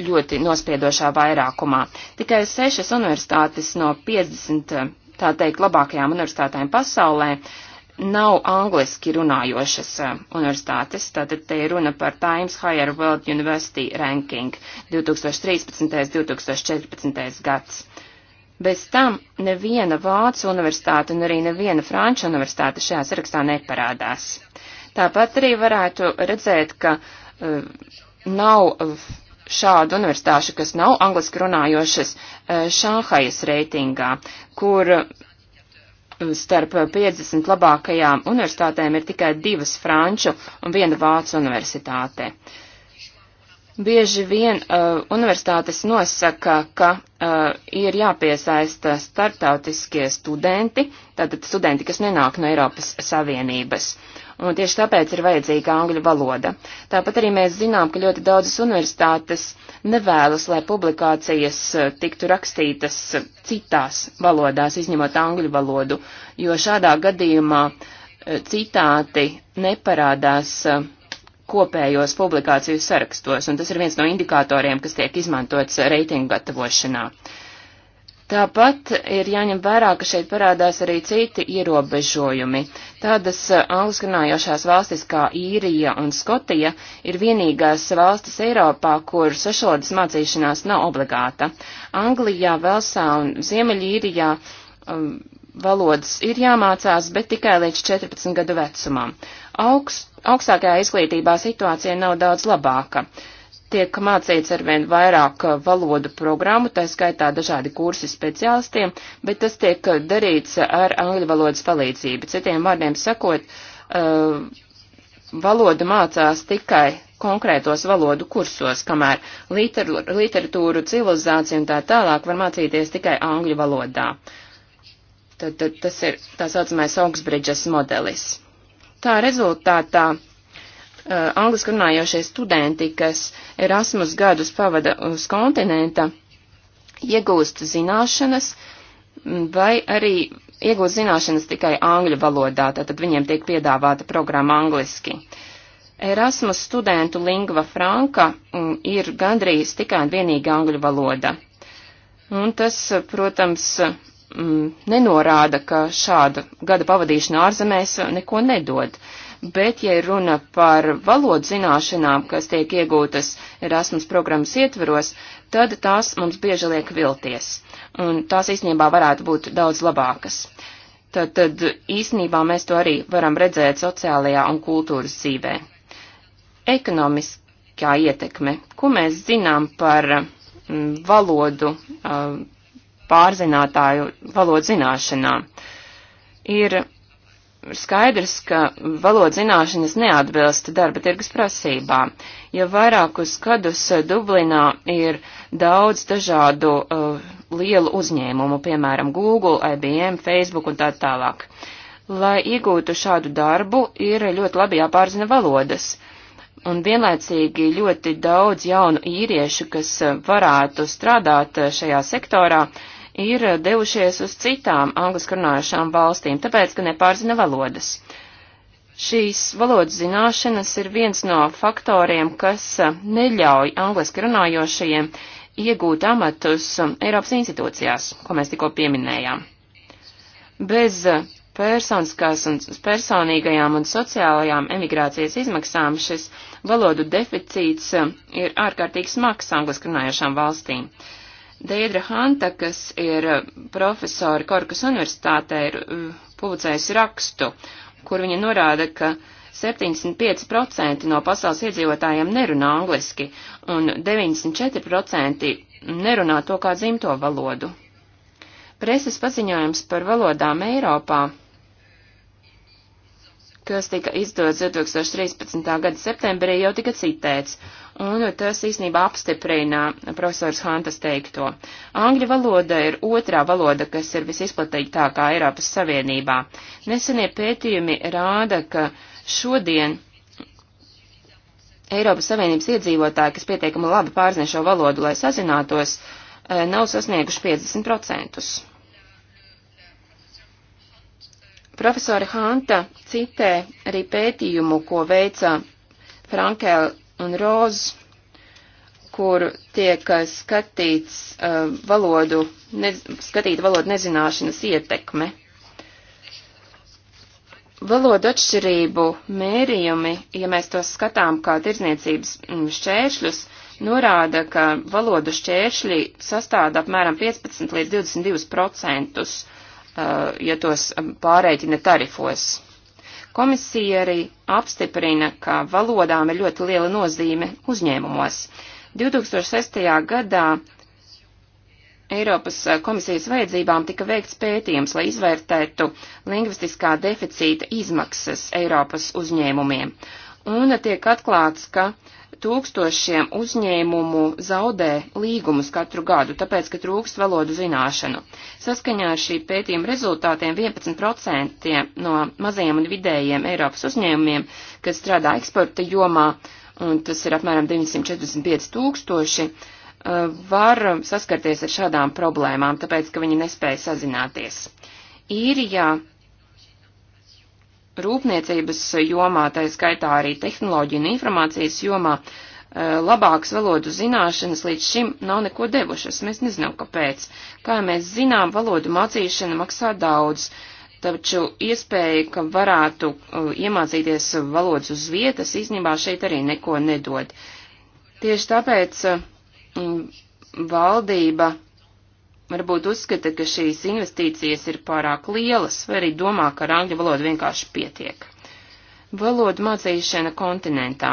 ļoti nospiedošā vairākumā. Tikai sešas universitātes no 50, tā teikt, labākajām universitātēm pasaulē nav angliski runājošas eh, universitātes, tātad te ir runa par Times Higher World University Ranking 2013. 2014. gads. Bez tam neviena Vācu universitāte un arī neviena Franču universitāte šajā sarakstā neparādās. Tāpat arī varētu redzēt, ka uh, nav uh, šādu universitāšu, kas nav angliski runājošas, e, Šāhajas reitingā, kur e, starp 50 labākajām universitātēm ir tikai divas franču un viena vācu universitāte. Uh, Bieži vien uh, universitātes nosaka, ka uh, ir jāpiesaista startautiskie studenti, tātad studenti, kas nenāk no Eiropas Savienības. Un tieši tāpēc ir vajadzīga angļu valoda. Tāpat arī mēs zinām, ka ļoti daudzas universitātes nevēlas, lai publikācijas uh, tiktu rakstītas citās valodās, izņemot angļu valodu, jo šādā gadījumā uh, citāti neparādās. Uh, kopējos publikāciju sarakstos, un tas ir viens no indikatoriem, kas tiek izmantots reitingu gatavošanā. Tāpat ir jāņem vērā, ka šeit parādās arī citi ierobežojumi. Tādas augstgrinājošās valstis kā Īrija un Skotija ir vienīgās valstis Eiropā, kur sešlodas mācīšanās nav obligāta. Anglijā, Velsā un Ziemeļīrijā um, valodas ir jāmācās, bet tikai līdz 14 gadu vecumam. Uh, Augs, augstākajā izglītībā situācija nav daudz labāka. Tiek mācīts arvien vairāk uh, valodu programmu, tā skaitā dažādi kursi speciālistiem, bet tas tiek uh, darīts ar angļu valodas palīdzību. Citiem vārdiem sakot, uh, valoda mācās tikai konkrētos valodu kursos, kamēr liter, literatūru, civilizāciju un tā tālāk var mācīties tikai angļu valodā. Tad, tad tas ir tā saucamais Augsbridžas modelis. Tā rezultātā uh, angliski runājošie studenti, kas Erasmus gadus pavada uz kontinenta, iegūst zināšanas vai arī iegūst zināšanas tikai angļu valodā, tātad viņiem tiek piedāvāta programma angliski. Erasmus studentu lingva franka ir gandrīz tikai un vienīgi angļu valoda. Un tas, protams, mm, nenorāda, ka šāda gada pavadīšana ārzemēs neko nedod. Bet, ja runa par valodu zināšanām, kas tiek iegūtas Erasmus programmas ietveros, tad tās mums bieži liek vilties, un tās īstenībā varētu būt daudz labākas. Tad, tad īstenībā mēs to arī varam redzēt sociālajā un kultūras dzīvē. Ekonomiskā ietekme. Ko mēs zinām par mm, valodu? Uh, pārzinātāju valodas zināšanā. Ir skaidrs, ka valodas zināšanas neatbilst darba tirgus prasībām. Jau vairākus gadus Dublinā ir daudz dažādu uh, lielu uzņēmumu, piemēram, Google, IBM, Facebook un tā tālāk. Lai iegūtu šādu darbu, ir ļoti labi jāpārzina valodas. Un vienlaicīgi ļoti daudz jaunu īriešu, kas uh, varētu strādāt uh, šajā sektorā, uh, ir devušies uz citām angliski runājušām valstīm, tāpēc, ka nepārzina valodas. Šīs valodas zināšanas ir viens no faktoriem, kas neļauj angliski runājošajiem iegūt amatus Eiropas institūcijās, ko mēs tikko pieminējām. Bez personiskās un personīgajām un sociālajām emigrācijas izmaksām šis valodu deficīts ir ārkārtīgi smags angliski runājošām valstīm. Uh, Deidra Hanta, kas ir eh, profesori Korkas universitātē, ir eh, publicējusi rakstu, kur viņa norāda, ka 75% no pasaules iedzīvotājiem nerunā angliski un 94% nerunā to kā dzimto valodu. Preses paziņojums par valodām Eiropā kas tika izdots 2013. gada septembrī, jau tika citēts, un tas īsnībā apstiprina profesors Hantas teikto. Angļu valoda ir otrā valoda, kas ir visizplatītākā Eiropas Savienībā. Nesenie pētījumi rāda, ka šodien Eiropas Savienības iedzīvotāji, kas pietiekami labi pārzina šo valodu, lai sazinātos, eh, nav sasnieguši 50%. Profesori Hanta citē arī pētījumu, ko veica Frankēl un Roz, kur tiek uh, skatīts uh, valodu, ne, skatīta valodu nezināšanas ietekme. Valodu atšķirību mērījumi, ja mēs tos skatām kā tirzniecības mm, šķēršļus, norāda, ka valodu šķēršļi sastāda apmēram 15 līdz 22 procentus Uh, ja tos pārreikina tarifos. Komisija arī apstiprina, ka valodām ir ļoti liela nozīme uzņēmumos. 2006. gadā Eiropas uh, komisijas vajadzībām tika veikts pētījums, lai izvērtētu lingvistiskā deficīta izmaksas Eiropas uzņēmumiem. Un tiek atklāts, ka uh, tūkstošiem uzņēmumu zaudē līgumus katru gadu, tāpēc, ka trūkst valodu zināšanu. Saskaņā ar šī pētījuma rezultātiem 11% no mazajiem un vidējiem Eiropas uzņēmumiem, kas strādā eksporta jomā, un tas ir apmēram 945 tūkstoši, uh, var saskarties ar šādām problēmām, tāpēc, ka viņi nespēja sazināties. Īrijā ja rūpniecības jomā, tā skaitā arī tehnoloģija un informācijas jomā, eh, labākas valodu zināšanas līdz šim nav neko devušas. Mēs nezinām, kāpēc. Kā mēs zinām, valodu mācīšana maksā daudz, taču iespēja, ka varētu eh, iemācīties valodas uz vietas, īstenībā šeit arī neko nedod. Tieši tāpēc eh, valdība varbūt uzskata, ka šīs investīcijas ir pārāk lielas, vai arī domā, ka ar angļu valodu vienkārši pietiek. Valodu mācīšana kontinentā.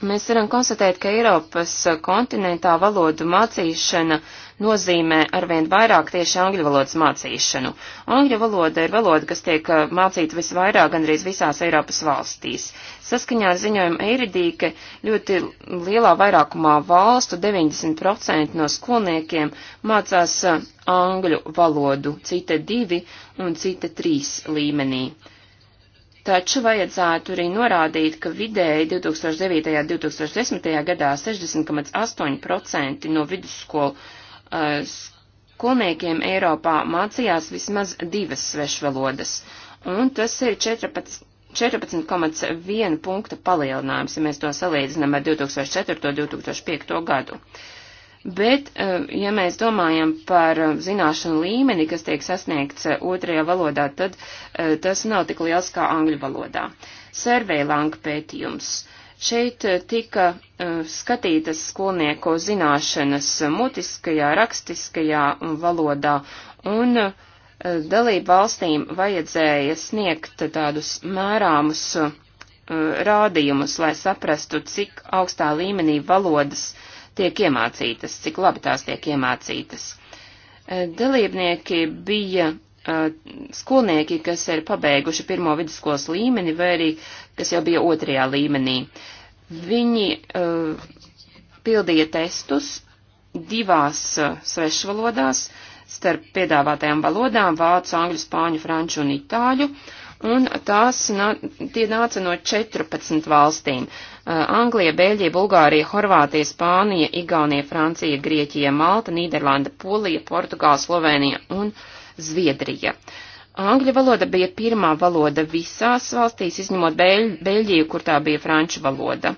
Mēs varam konstatēt, ka Eiropas kontinentā valodu mācīšana uh, nozīmē arvien vairāk tieši angļu valodas mācīšanu. Angļu valoda ir valoda, kas tiek uh, mācīta visvairāk gandrīz visās Eiropas valstīs. Saskaņā ar ziņojumu Eiridīke ļoti lielā vairākumā valstu 90% no skolniekiem mācās uh, angļu valodu, cita divi un cita trīs līmenī. Taču vajadzētu arī norādīt, ka vidēji 2009. un 2010. gadā 60,8% no vidusskolu Eh, skolniekiem Eiropā mācījās vismaz divas svešvalodas, un tas ir 14,1 14, punkta palielinājums, ja mēs to salīdzinām ar 2004. un 2005. gadu. Bet, eh, ja mēs domājam par eh, zināšanu līmeni, kas tiek sasniegts otrajā valodā, tad tas nav tik liels kā angļu valodā. Survey Lang pētījums. Šeit eh, tika eh, skatītas skolnieku zināšanas mutiskajā, rakstiskajā mm, valodā, un eh, dalību valstīm vajadzēja sniegt tādus mērāmus rādījumus, lai saprastu, cik augstā līmenī valodas tiek iemācītas, cik labi tās tiek iemācītas. Dalībnieki bija Eh, skolnieki, kas ir pabeiguši pirmo vidusskolas līmeni vai arī kas jau bija otrajā līmenī. Viņi uh, pildīja testus divās uh, svešvalodās starp piedāvātajām valodām - vācu, angļu, spāņu, franču un itāļu. Un tās nā, tie nāca no 14 valstīm uh, - Anglija, Beļģija, Bulgārija, Horvātija, Spānija, Igaunija, Francija, Grieķija, Malta, Nīderlanda, Polija, Portugāla, Slovenija un uh, Zviedrija. Angļu valoda bija pirmā valoda visās valstīs, izņemot Beļ Beļģiju, kur tā bija franču valoda.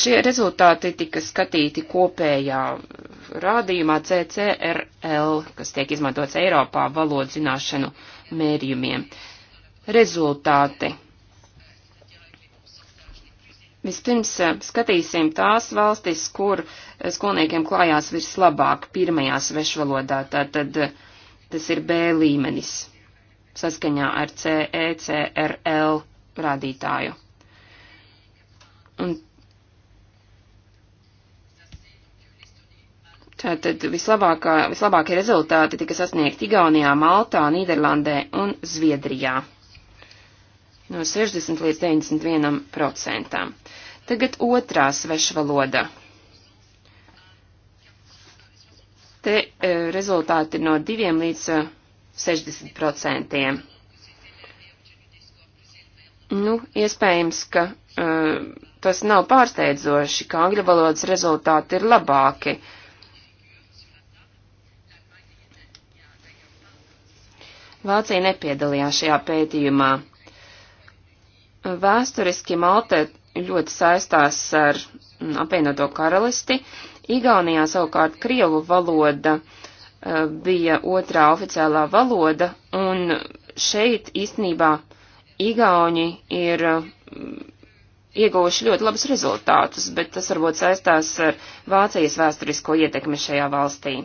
Šie rezultāti tika skatīti kopējā rādījumā CCRL, kas tiek izmantots Eiropā valodu zināšanu mērījumiem. Rezultāti. Vispirms eh, skatīsim tās valstis, kur skolniekiem klājās vislabāk pirmajā svešvalodā, tātad uh, tas ir B līmenis saskaņā ar CECRL rādītāju. Un Tātad vislabākā, vislabākie rezultāti tika sasniegti Igaunijā, Maltā, Nīderlandē un Zviedrijā no 60 līdz 91 procentam. Tagad otrā svešvaloda Te e, rezultāti no 2 līdz 60%. E, nu, iespējams, ka uh, tas nav pārsteidzoši, ka angļu valodas rezultāti ir labāki. Vācija nepiedalījās šajā pētījumā. Vēsturiski Malta ļoti saistās ar apvienoto karalisti, uh, Igaunijā savukārt krievu valoda uh, bija otrā oficiālā valoda, un šeit īstenībā Igauni ir uh, ieguvuši ļoti labus rezultātus, bet tas varbūt saistās ar Vācijas vēsturisko ietekmi šajā valstī.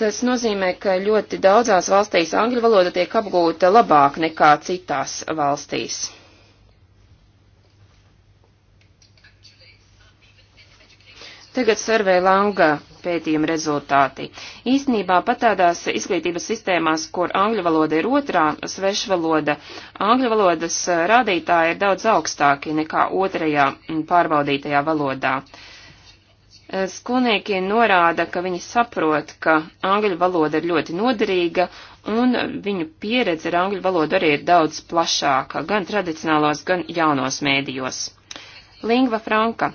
Tas nozīmē, ka ļoti daudzās valstīs angļu valoda tiek apgūta labāk nekā citās valstīs. Tagad servē Langa pētījuma rezultāti. Īsnībā pat tādās izglītības sistēmās, kur angļu valoda ir otrā svešu valoda, angļu valodas eh, rādītāji ir daudz augstāki nekā otrajā pārbaudītajā valodā. Eh, skolnieki norāda, ka viņi saprot, ka angļu valoda ir ļoti noderīga, un viņu pieredze ar angļu valodu arī ir daudz plašāka, gan tradicionālos, gan jaunos mēdījos. Lingva franka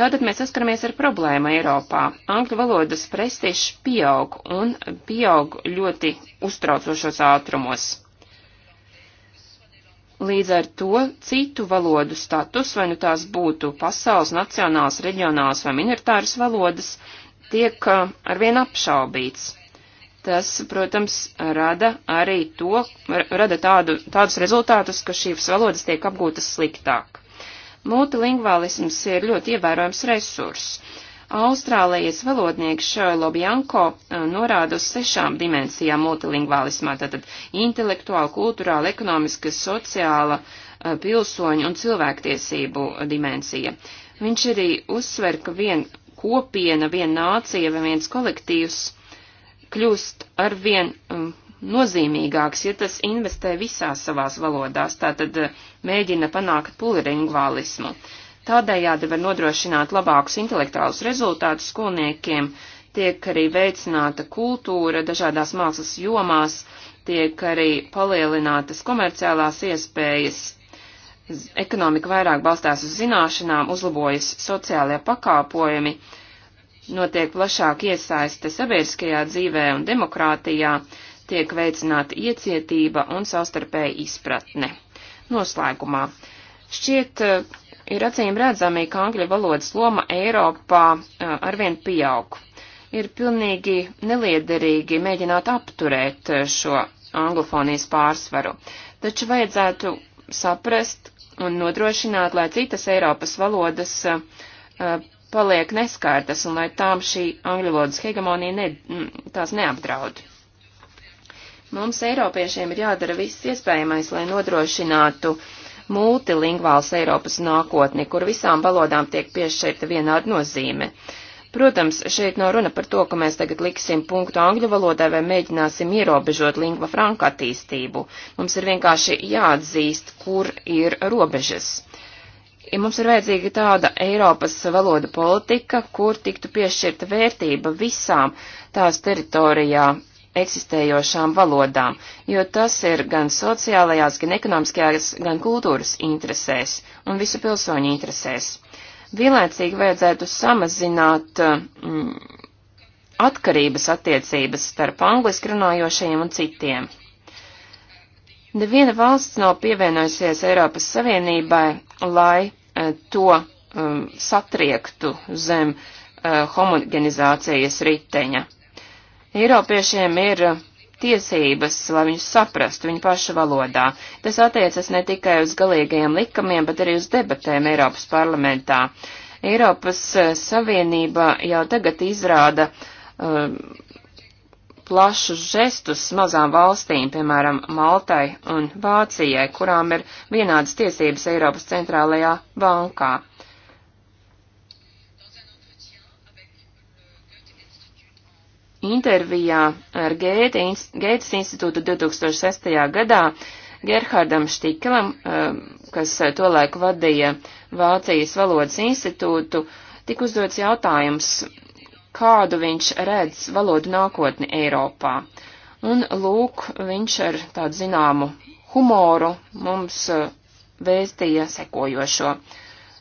Tātad mēs saskaramies ar problēmu Eiropā. Angļu valodas prestižs pieaug un pieaug ļoti uztraucošos ātrumos. Līdz ar to citu valodu status, vai nu tās būtu pasaules, nacionāls, reģionāls vai minoritāras valodas, tiek uh, arvien apšaubīts. Tas, protams, rada arī to, rada tādu, tādus rezultātus, ka šīs valodas tiek apgūtas sliktāk. Multilingvālisms ir ļoti ievērojams resurss. Austrālijas valodnieks Šoilo Bjanko e, norāda uz sešām dimensijām multilingvālismā, tātad intelektuāla, kultūrāla, ekonomiska, sociāla, e, pilsoņu un cilvēktiesību dimensija. Viņš arī uzsver, ka vien kopiena, viena nācija vai viens kolektīvs kļūst arvien nozīmīgāks, ja tas investē visās savās valodās, tātad eh, mēģina panākt plurilingvālismu. Tādējādi var nodrošināt labākus intelektuālus rezultātus skolniekiem, tiek arī veicināta kultūra dažādās mākslas jomās, tiek arī palielinātas komerciālās iespējas, ekonomika vairāk balstās uz zināšanām, uzlabojas sociālajie pakāpojumi, notiek plašāk iesaiste sabiedriskajā dzīvē un demokrātijā, tiek veicināta iecietība un savstarpēja izpratne. Noslēgumā. Šķiet, eh, ir acīm redzami, ka angļu valodas loma Eiropā eh, arvien pieaug. Ir pilnīgi neliederīgi mēģināt apturēt eh, šo anglofonijas pārsvaru, taču vajadzētu saprast un nodrošināt, lai citas Eiropas valodas paliek neskārtas un lai tām šī angļu valodas hegemonija ne, tās neapdraud. Mums, Eiropiešiem, ir jādara viss iespējamais, lai nodrošinātu multilingvāls Eiropas nākotni, kur visām valodām tiek piešķirta vienāda nozīme. Protams, šeit nav runa par to, ka mēs tagad liksim punktu angļu valodai vai mēģināsim ierobežot lingva franka attīstību. Mums ir vienkārši jāatzīst, kur ir robežas. Ja mums ir vajadzīga tāda Eiropas valoda politika, kur tiktu piešķirta vērtība visām tās teritorijā eksistējošām valodām, jo tas ir gan sociālajās, gan ekonomiskajās, gan kultūras interesēs un visu pilsoņu interesēs. Vienlaicīgi vajadzētu samazināt mm, atkarības attiecības starp angliski runājošajiem un citiem. Neviena valsts nav pievienojusies Eiropas Savienībai, lai eh, to um, satriektu zem eh, homogenizācijas riteņa. Eiropiešiem ir tiesības, lai viņus saprastu viņu pašu valodā. Tas attiecas ne tikai uz galīgajiem likumiem, bet arī uz debatēm Eiropas parlamentā. Eiropas eh, Savienība jau tagad izrāda um, plašus žestus mazām valstīm, piemēram, Maltai un Vācijai, kurām ir vienādas tiesības Eiropas centrālajā bankā. intervijā ar Gēta, Gētas institūtu 2006. gadā Gerhardam Štikelam, um, kas uh, tolaik vadīja Vācijas valodas institūtu, tika uzdots jautājums, kādu viņš redz valodu nākotni Eiropā. Un lūk, viņš ar tādu zināmu humoru mums uh, vēstīja sekojošo.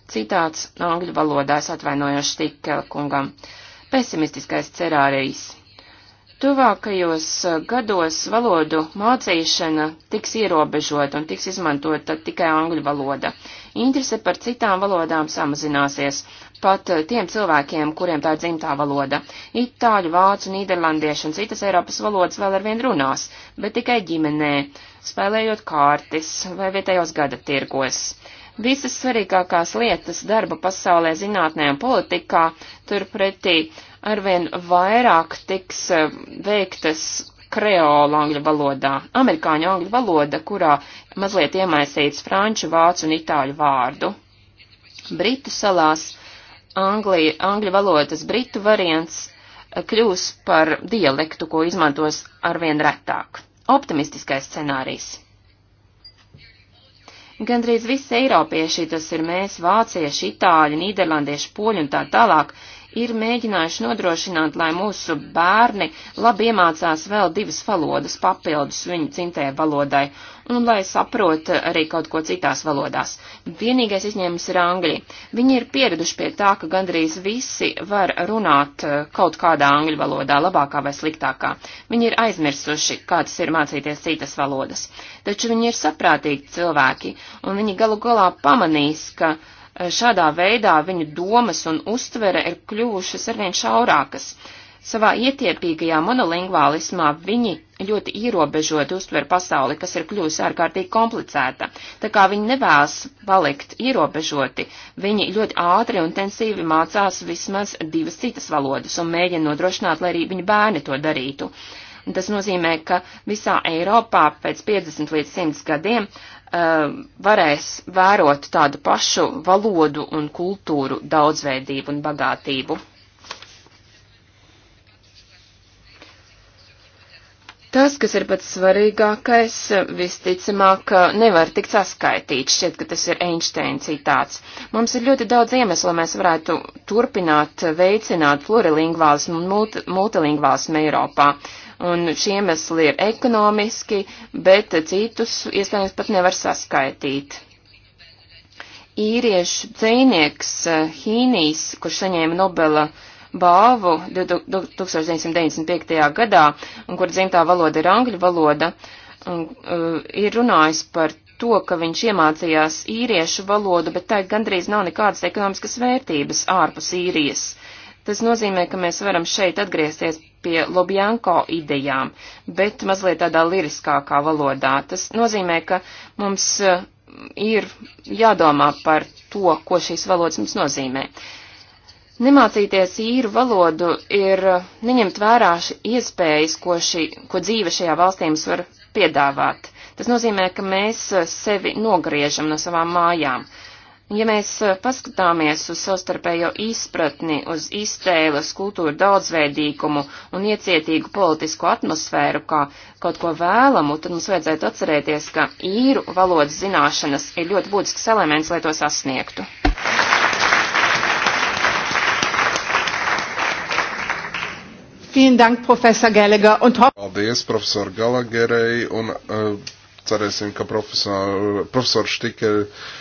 Citāts angļu valodās atvainojoši Štikela kungam. Pesimistiskais cerārijs. Tuvākajos eh, gados valodu mācīšana tiks ierobežota un tiks izmantota tikai angļu valoda. Interese par citām valodām samazināsies, pat eh, tiem cilvēkiem, kuriem tā ir dzimtā valoda. Itāļu, vācu, nīderlandiešu un citas Eiropas valodas vēl arvien runās, bet tikai ģimenē, spēlējot kārtis vai vietējos gada tirgos. Visas svarīgākās lietas darba pasaulē, zinātnē un politikā turpretī arvien vairāk tiks eh, veiktas kreola angļu valodā, amerikāņu angļu valoda, kurā mazliet iemaisīts franču, vācu un itāļu vārdu. Britu salās angli, angļu valodas britu variants eh, kļūs par dialektu, ko izmantos arvien retāk. Optimistiskais scenārijs. Gandrīz visi eiropieši, tas ir mēs, vācieši, itāļi, nīderlandieši, poļi un tā tālāk, ir mēģinājuši nodrošināt, lai mūsu bērni labi iemācās vēl divas valodas papildus viņu dzimtajai valodai un lai saprot arī kaut ko citās valodās. Vienīgais izņēmums ir angļi. Viņi ir pieraduši pie tā, ka gandrīz visi var runāt eh, kaut kādā angļu valodā, labākā vai sliktākā. Viņi ir aizmirsuši, kādas ir mācīties citas valodas. Taču viņi ir saprātīgi cilvēki, un viņi galu galā pamanīs, ka uh, Šādā veidā viņu domas un uztvere ir kļuvušas arvien šaurākas. Savā ietiepīgajā monolingvālismā viņi ļoti ierobežoti uztver pasauli, kas ir kļuvusi ārkārtīgi komplicēta. Tā kā viņi nevēlas palikt ierobežoti, viņi ļoti ātri un intensīvi mācās vismaz divas citas valodas un mēģina nodrošināt, lai arī viņu bērni to darītu. Tas nozīmē, ka visā Eiropā pēc 50 līdz 100 gadiem Um, varēs vērot tādu pašu valodu un kultūru daudzveidību un bagātību. Tas, kas ir pats svarīgākais, visticamāk, nevar tikt saskaitīts. Šķiet, ka tas ir Einsteina citāts. Mums ir ļoti daudz iemeslu, lai mēs varētu turpināt veicināt plurilingvālismu un multilingvālismu Eiropā un šie iemesli ir ekonomiski, bet citus iespējams pat nevar saskaitīt. Īriešu dzēnieks eh, Hīnijs, kurš saņēma Nobela balvu 1995. gadā, un kur dzimtā valoda ir angļu valoda, un, uh, ir runājis par to, ka viņš iemācījās īriešu valodu, bet tai gandrīz nav nekādas ekonomiskas vērtības ārpus īrijas. Tas nozīmē, ka mēs varam šeit atgriezties pie Lobjanko idejām, bet mazliet tādā liriskākā valodā. Tas nozīmē, ka mums eh, ir jādomā par to, ko šīs valodas mums nozīmē. Nemācīties īru valodu ir eh, neņemt vērā iespējas, ko, šī, ko dzīve šajā valstī mums var piedāvāt. Tas nozīmē, ka mēs eh, sevi nogriežam no savām mājām. Uh, Ja mēs eh, paskatāmies uz savstarpējo izpratni, uz iztēles kultūru daudzveidīgumu un iecietīgu politisku atmosfēru kā kaut ko vēlamu, tad mums vajadzētu atcerēties, ka īru valodas zināšanas ir ļoti būtisks elements, lai to sasniegtu. Dank, profesor Gallagher, un... Paldies, profesor Galagerei, un uh, cerēsim, ka profesors profesor Štikers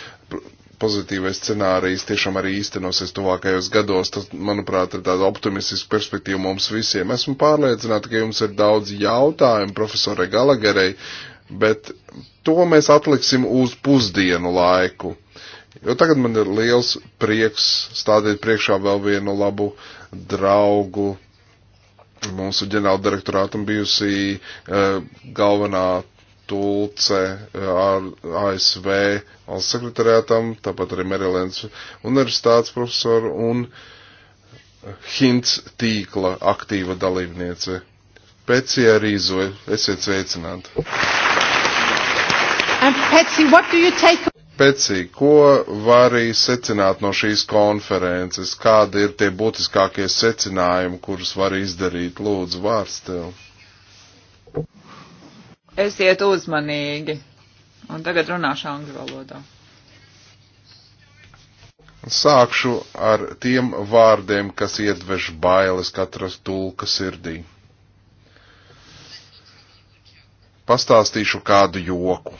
pozitīvais scenārijs tiešām arī īstenosies tuvākajos gados. Tas, manuprāt, ir tāda optimistiska perspektīva mums visiem. Esmu pārliecināta, ka jums ir daudz jautājumu profesorai Galagerei, bet to mēs atliksim uz pusdienu laiku. Jo tagad man ir liels prieks stādīt priekšā vēl vienu labu draugu. Mūsu ģenerāla direktorātam bijusi uh, galvenā tulce ASV valsts sekretariātam, tāpat arī Marylands universitātes profesoru un Hints tīkla aktīva dalībniece. Pēcija Rīzo, esiet sveicināti. Pēcija, ko var arī secināt no šīs konferences? Kādi ir tie būtiskākie secinājumi, kurus var izdarīt? Lūdzu, vārds tev. Esiet uzmanīgi. Un tagad runāšu angļu valodā. Sākšu ar tiem vārdiem, kas iedvež bailes katras tulka sirdī. Pastāstīšu kādu joku.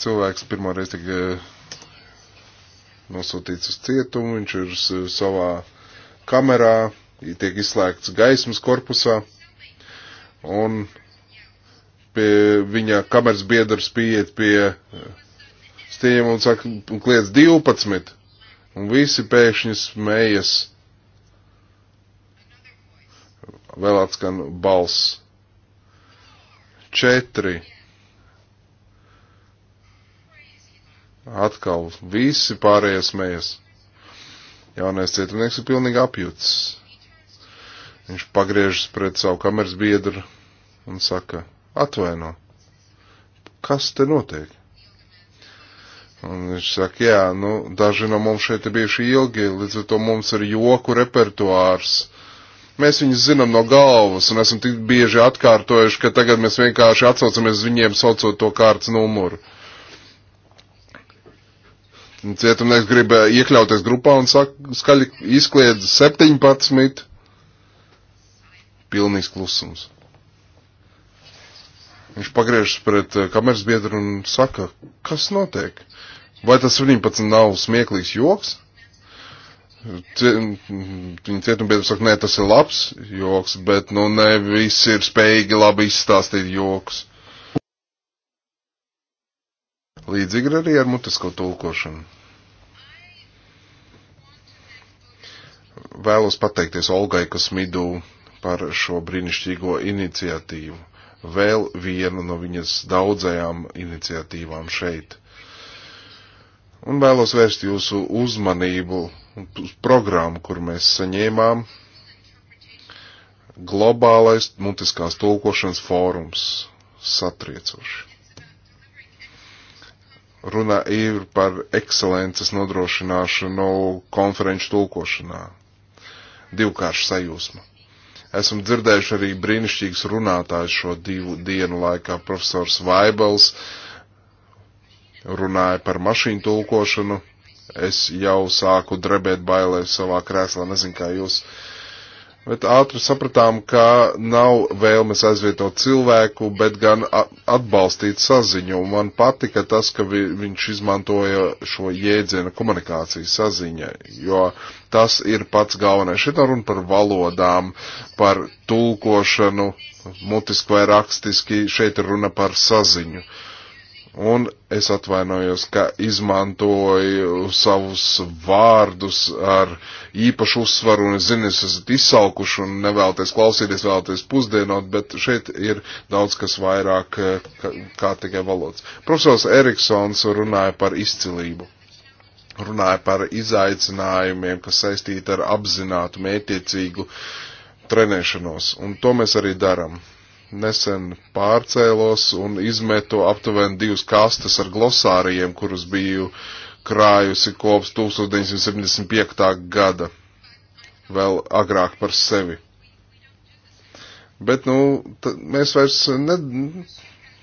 cilvēks pirmoreiz tika eh, nosūtīts uz cietumu, viņš ir savā kamerā, tiek izslēgts gaismas korpusā, un pie viņa kameras biedrs pieiet pie eh, stieņiem un saka, un kliedz 12, un visi pēkšņi smējas. Vēl atskan balss. Četri. Atkal visi pārējie smējas. Jaunais cietumnieks ir pilnīgi apjūts. Viņš pagriežas pret savu kameras biedru un saka, atvaino, kas te notiek? Un viņš saka, jā, nu, daži no mums šeit ir bijuši ilgi, līdz ar to mums ir joku repertuārs. Mēs viņus zinām no galvas un esam tik bieži atkārtojuši, ka tagad mēs vienkārši atsaucamies uz viņiem, saucot to kārtas numuru. Uh, Cietumnieks grib eh, iekļauties grupā un saka, skaļi izkliedz 17. Pilnīgs klusums. Viņš pagriežas pret eh, kameras biedru un saka, kas notiek? Vai tas 17 nav smieklīgs joks? Mm, viņa cietumbiedri saka, nē, tas ir labs joks, bet nu ne visi ir spējīgi labi izstāstīt joks. Līdzīgi arī ar mutisko tulkošanu. Vēlos pateikties Olgai Kasmidū par šo brīnišķīgo iniciatīvu. Vēl vienu no viņas daudzajām iniciatīvām šeit. Un vēlos vērst jūsu uzmanību uz programmu, kur mēs saņēmām globālais mutiskās tulkošanas fórums satriecoši runa ir par ekscelences nodrošināšanu konferenču tulkošanā. Divkārša sajūsma. Esam dzirdējuši arī brīnišķīgus runātājus šo divu dienu laikā. Profesors Vaibels runāja par mašīnu tulkošanu. Es jau sāku drebēt bailēs savā krēslā, nezinu, kā jūs. Uh, bet ātri sapratām, ka nav vēlmes aizvietot cilvēku, bet gan atbalstīt saziņu. Un man patika tas, ka vi, viņš izmantoja šo jēdzienu komunikāciju saziņai, jo tas ir pats galvenais. Šitā runa par valodām, par tulkošanu, mutiski vai rakstiski, šeit ir runa par saziņu. Uh, Un es atvainojos, ka izmantoju savus vārdus ar īpašu uzsvaru, un es zinu, es esat izsalkuši un nevēlaties klausīties, vēlaties pusdienot, bet šeit ir daudz kas vairāk eh, kā, kā tikai valodas. Profesors Eriksons runāja par izcilību, runāja par izaicinājumiem, kas saistīti ar apzinātu, mētiecīgu trenēšanos, un to mēs arī daram nesen pārcēlos un izmetu aptuveni divas kastes ar glosārijiem, kurus biju krājusi kopš 1975. gada, vēl agrāk par sevi. Bet, nu, mēs vairs ne,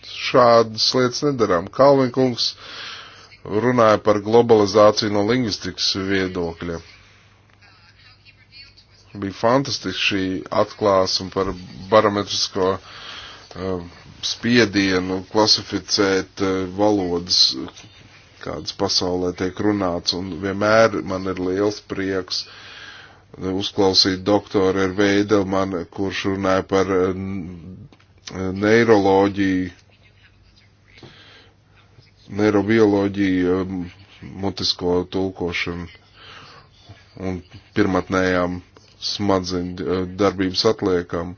šādas lietas nedarām. Kalvinkungs runāja par globalizāciju no lingvistikas viedokļa Bija fantastiski šī atklāsuma par barometrisko uh, spiedienu klasificēt uh, valodas, kādas pasaulē tiek runāts, un vienmēr man ir liels prieks uh, uzklausīt doktoru ar Veidelmanu, kurš runāja par uh, uh, neiroloģiju, neirobioloģiju, um, mutisko tulkošanu un pirmatnējām smadzeņu eh, darbības atliekam.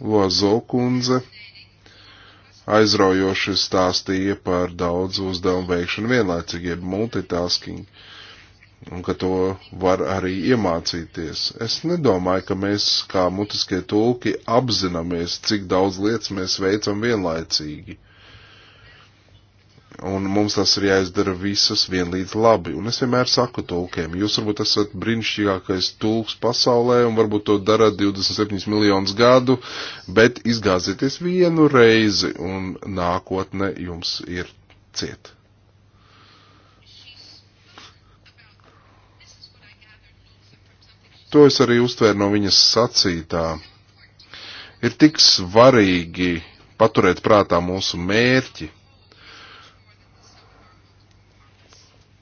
Lozo kundze aizraujoši stāstīja par daudzu uzdevumu veikšanu vienlaicīgi, jeb multitasking, un ka to var arī iemācīties. Es nedomāju, ka mēs kā mutiskie tulki apzināmies, cik daudz lietas mēs veicam vienlaicīgi. Un mums tas ir jāizdara visas vienlīdz labi. Un es vienmēr saku tulkiem, jūs varbūt esat brīnišķīgākais tulks pasaulē un varbūt to darat 27 miljonus gadu, bet izgāzieties vienu reizi un nākotne jums ir ciet. To es arī uztvēru no viņas sacītā. Ir tik svarīgi paturēt prātā mūsu mērķi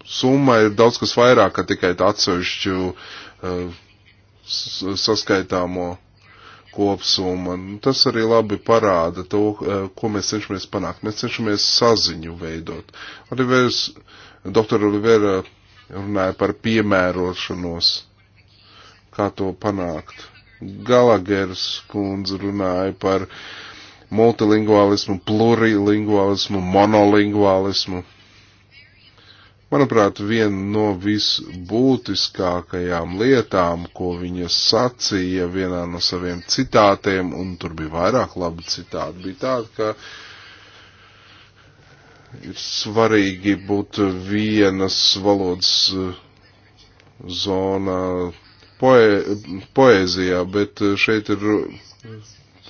summa ir daudz kas vairāk, ka tikai atsevišķu uh, saskaitāmo kopsumma. Nu, tas arī labi parāda to, uh, ko mēs cenšamies panākt. Mēs cenšamies saziņu veidot. Olivers, doktor Olivera runāja par piemērošanos, kā to panākt. Galagers kundze runāja par multilingualismu, plurilingualismu, monolingualismu Manuprāt, viena no visbūtiskākajām lietām, ko viņa sacīja vienā no saviem citātiem, un tur bija vairāk labu citātu, bija tāda, ka ir svarīgi būt vienas valodas eh, zonā poē, poēzijā, bet šeit ir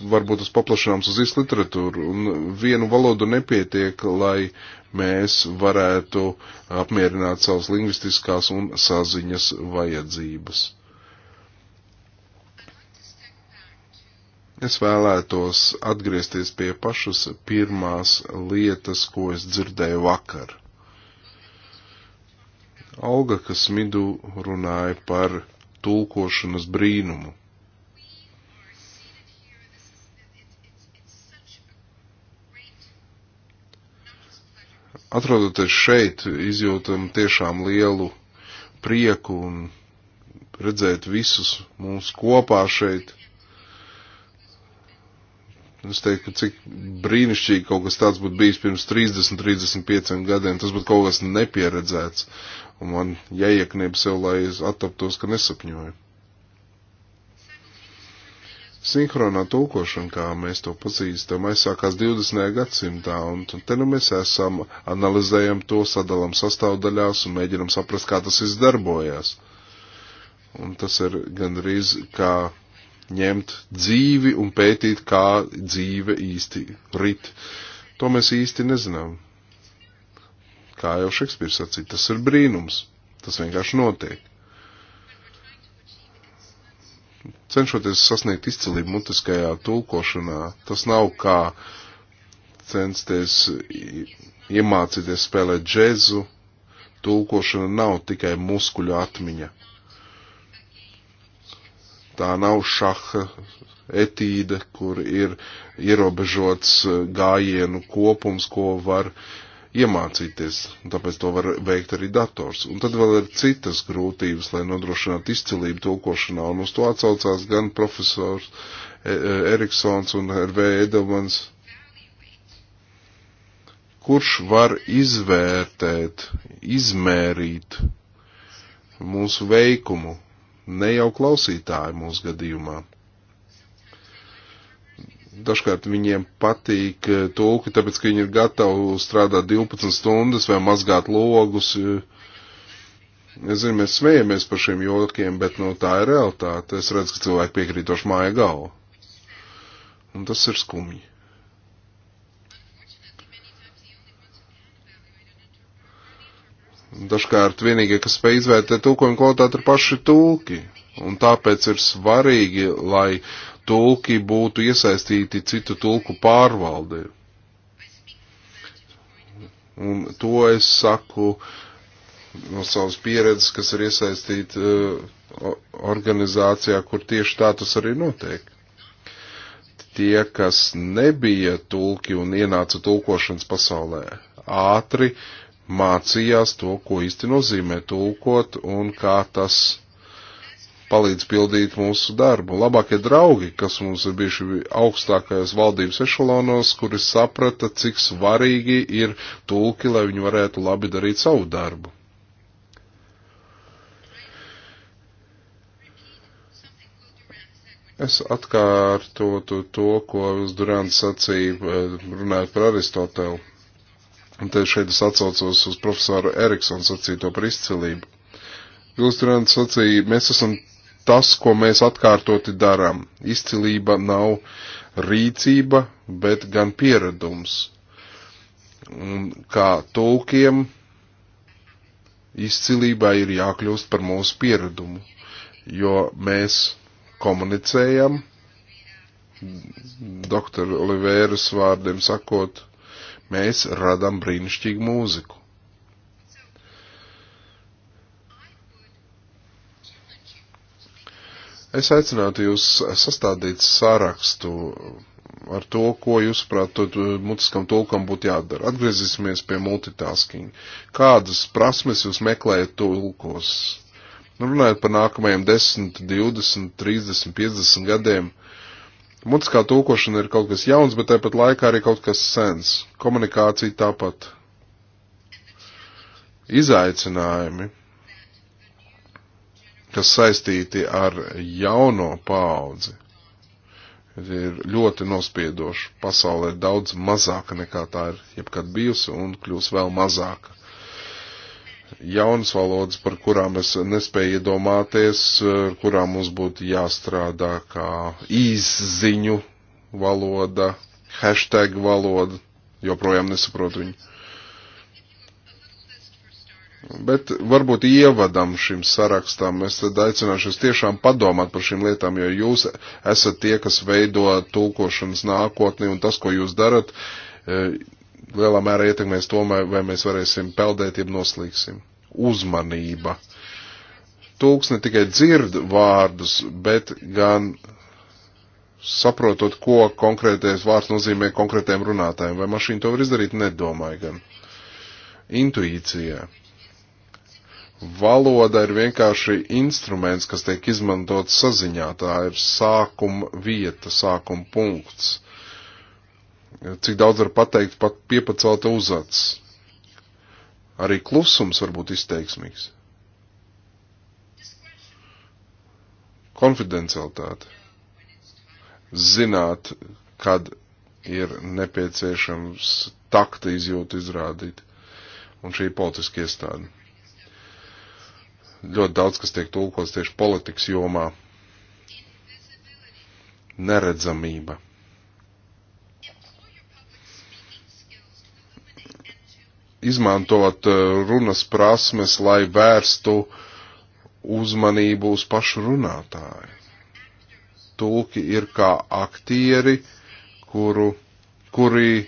varbūt uz paplašināms uz visu literatūru, un vienu valodu nepietiek, lai mēs varētu apmierināt savas lingvistiskās un saziņas vajadzības. Es vēlētos atgriezties pie pašas pirmās lietas, ko es dzirdēju vakar. Alga, kas midū runāja par tulkošanas brīnumu. atrodoties šeit, izjūtam tiešām lielu prieku un redzēt visus mūs kopā šeit. Es teiktu, ka cik brīnišķīgi kaut kas tāds būtu bijis pirms 30, 35 gadiem. Tas būtu kaut kas nepieredzēts. Un man jāiekniep sev, lai es attaptos, ka nesapņoju. Sinhronā tulkošana, kā mēs to pazīstam, aizsākās 20. gadsimtā, un te nu mēs esam, analizējam to, sadalām sastāvdaļās un mēģinam saprast, kā tas viss darbojās. Un tas ir gandrīz kā ņemt dzīvi un pētīt, kā dzīve īsti rit. To mēs īsti nezinām. Kā jau Šekspīrs sacīja, tas ir brīnums. Tas vienkārši notiek. cenšoties sasniegt izcilību mutiskajā tulkošanā. Tas nav kā censties iemācīties spēlēt džēzu. Tulkošana nav tikai muskuļu atmiņa. Tā nav šaha etīde, kur ir ierobežots uh, gājienu kopums, ko var uh, iemācīties, un tāpēc to var veikt arī dators. Un tad vēl ir citas grūtības, lai nodrošinātu izcilību tulkošanā, un uz to atsaucās gan profesors e, e, Eriksons un Hervē Edelmans, kurš var izvērtēt, izmērīt mūsu veikumu, ne jau klausītāju mūsu gadījumā. Dažkārt viņiem patīk eh, tulki, tāpēc, ka viņi ir gatavi strādāt 12 stundas vai mazgāt logus. Eh, es zinu, mēs smējamies par šiem jokiem, bet no nu, tā ir realitāte. Es redzu, ka cilvēki piekrītoši māja galvu. Un tas ir skumji. Dažkārt vienīgie, kas spēj izvērtēt tulkojumu kvalitāti, ir paši tulki. Un tāpēc ir svarīgi, lai uh, tulki būtu iesaistīti citu tulku pārvaldē. Un to es saku no savas pieredzes, kas ir iesaistīta uh, organizācijā, kur tieši tā tas arī notiek. Tie, kas nebija tulki un ienāca tulkošanas pasaulē, ātri mācījās to, ko īsti nozīmē tulkot un kā tas palīdz pildīt mūsu darbu. Labākie draugi, kas mums ir bijuši augstākajos valdības ešalonos, kuri saprata, cik svarīgi ir tulki, lai viņi varētu labi darīt savu darbu. Es atkārtotu to, ko Durants sacīja, eh, runājot par Aristotelu. Un te šeit es atsaucos uz profesoru Eriksonu sacīto par izcilību. Jūs, Durants, sacīja, mēs esam tas, ko mēs atkārtoti darām. Izcilība nav rīcība, bet gan pieredums. Un kā tulkiem izcilībai ir jākļūst par mūsu pieredumu, jo mēs komunicējam, doktora Olivēras vārdiem sakot, mēs radam brīnišķīgu mūziku. Es aicinātu jūs sastādīt sārakstu ar to, ko jūs, prāt, eh, mutiskam tulkam būtu jādara. Atgriezīsimies pie multitasking. Kādas prasmes jūs meklējat tulkos? Nu, runājot par nākamajiem 10, 20, 30, 50 gadiem. Mutiskā tulkošana ir kaut kas jauns, bet tāpat laikā arī kaut kas sens. Komunikācija tāpat. Izaicinājumi kas saistīti ar jauno paudzi, ir ļoti nospiedoši. Pasaulē ir daudz mazāka nekā tā ir jebkad bijusi un kļūs vēl mazāka. Jaunas valodas, par kurām es nespēju iedomāties, ar eh, kurām mums būtu jāstrādā kā īsziņu valoda, hashtag valoda, joprojām nesaprotu viņu. Bet varbūt ievadam šim sarakstam, es tad aicināšu jūs tiešām padomāt par šīm lietām, jo jūs esat tie, kas veido tulkošanas nākotni, un tas, ko jūs darat, e, lielā mērā ietekmēs to, vai mēs varēsim peldēt, jeb noslīgsim. Uzmanība. Tulks ne tikai dzird vārdus, bet gan saprotot, ko konkrētais vārds nozīmē konkrētajiem runātājiem. Vai mašīna to var izdarīt? Nedomāju gan. Intuīcija Valoda ir vienkārši instruments, kas tiek izmantots saziņā. Tā ir sākuma vieta, sākuma punkts. Cik daudz var pateikt, pat piepacelta uzacis. Arī klusums var būt izteiksmīgs. Konfidencialitāte. Zināt, kad ir nepieciešams takta izjūtu izrādīt. Un šī politiska iestāde ļoti daudz, kas tiek tulkots tieši politikas jomā. Neredzamība. Izmantot eh, runas prasmes, lai vērstu uzmanību uz pašu runātāju. Tulki ir kā aktieri, kuru, kuri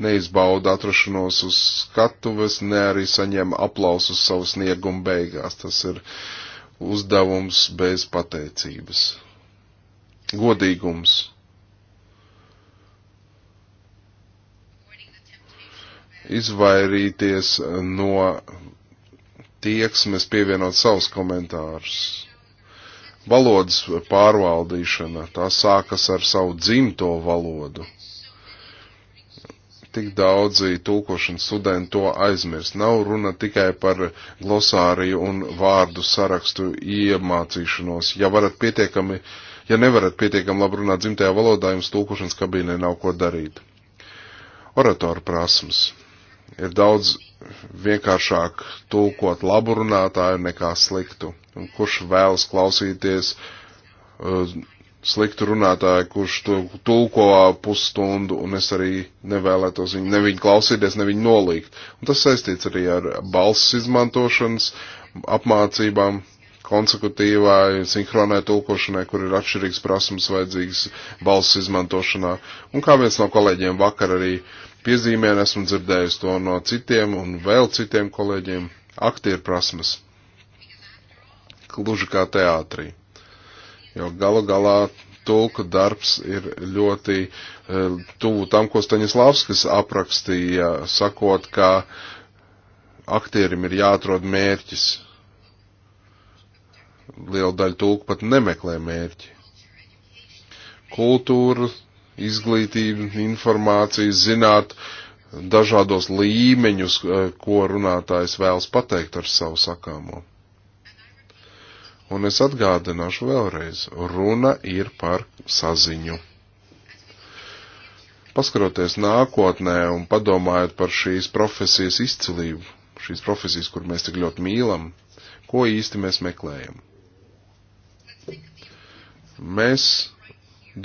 neizbauda atrašanos uz skatuves, ne arī saņem aplausus savu sniegumu beigās. Tas ir uzdevums bez pateicības. Godīgums. Izvairīties no tieksmes pievienot savus komentārus. Valodas pārvaldīšana, tā sākas ar savu dzimto valodu tik daudzi tūkošanas studenti to aizmirst. Nav runa tikai par glosāriju un vārdu sarakstu iemācīšanos. Ja varat pietiekami, ja nevarat pietiekami labi runāt dzimtajā valodā, jums tūkošanas kabīnē nav ko darīt. Oratoru prasmes. Ir daudz vienkāršāk tulkot labu runātāju nekā sliktu. Un kurš vēlas klausīties uh, sliktu runātāju, kurš to tulko pusstundu, un es arī nevēlētos viņu, ne viņu klausīties, ne viņu nolīgt. Un tas saistīts arī ar balss izmantošanas apmācībām, konsekutīvai, sinhronai tulkošanai, kur ir atšķirīgs prasums vajadzīgs balss izmantošanā. Un kā viens no kolēģiem vakar arī piezīmē, esmu dzirdējis to no citiem un vēl citiem kolēģiem, aktieru prasmes. Kluži kā teātrī jo galu galā tulka darbs ir ļoti uh, tuvu tam, ko Staņislavskis aprakstīja, sakot, ka aktierim ir jāatrod mērķis. Liela daļa tulku pat nemeklē mērķi. Kultūra, izglītība, informācija, zināt dažādos līmeņus, e, ko runātājs vēlas pateikt ar savu sakāmo. Un es atgādināšu vēlreiz, runa ir par saziņu. Paskaroties nākotnē un padomājot par šīs profesijas izcilību, šīs profesijas, kur mēs tik ļoti mīlam, ko īsti mēs meklējam? Mēs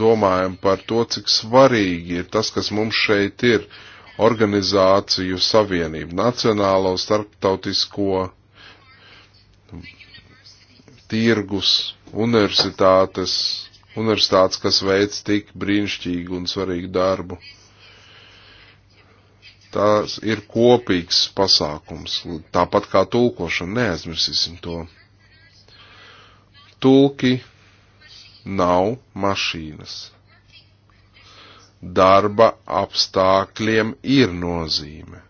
domājam par to, cik svarīgi ir tas, kas mums šeit ir - organizāciju savienība, nacionālo, starptautisko tirgus, universitātes, universitātes, kas veic tik brīnišķīgu un svarīgu darbu. Tas ir kopīgs pasākums, tāpat kā tulkošana, neaizmirsīsim to. Tulki nav mašīnas. Darba apstākļiem ir nozīme.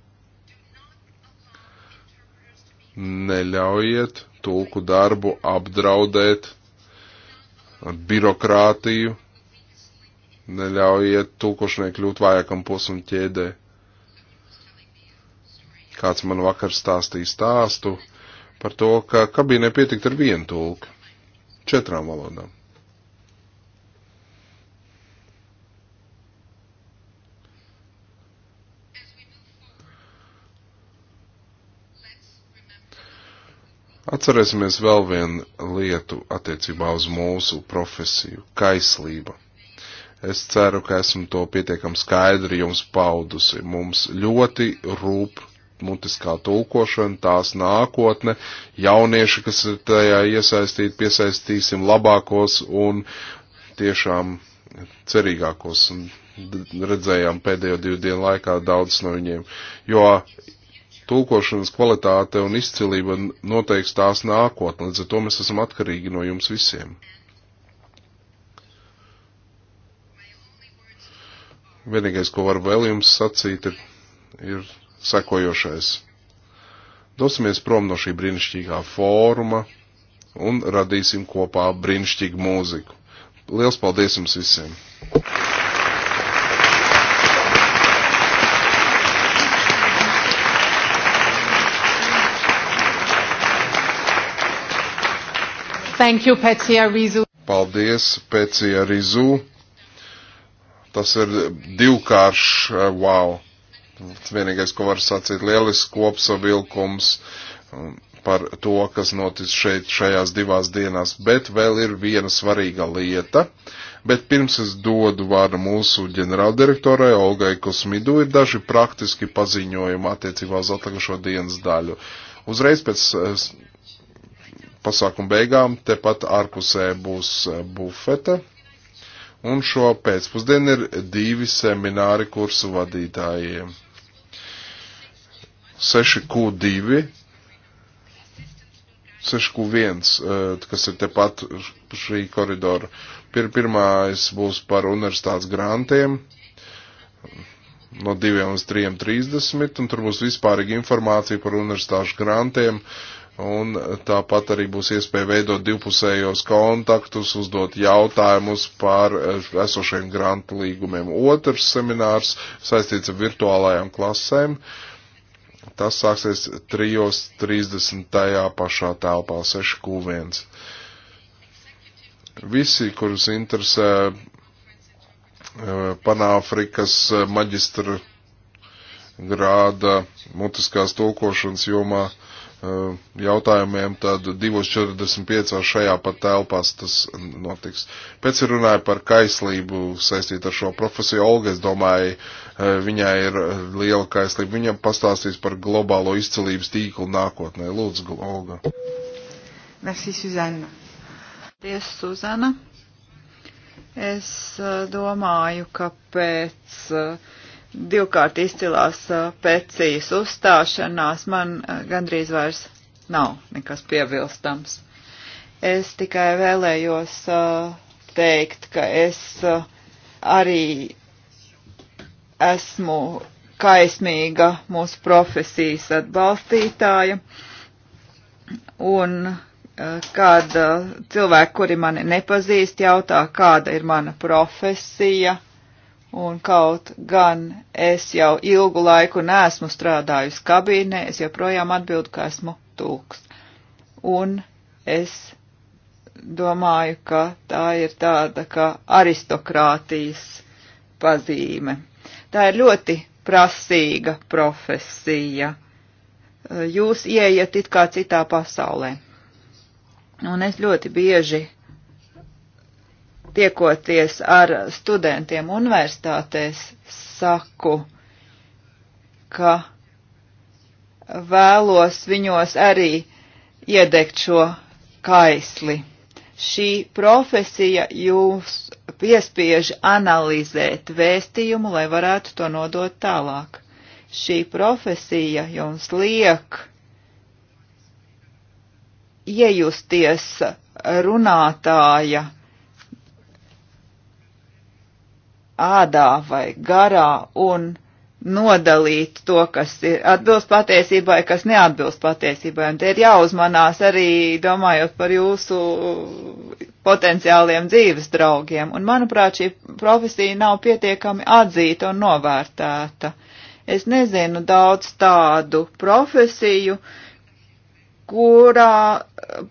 Neļaujiet tulku darbu apdraudēt ar birokrātiju, neļaujiet tulkošanai kļūt vājākam posmu ķēdē. Kāds man vakar stāstīja stāstu par to, ka kabīnē pietikt ar vienu tulku, četrām valodām. Atcerēsimies vēl vienu lietu attiecībā uz mūsu profesiju - kaislība. Es ceru, ka esmu to pietiekam skaidri jums paudusi. Mums ļoti rūp mutiskā tulkošana, tās nākotne, jaunieši, kas ir tajā iesaistīti, piesaistīsim labākos un tiešām cerīgākos. Un redzējām pēdējo divu dienu laikā daudz no viņiem, jo tulkošanas kvalitāte un izcilība noteiks tās nākotnē, līdz ar to mēs esam atkarīgi no jums visiem. Vienīgais, ko varu vēl jums sacīt, ir, ir sekojošais. Dosimies prom no šī brīnišķīgā fóruma un radīsim kopā brīnišķīgu mūziku. Liels paldies jums visiem! Thank you, Pēcija Rizu. Paldies, Pēcija Rizu. Tas ir divkāršs, eh, wow. Vienīgais, ko var sacīt, lielisks kopsavilkums um, par to, kas notic šeit šajās divās dienās, bet vēl ir viena svarīga lieta. Bet pirms es dodu vārdu mūsu ģenerāldirektorai Olgai Kosmidu, ir daži praktiski paziņojumi attiecībā uz atlikušo dienas daļu. Uzreiz pēc eh, pasākumu beigām tepat ārpusē būs eh, bufete. Un šo pēcpusdienu ir divi semināri kursu vadītājiem. 6Q2, 6Q1, eh, kas ir tepat šī koridora. Pir pirmais būs par universitātes grantiem no 2 līdz 3.30, un tur būs vispārīga informācija par universitāšu grantiem, uh, Un tāpat arī būs iespēja veidot divpusējos kontaktus, uzdot jautājumus par eh, esošiem grantu līgumiem. Otrs seminārs saistīts ar virtuālajām klasēm. Tas sāksies 3.30. pašā telpā 6.1. Visi, kurus interesē eh, Panāfrikas maģistra grāda mutiskās tulkošanas jomā, Eh, jautājumiem, tad 2.45 šajā pat telpās tas notiks. Pēc ir runāja par kaislību saistīt ar šo profesiju. Olga, es domāju, eh, viņai ir eh, liela kaislība. Viņa pastāstīs par globālo izcelības tīklu nākotnē. Lūdzu, Olga. Merci, Suzana. Paldies, Suzana. Es domāju, ka pēc uh, divkārt izcilās pēcīs uzstāšanās, man gandrīz vairs nav nekas piebilstams. Es tikai vēlējos teikt, ka es arī esmu kaismīga mūsu profesijas atbalstītāja un kad cilvēki, kuri mani nepazīst, jautā, kāda ir mana profesija, uh, Un kaut gan es jau ilgu laiku nesmu strādājusi kabīnē, es joprojām atbildu, ka esmu tūks. Un es domāju, ka tā ir tāda kā aristokrātijas pazīme. Tā ir ļoti prasīga profesija. Jūs ieiet it kā citā pasaulē. Un es ļoti bieži tiekoties ar studentiem universitātēs, saku, ka vēlos viņos arī iedegt šo kaisli. Šī profesija jūs piespiež analizēt vēstījumu, lai varētu to nodot tālāk. Šī profesija jums liek iejusties runātāja ādā vai garā un nodalīt to, kas ir atbilst patiesībai, kas neatbilst patiesībai. Un te ir jāuzmanās arī domājot par jūsu potenciāliem dzīves draugiem. Un manuprāt, šī profesija nav pietiekami atzīta un novērtēta. Es nezinu daudz tādu profesiju, kurā eh,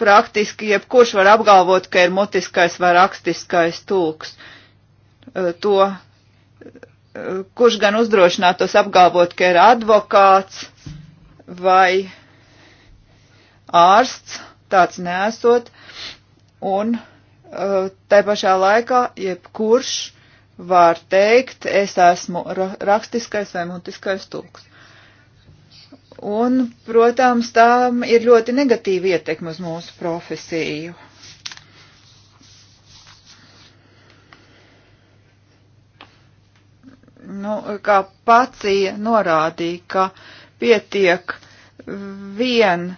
praktiski jebkurš var apgalvot, ka ir mutiskais vai rakstiskais tulks. Uh, Eh, to, eh, kurš gan uzdrošinātos apgalvot, ka ir advokāts vai ārsts, tāds nesot, un eh, tai pašā laikā jebkurš var teikt, es esmu rakstiskais vai mutiskais tulks. Un, protams, tām ir ļoti negatīva ietekme uz mūsu profesiju. nu, kā pacija norādīja, ka pietiek vien e,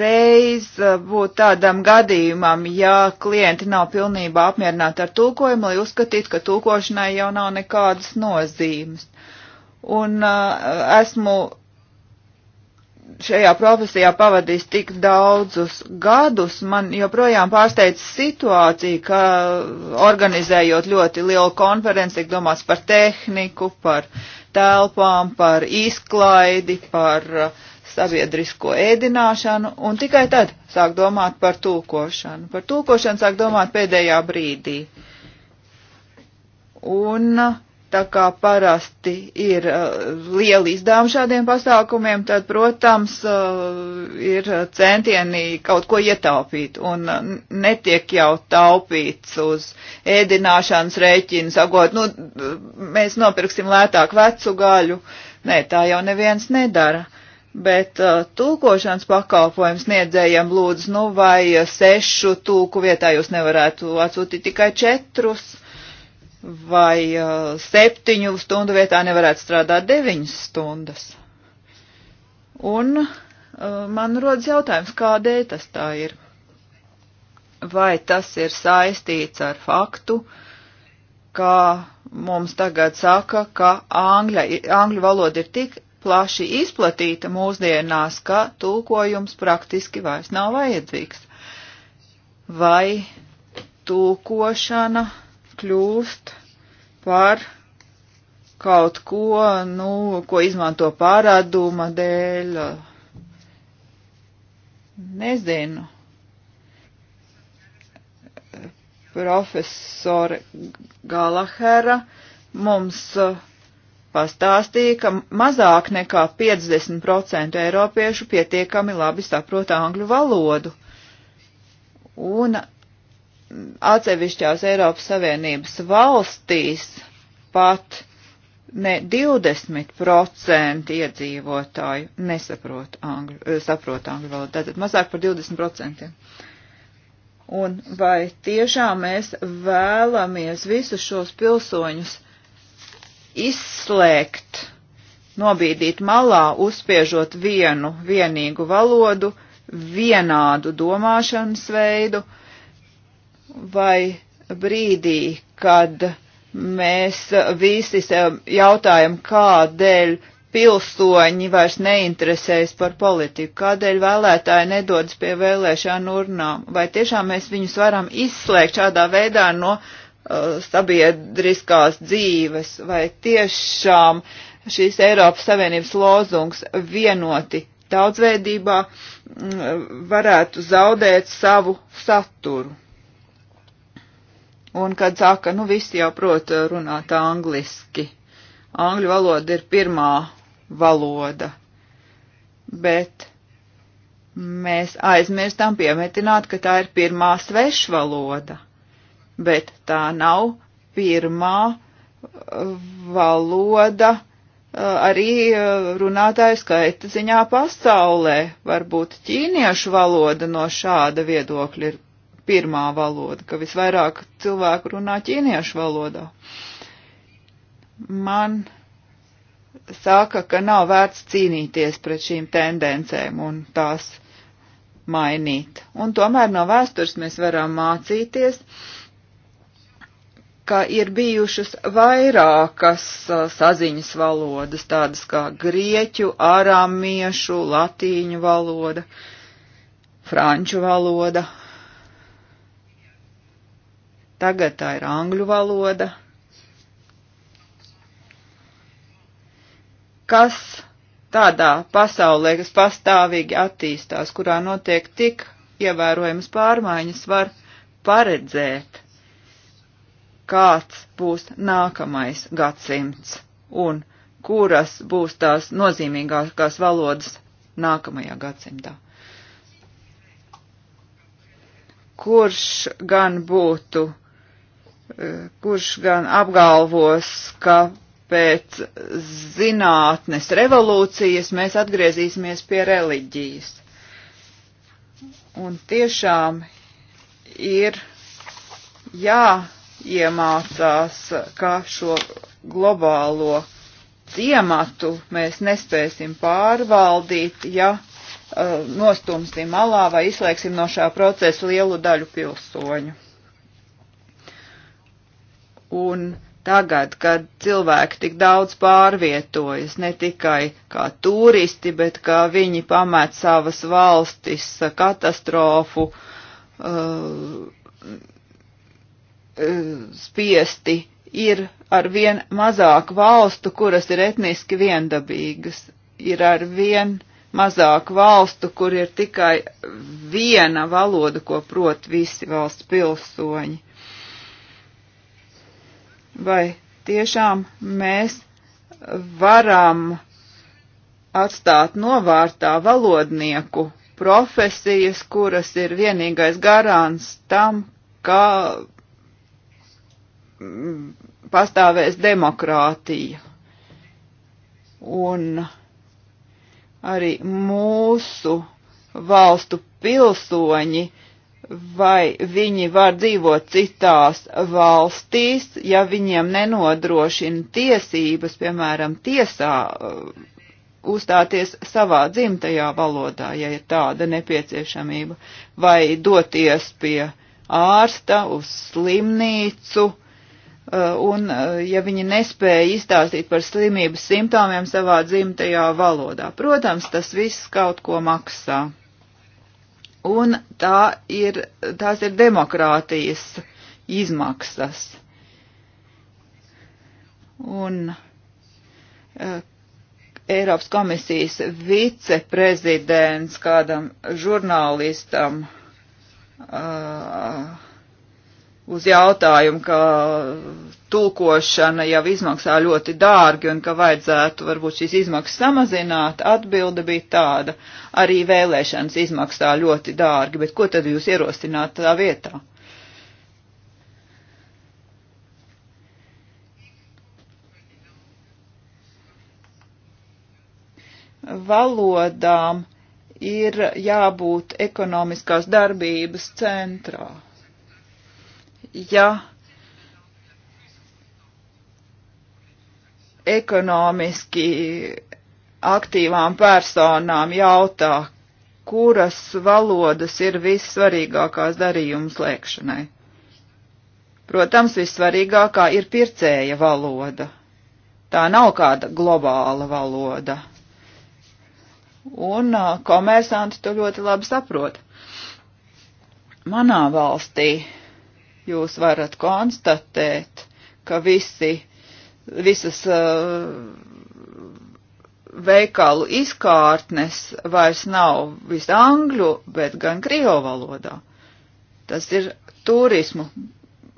reiz būt tādam gadījumam, ja klienti nav pilnībā apmierināti ar tulkojumu, lai uzskatītu, ka tulkošanai jau nav nekādas nozīmes. Un uh, esmu šajā profesijā pavadījis tik daudzus gadus, man joprojām pārsteidz situācija, ka organizējot ļoti lielu konferenci, tiek domāts par tehniku, par telpām, par izklaidi, par uh, sabiedrisko ēdināšanu, un tikai tad sāk domāt par tūkošanu. Par tūkošanu sāk domāt pēdējā brīdī. Un uh, tā kā parasti ir uh, lieli izdevumi šādiem pasākumiem, tad, protams, uh, ir centieni kaut ko ietaupīt. Un uh, netiek jau taupīts uz ēdināšanas rēķinu, sakot, nu, mēs nopirksim lētāk vecu gaļu. Nē, tā jau neviens nedara. Bet uh, tulkošanas pakalpojums sniedzējiem lūdzu, nu vai sešu tulku vietā jūs nevarētu atsūtīt tikai četrus. Uh, vai uh, septiņu stundu vietā nevarētu strādāt deviņas stundas. Un uh, man rodas jautājums, kādēļ tas tā ir. Vai tas ir saistīts ar faktu, ka mums tagad saka, ka angļa, angļu valoda ir tik plaši izplatīta mūsdienās, ka tulkojums praktiski vairs nav vajadzīgs. Vai tulkošana kļūst par kaut ko, nu, ko izmanto pārāduma dēļ. Nezinu. Profesore Galahera mums uh, pastāstīja, ka mazāk nekā 50% eiropiešu pietiekami labi saprot angļu valodu. Un atsevišķās Eiropas Savienības valstīs pat ne 20% iedzīvotāju nesaprot angļu, eh, saprot angļu valodu, tātad mazāk par 20%. Un vai tiešām mēs vēlamies visus šos pilsoņus izslēgt, nobīdīt malā, uzspiežot vienu vienīgu valodu, vienādu domāšanas veidu, uh, vai brīdī, kad mēs visi sev jautājam, kādēļ pilsoņi vairs neinteresējas par politiku, kādēļ vēlētāji nedodas pie vēlēšanu urnām, vai tiešām mēs viņus varam izslēgt šādā veidā no uh, sabiedriskās dzīves, vai tiešām šīs Eiropas Savienības lozungs vienoti daudzveidībā mm, varētu zaudēt savu saturu. Un kad saka, nu visi jau prot eh, runāt angliski. Angļu valoda ir pirmā valoda. Bet mēs aizmirstam piemetināt, ka tā ir pirmā svešvaloda. Bet tā nav pirmā eh, valoda eh, arī runātāju skaita ziņā pasaulē. Varbūt ķīniešu valoda no šāda viedokļa ir pirmā valoda, ka visvairāk cilvēku runā ķīniešu valodā. Man saka, ka nav vērts cīnīties pret šīm tendencēm un tās mainīt. Un tomēr no vēstures mēs varam mācīties, ka ir bijušas vairākas saziņas valodas, tādas kā grieķu, arāmiešu, latīņu valoda, franču valoda, Tagad tā ir angļu valoda. Kas tādā pasaulē, kas pastāvīgi attīstās, kurā notiek tik ievērojamas pārmaiņas, var paredzēt, kāds būs nākamais gadsimts un kuras būs tās nozīmīgākās valodas nākamajā gadsimtā. Kurš gan būtu kurš gan apgalvos, ka pēc zinātnes revolūcijas mēs atgriezīsimies pie reliģijas. Un tiešām ir jāiemācās, ka šo globālo ciematu mēs nespēsim pārvaldīt, ja uh, nostumsim malā vai izslēgsim no šā procesa lielu daļu pilsoņu. Un tagad, kad cilvēki tik daudz pārvietojas, ne tikai kā turisti, bet kā viņi pamet savas valstis katastrofu uh, uh, spiesti, ir ar vien mazāk valstu, kuras ir etniski viendabīgas, ir ar vien mazāk valstu, kur ir tikai viena valoda, ko prot visi valsts pilsoņi vai tiešām mēs varam atstāt novārtā valodnieku profesijas, kuras ir vienīgais garants tam, ka mm, pastāvēs demokrātija. Un arī mūsu valstu pilsoņi uh, vai viņi var dzīvot citās valstīs, ja viņiem nenodrošina tiesības, piemēram, tiesā uh, uzstāties savā dzimtajā valodā, ja ir tāda nepieciešamība, vai doties pie ārsta uz slimnīcu, uh, un uh, ja viņi nespēja izstāstīt par slimības simptomiem savā dzimtajā valodā. Protams, tas viss kaut ko maksā. Un tā ir, tās ir demokrātijas izmaksas. Un uh, Eiropas komisijas viceprezidents kādam žurnālistam uh, uz jautājumu, ka tulkošana jau izmaksā ļoti dārgi un ka vajadzētu varbūt šīs izmaksas samazināt, atbilde bija tāda. Arī vēlēšanas izmaksā ļoti dārgi, bet ko tad jūs ierosināt tā vietā? Valodām ir jābūt ekonomiskās darbības centrā ja ekonomiski aktīvām personām jautā, kuras valodas ir vissvarīgākās darījumu slēgšanai. Protams, vissvarīgākā ir pircēja valoda. Tā nav kāda globāla valoda. Un uh, komersanti to ļoti labi saprot. Manā valstī jūs varat konstatēt, ka visi, visas uh, veikalu izkārtnes vairs nav visu angļu, bet gan krievu valodā. Tas ir turismu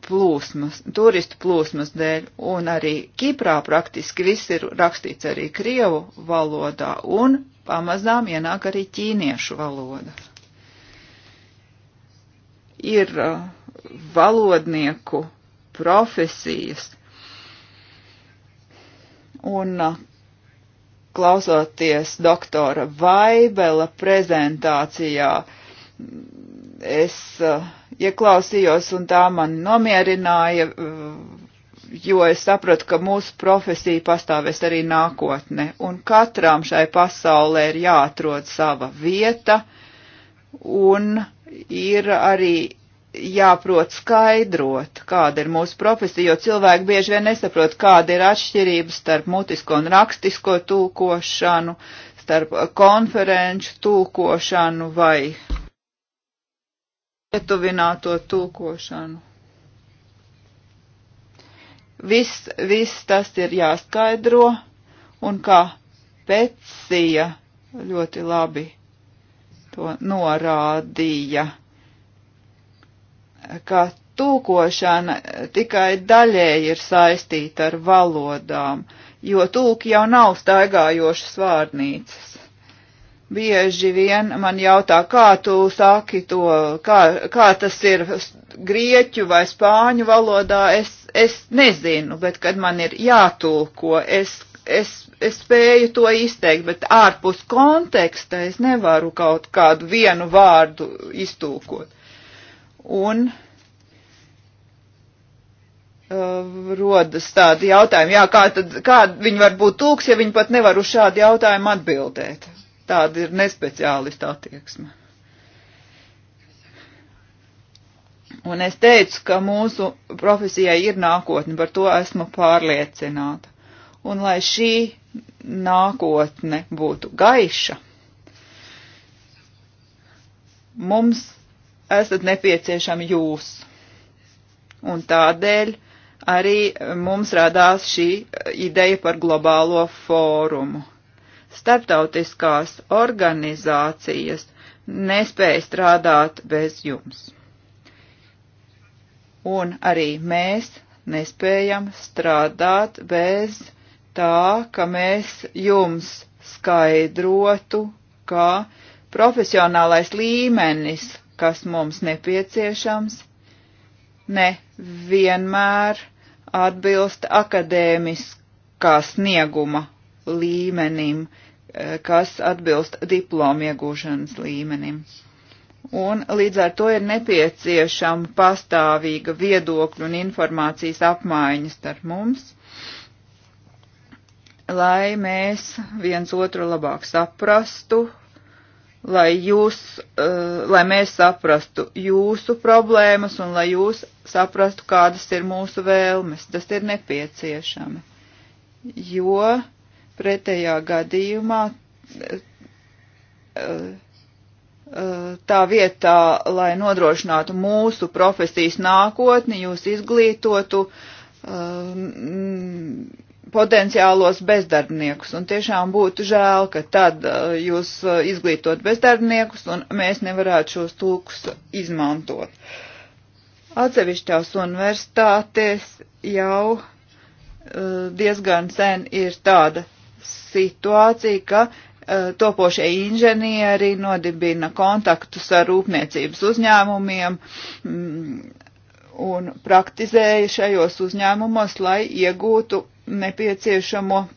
plūsmas, turistu plūsmas dēļ, un arī Kiprā praktiski viss ir rakstīts arī krievu valodā, un pamazām ienāk arī ķīniešu valoda. Ir uh, valodnieku profesijas. Un uh, klausoties doktora Vaibela prezentācijā, es uh, ieklausījos un tā mani nomierināja, uh, jo es sapratu, ka mūsu profesija pastāvēs arī nākotne, un katram šai pasaulē ir jāatrod sava vieta, un ir arī jāprot skaidrot, kāda ir mūsu profesija, jo cilvēki bieži vien nesaprot, kāda ir atšķirība starp mutisko un rakstisko tūkošanu, starp konferenču tūkošanu vai pietuvināto tūkošanu. Viss, viss tas ir jāskaidro, un kā Pēcija ļoti labi to norādīja ka tulkošana tikai daļēji ir saistīta ar valodām, jo tulki jau nav staigājošas vārnīcas. Bieži vien man jautā, kā tu saki to, kā, kā tas ir grieķu vai spāņu valodā, es, es nezinu, bet kad man ir jātulko, es, es, es spēju to izteikt, bet ārpus konteksta es nevaru kaut kādu vienu vārdu iztulkot un uh, rodas tādi jautājumi, jā, kā, tad, kā viņi var būt tūks, ja viņi pat nevar uz šādu jautājumu atbildēt. Tāda ir nespeciālista attieksme. Un es teicu, ka mūsu profesijai ir nākotne, par to esmu pārliecināta. Un lai šī nākotne būtu gaiša, mums esat nepieciešami jūs. Un tādēļ arī mums radās šī ideja par globālo fórumu. Startautiskās organizācijas nespēja strādāt bez jums. Un arī mēs nespējam strādāt bez tā, ka mēs jums skaidrotu, kā profesionālais līmenis, kas mums nepieciešams, ne vienmēr atbilst akadēmiskā snieguma līmenim, eh, kas atbilst diplomu iegūšanas līmenim. Un līdz ar to ir nepieciešama pastāvīga viedokļu un informācijas apmaiņas starp mums, lai mēs viens otru labāk saprastu lai jūs, uh, lai mēs saprastu jūsu problēmas un lai jūs saprastu, kādas ir mūsu vēlmes. Tas ir nepieciešami, jo pretējā gadījumā uh, uh, tā vietā, lai nodrošinātu mūsu profesijas nākotni, jūs izglītotu, mm, potenciālos bezdarbniekus. Un tiešām būtu žēl, ka tad uh, jūs uh, izglītot bezdarbniekus un mēs nevarētu šos tulkus izmantot. Atsevišķās universitātēs jau uh, diezgan sen ir tāda situācija, ka topošie inženieri nodibina kontaktus ar rūpniecības uzņēmumiem, mm, un praktizēja šajos uzņēmumos, lai iegūtu nepieciešamo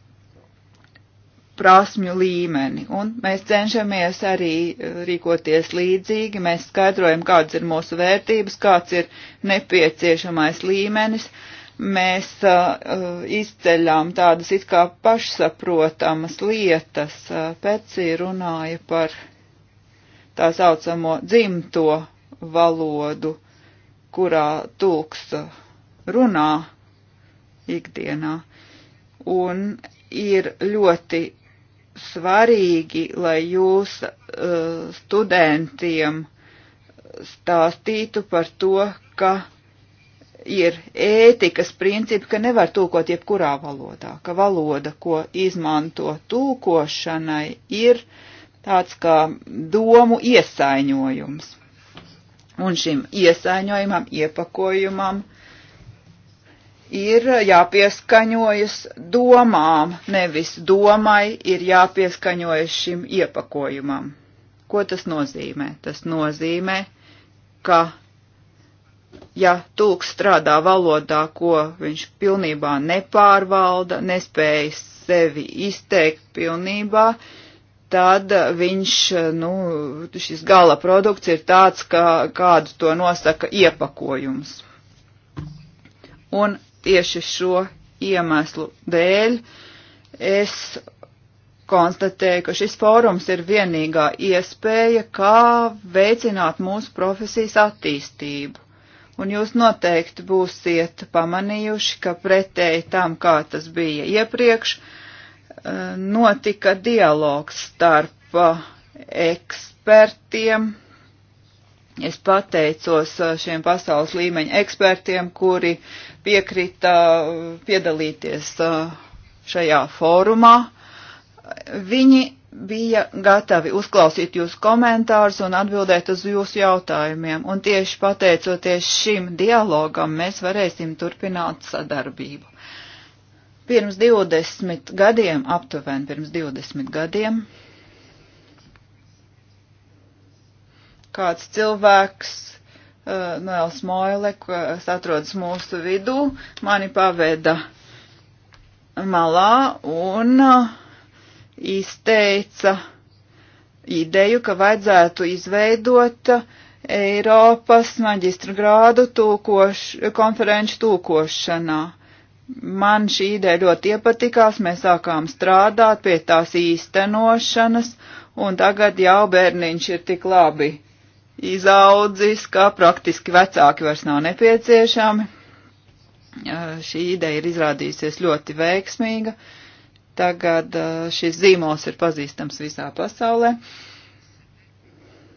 prasmju līmeni. Un mēs cenšamies arī e, rīkoties līdzīgi, mēs skaidrojam, kādas ir mūsu vērtības, kāds ir nepieciešamais līmenis. Mēs uh, izceļām tādas it kā pašsaprotamas lietas. Peci runāja par tā saucamo dzimto valodu, kurā tulks runā ikdienā un ir ļoti svarīgi, lai jūs uh, studentiem stāstītu par to, ka ir ētikas principi, ka nevar tūkot jebkurā valodā, ka valoda, ko izmanto tūkošanai, ir tāds kā domu iesaiņojums. Un šim iesaiņojumam, iepakojumam ir jāpieskaņojas domām, nevis domai ir jāpieskaņojas šim iepakojumam. Ko tas nozīmē? Tas nozīmē, ka, ja tulks strādā valodā, ko viņš pilnībā nepārvalda, nespēj sevi izteikt pilnībā, tad viņš, nu, šis gala produkts ir tāds, kā, kādu to nosaka iepakojums. Un tieši šo iemeslu dēļ es konstatēju, ka šis fórums ir vienīgā iespēja, kā veicināt mūsu profesijas attīstību. Un jūs noteikti būsiet pamanījuši, ka pretēji tam, kā tas bija iepriekš, eh, notika dialogs starp eh, ekspertiem Es pateicos šiem pasaules līmeņa ekspertiem, kuri piekrita piedalīties šajā fórumā. Viņi bija gatavi uzklausīt jūsu komentārus un atbildēt uz jūsu jautājumiem, un tieši pateicoties šim dialogam mēs varēsim turpināt sadarbību. Pirms 20 gadiem, aptuveni pirms 20 gadiem, kāds cilvēks, uh, Noels Moile, kas atrodas mūsu vidū, mani paveda malā un uh, izteica ideju, ka vajadzētu izveidot Eiropas maģistra grādu tūkoš, konferenču tūkošanā. Man šī ideja ļoti iepatikās, mēs sākām strādāt pie tās īstenošanas, un tagad jau bērniņš ir tik labi izaudzis, ka praktiski vecāki vairs nav nepieciešami. Šī ideja ir izrādījusies ļoti veiksmīga. Tagad šis zīmols ir pazīstams visā pasaulē.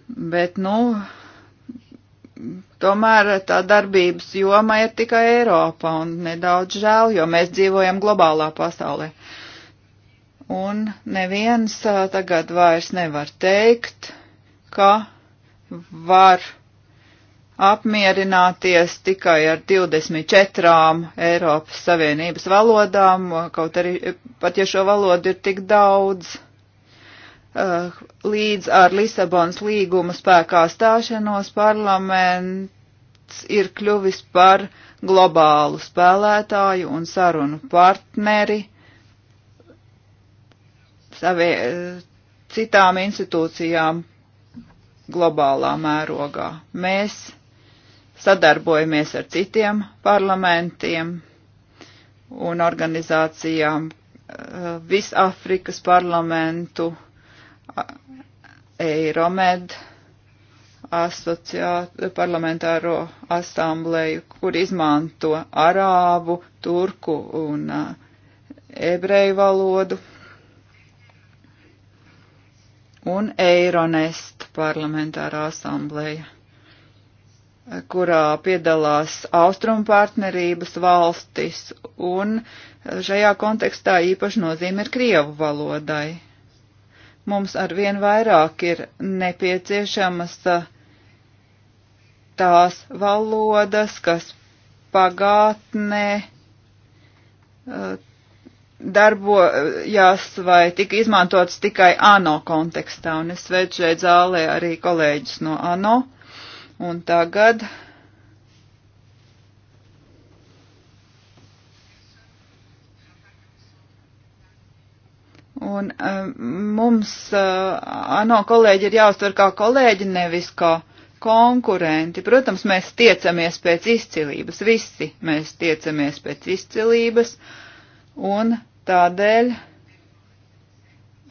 Bet, nu, tomēr tā darbības joma ir tikai Eiropa un nedaudz žēl, jo mēs dzīvojam globālā pasaulē. Un neviens tagad vairs nevar teikt, ka var apmierināties tikai ar 24 Eiropas Savienības valodām, kaut arī pat ja šo valodu ir tik daudz eh, līdz ar Lisabonas līguma spēkā stāšanos parlaments ir kļuvis par globālu spēlētāju un sarunu partneri savie, eh, citām institūcijām globālā mērogā. Mēs sadarbojamies ar citiem parlamentiem un organizācijām, eh, Visafrikas parlamentu, eh, Eiromed, asociā, parlamentāro asamblēju, kur izmanto arābu, turku un eh, ebreju valodu un Eironest parlamentārā asambleja, kurā piedalās Austrum partnerības valstis, un šajā kontekstā īpaši nozīme ir Krievu valodai. Mums arvien vairāk ir nepieciešamas tās valodas, kas pagātnē darbojās vai tika izmantots tikai ANO kontekstā, un es veicu šeit zālē arī kolēģis no ANO, un tagad. Un um, mums uh, ANO kolēģi ir jāuztver kā kolēģi, nevis kā konkurenti. Protams, mēs tiecamies pēc izcilības, visi mēs tiecamies pēc izcilības. Uh, Un tādēļ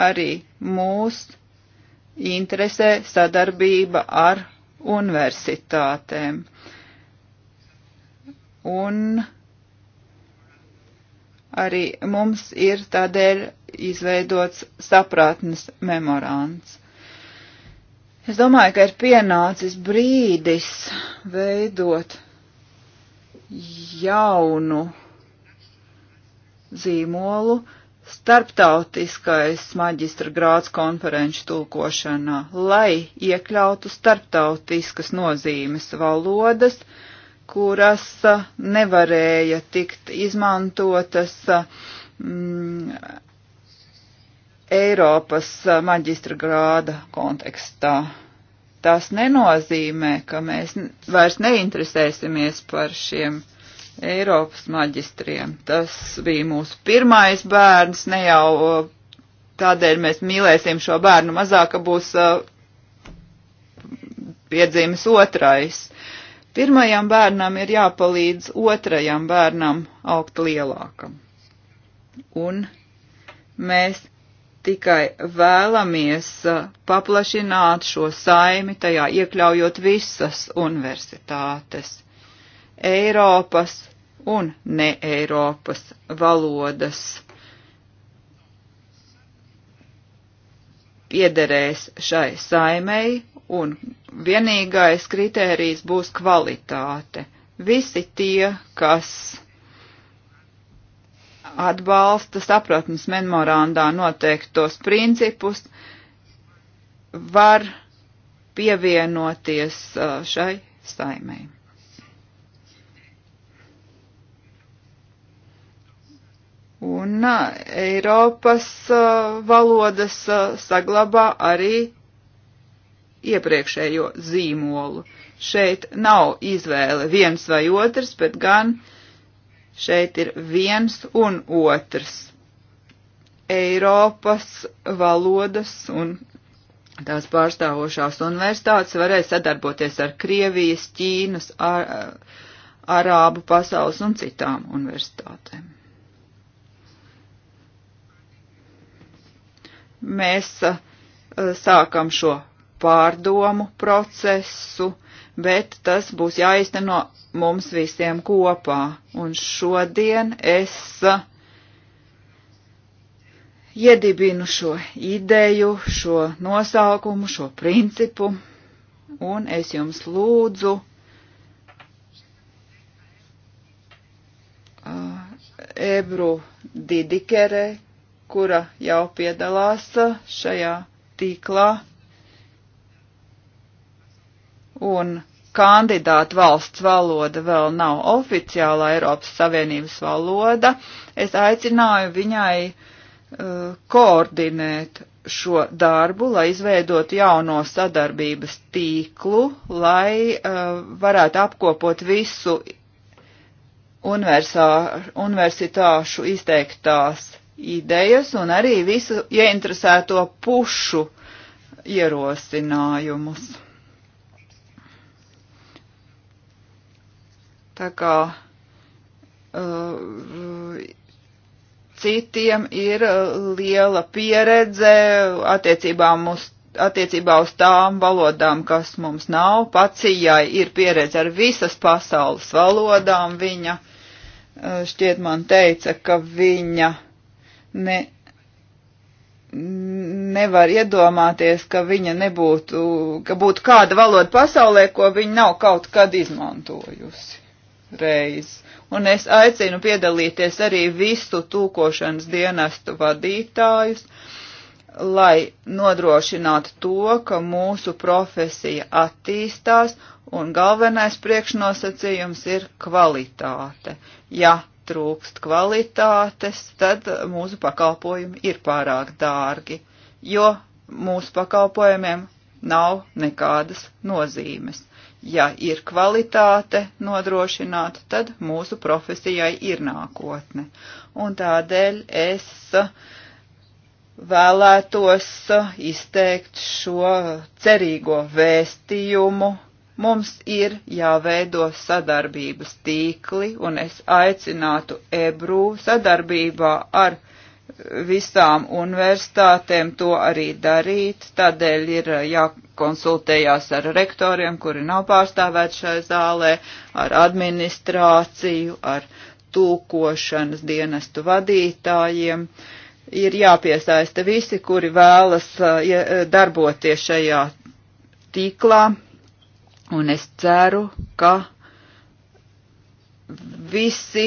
arī mūs interesē sadarbība ar universitātēm. Un arī mums ir tādēļ izveidots saprātnes memorāns. Es domāju, ka ir pienācis brīdis veidot jaunu zīmolu starptautiskais maģistra grāts konferenču tulkošanā, lai iekļautu starptautiskas nozīmes valodas, kuras nevarēja tikt izmantotas mm, Eiropas maģistra grāda kontekstā. Tas nenozīmē, ka mēs vairs neinteresēsimies par šiem Eiropas maģistriem. Tas bija mūsu pirmais bērns, ne jau tādēļ mēs mīlēsim šo bērnu mazāk, ka būs piedzīmes otrais. Pirmajam bērnam ir jāpalīdz otrajam bērnam augt lielākam. Un mēs tikai vēlamies paplašināt šo saimi, tajā iekļaujot visas universitātes. Eiropas un ne Eiropas valodas piederēs šai saimei, un vienīgais kritērijs būs kvalitāte. Visi tie, kas atbalsta sapratnes memorandā noteiktos principus, var pievienoties uh, šai saimei. Un Eiropas valodas saglabā arī iepriekšējo zīmolu. Šeit nav izvēle viens vai otrs, bet gan šeit ir viens un otrs. Eiropas valodas un tās pārstāvošās universitātes varēs sadarboties ar Krievijas, Ķīnas, ar, Arābu pasaules un citām universitātēm. mēs eh, sākam šo pārdomu procesu, bet tas būs jāizteno mums visiem kopā. Un šodien es eh, iedibinu šo ideju, šo nosaukumu, šo principu, un es jums lūdzu eh, Ebru Didikere, kura jau piedalās šajā tīklā, un kandidātu valsts valoda vēl nav oficiālā Eiropas Savienības valoda, es aicināju viņai uh, koordinēt šo darbu, lai izveidotu jauno sadarbības tīklu, lai uh, varētu apkopot visu universā, universitāšu izteiktās idejas un arī visu ieinteresēto pušu ierosinājumus. Tā kā uh, citiem ir uh, liela pieredze attiecībām uz attiecībā uz tām valodām, kas mums nav. Pacijai ir pieredze ar visas pasaules valodām. Viņa uh, šķiet man teica, ka viņa ne, nevar iedomāties, ka viņa nebūtu, ka būtu kāda valoda pasaulē, ko viņa nav kaut kad izmantojusi reiz. Un es aicinu piedalīties arī visu tūkošanas dienestu vadītājus, lai nodrošinātu to, ka mūsu profesija attīstās un galvenais priekšnosacījums ir kvalitāte. Ja trūkst kvalitātes, tad mūsu pakalpojumi ir pārāk dārgi, jo mūsu pakalpojumiem nav nekādas nozīmes. Ja ir kvalitāte nodrošināta, tad mūsu profesijai ir nākotne. Un tādēļ es vēlētos izteikt šo cerīgo vēstījumu Mums ir jāveido sadarbības tīkli, un es aicinātu Ebru sadarbībā ar visām universitātēm to arī darīt. Tādēļ ir uh, jākonsultējās ar rektoriem, kuri nav pārstāvēti šai zālē, ar administrāciju, ar tūkošanas dienestu vadītājiem. Ir jāpiesaista visi, kuri vēlas uh, darboties šajā tīklā, Un es ceru, ka visi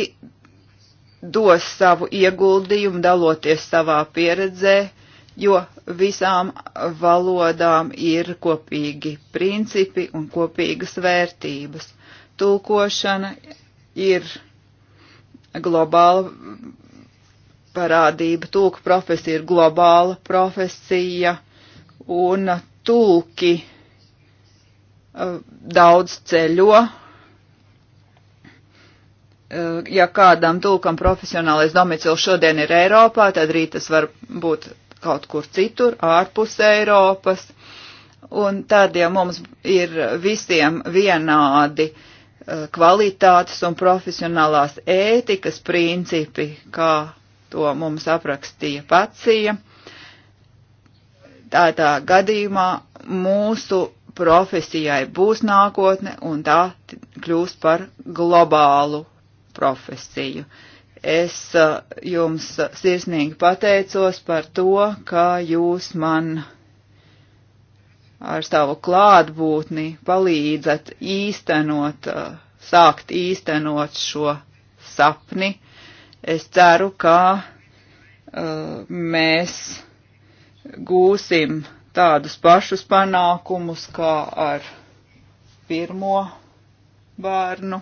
dos savu ieguldījumu, daloties savā pieredzē, jo visām valodām ir kopīgi principi un kopīgas vērtības. Tulkošana ir globāla parādība, tulka profesija ir globāla profesija, un tulki daudz ceļo. Eh, ja kādam tulkam profesionālais domicils šodien ir Eiropā, tad rīt tas var būt kaut kur citur, ārpus Eiropas. Un tad, ja mums ir visiem vienādi eh, kvalitātes un profesionālās ētikas principi, kā to mums aprakstīja pacija, tādā gadījumā mūsu profesijai būs nākotne un tā kļūst par globālu profesiju. Es jums sirsnīgi pateicos par to, ka jūs man ar savu klātbūtni palīdzat īstenot, sākt īstenot šo sapni. Es ceru, ka uh, mēs gūsim tādus pašus panākumus kā ar pirmo bērnu.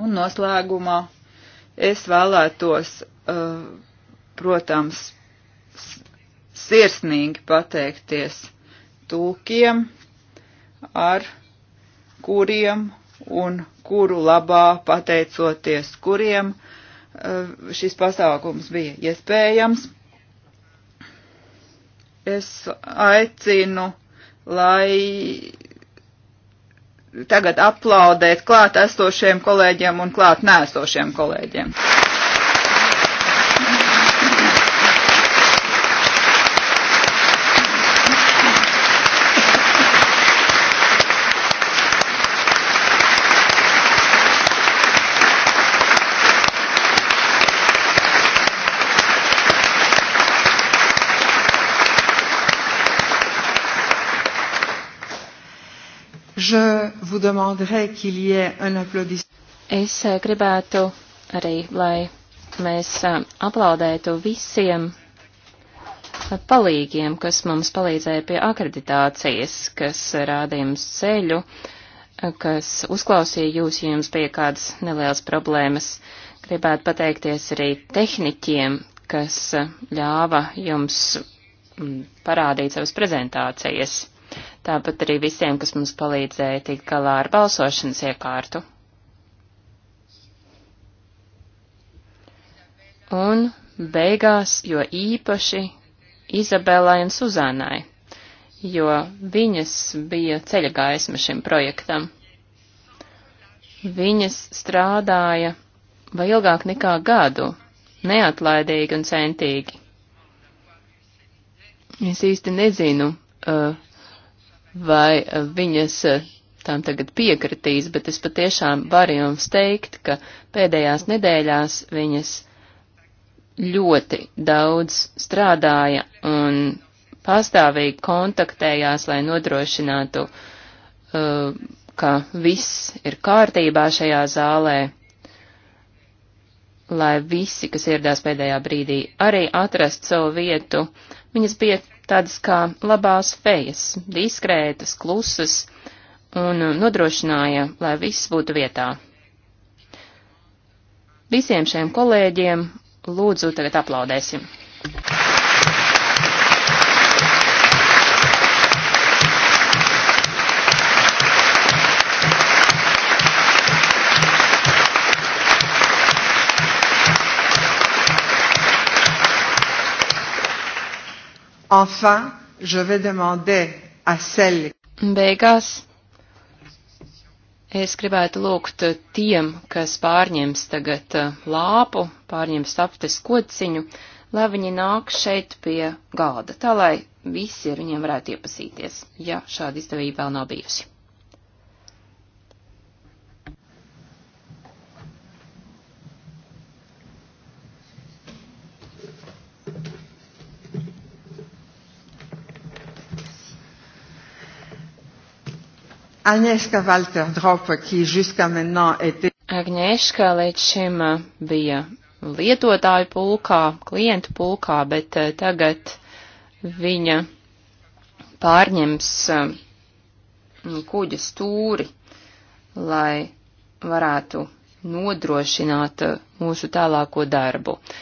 Un noslēgumā es vēlētos, uh, protams, sirsnīgi pateikties tūkiem, ar kuriem un kuru labā, pateicoties kuriem uh, šis pasākums bija iespējams. Ja Es aicinu, lai tagad aplaudēt klāt esošiem kolēģiem un klāt nēsošiem kolēģiem. Es eh, gribētu arī, lai mēs eh, aplaudētu visiem eh, palīgiem, kas mums palīdzēja pie akreditācijas, kas rādīja mums ceļu, kas uzklausīja jūs, ja jums bija kādas nelielas problēmas. Gribētu pateikties arī tehniķiem, kas ļāva jums mm, parādīt savas prezentācijas tāpat arī visiem, kas mums palīdzēja tikt galā ar balsošanas iekārtu. Un beigās, jo īpaši Izabelai un Suzānai, jo viņas bija ceļa gaisma šim projektam. Viņas strādāja vai ilgāk nekā gadu, neatlaidīgi un centīgi. Es īsti nezinu, uh, vai viņas eh, tam tagad piekritīs, bet es patiešām varu jums teikt, ka pēdējās nedēļās viņas ļoti daudz strādāja un pastāvīgi kontaktējās, lai nodrošinātu, eh, ka viss ir kārtībā šajā zālē, lai visi, kas ieradās pēdējā brīdī, arī atrastu savu vietu. Viņas bija tādas kā labās fejas, diskrētas, klusas, un nodrošināja, lai viss būtu vietā. Visiem šiem kolēģiem lūdzu tagad aplaudēsim. Enfin, je vais demander à celles. Beigās es gribētu lūgt tiem, kas pārņems tagad uh, lāpu, pārņems aptes kociņu, lai viņi nāk šeit pie galda, tā lai visi ar viņiem varētu iepazīties, ja šāda izdevība vēl nav bijusi. Agnieszka Walterdrop, qui jusqu'à maintenant était. Agnieszka līdz šim uh, bija lietotāju pulkā, klientu pulkā, bet uh, tagad viņa pārņems uh, kuģa stūri, lai varētu nodrošināt mūsu tālāko darbu. Uh,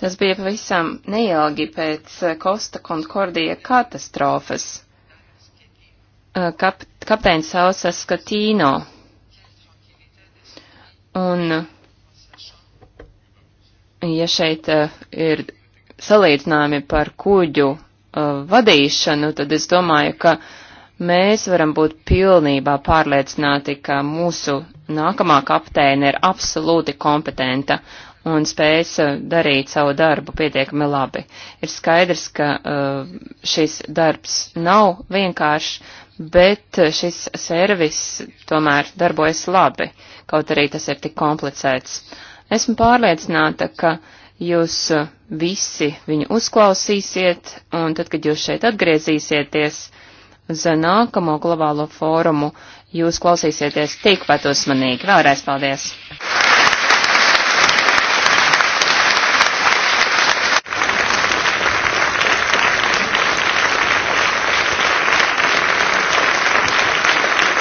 Tas bija pavisam neilgi pēc Kosta eh, Konkordija katastrofas. Eh, kap, kapteinis sauca Skatīno. Un, ja šeit eh, ir salīdzinājumi par kuģu vadīšanu, tad es domāju, ka mēs varam būt pilnībā pārliecināti, ka mūsu nākamā kapteina ir absolūti kompetenta un spēs eh, darīt savu darbu pietiekami labi. Ir skaidrs, ka eh, šis darbs nav vienkāršs, bet eh, šis servis tomēr darbojas labi, kaut arī tas ir tik komplicēts. Esmu pārliecināta, ka jūs visi viņu uzklausīsiet, un tad, kad jūs šeit atgriezīsieties uz nākamo globālo fórumu, jūs klausīsieties tikpat uzmanīgi. Vēlreiz paldies!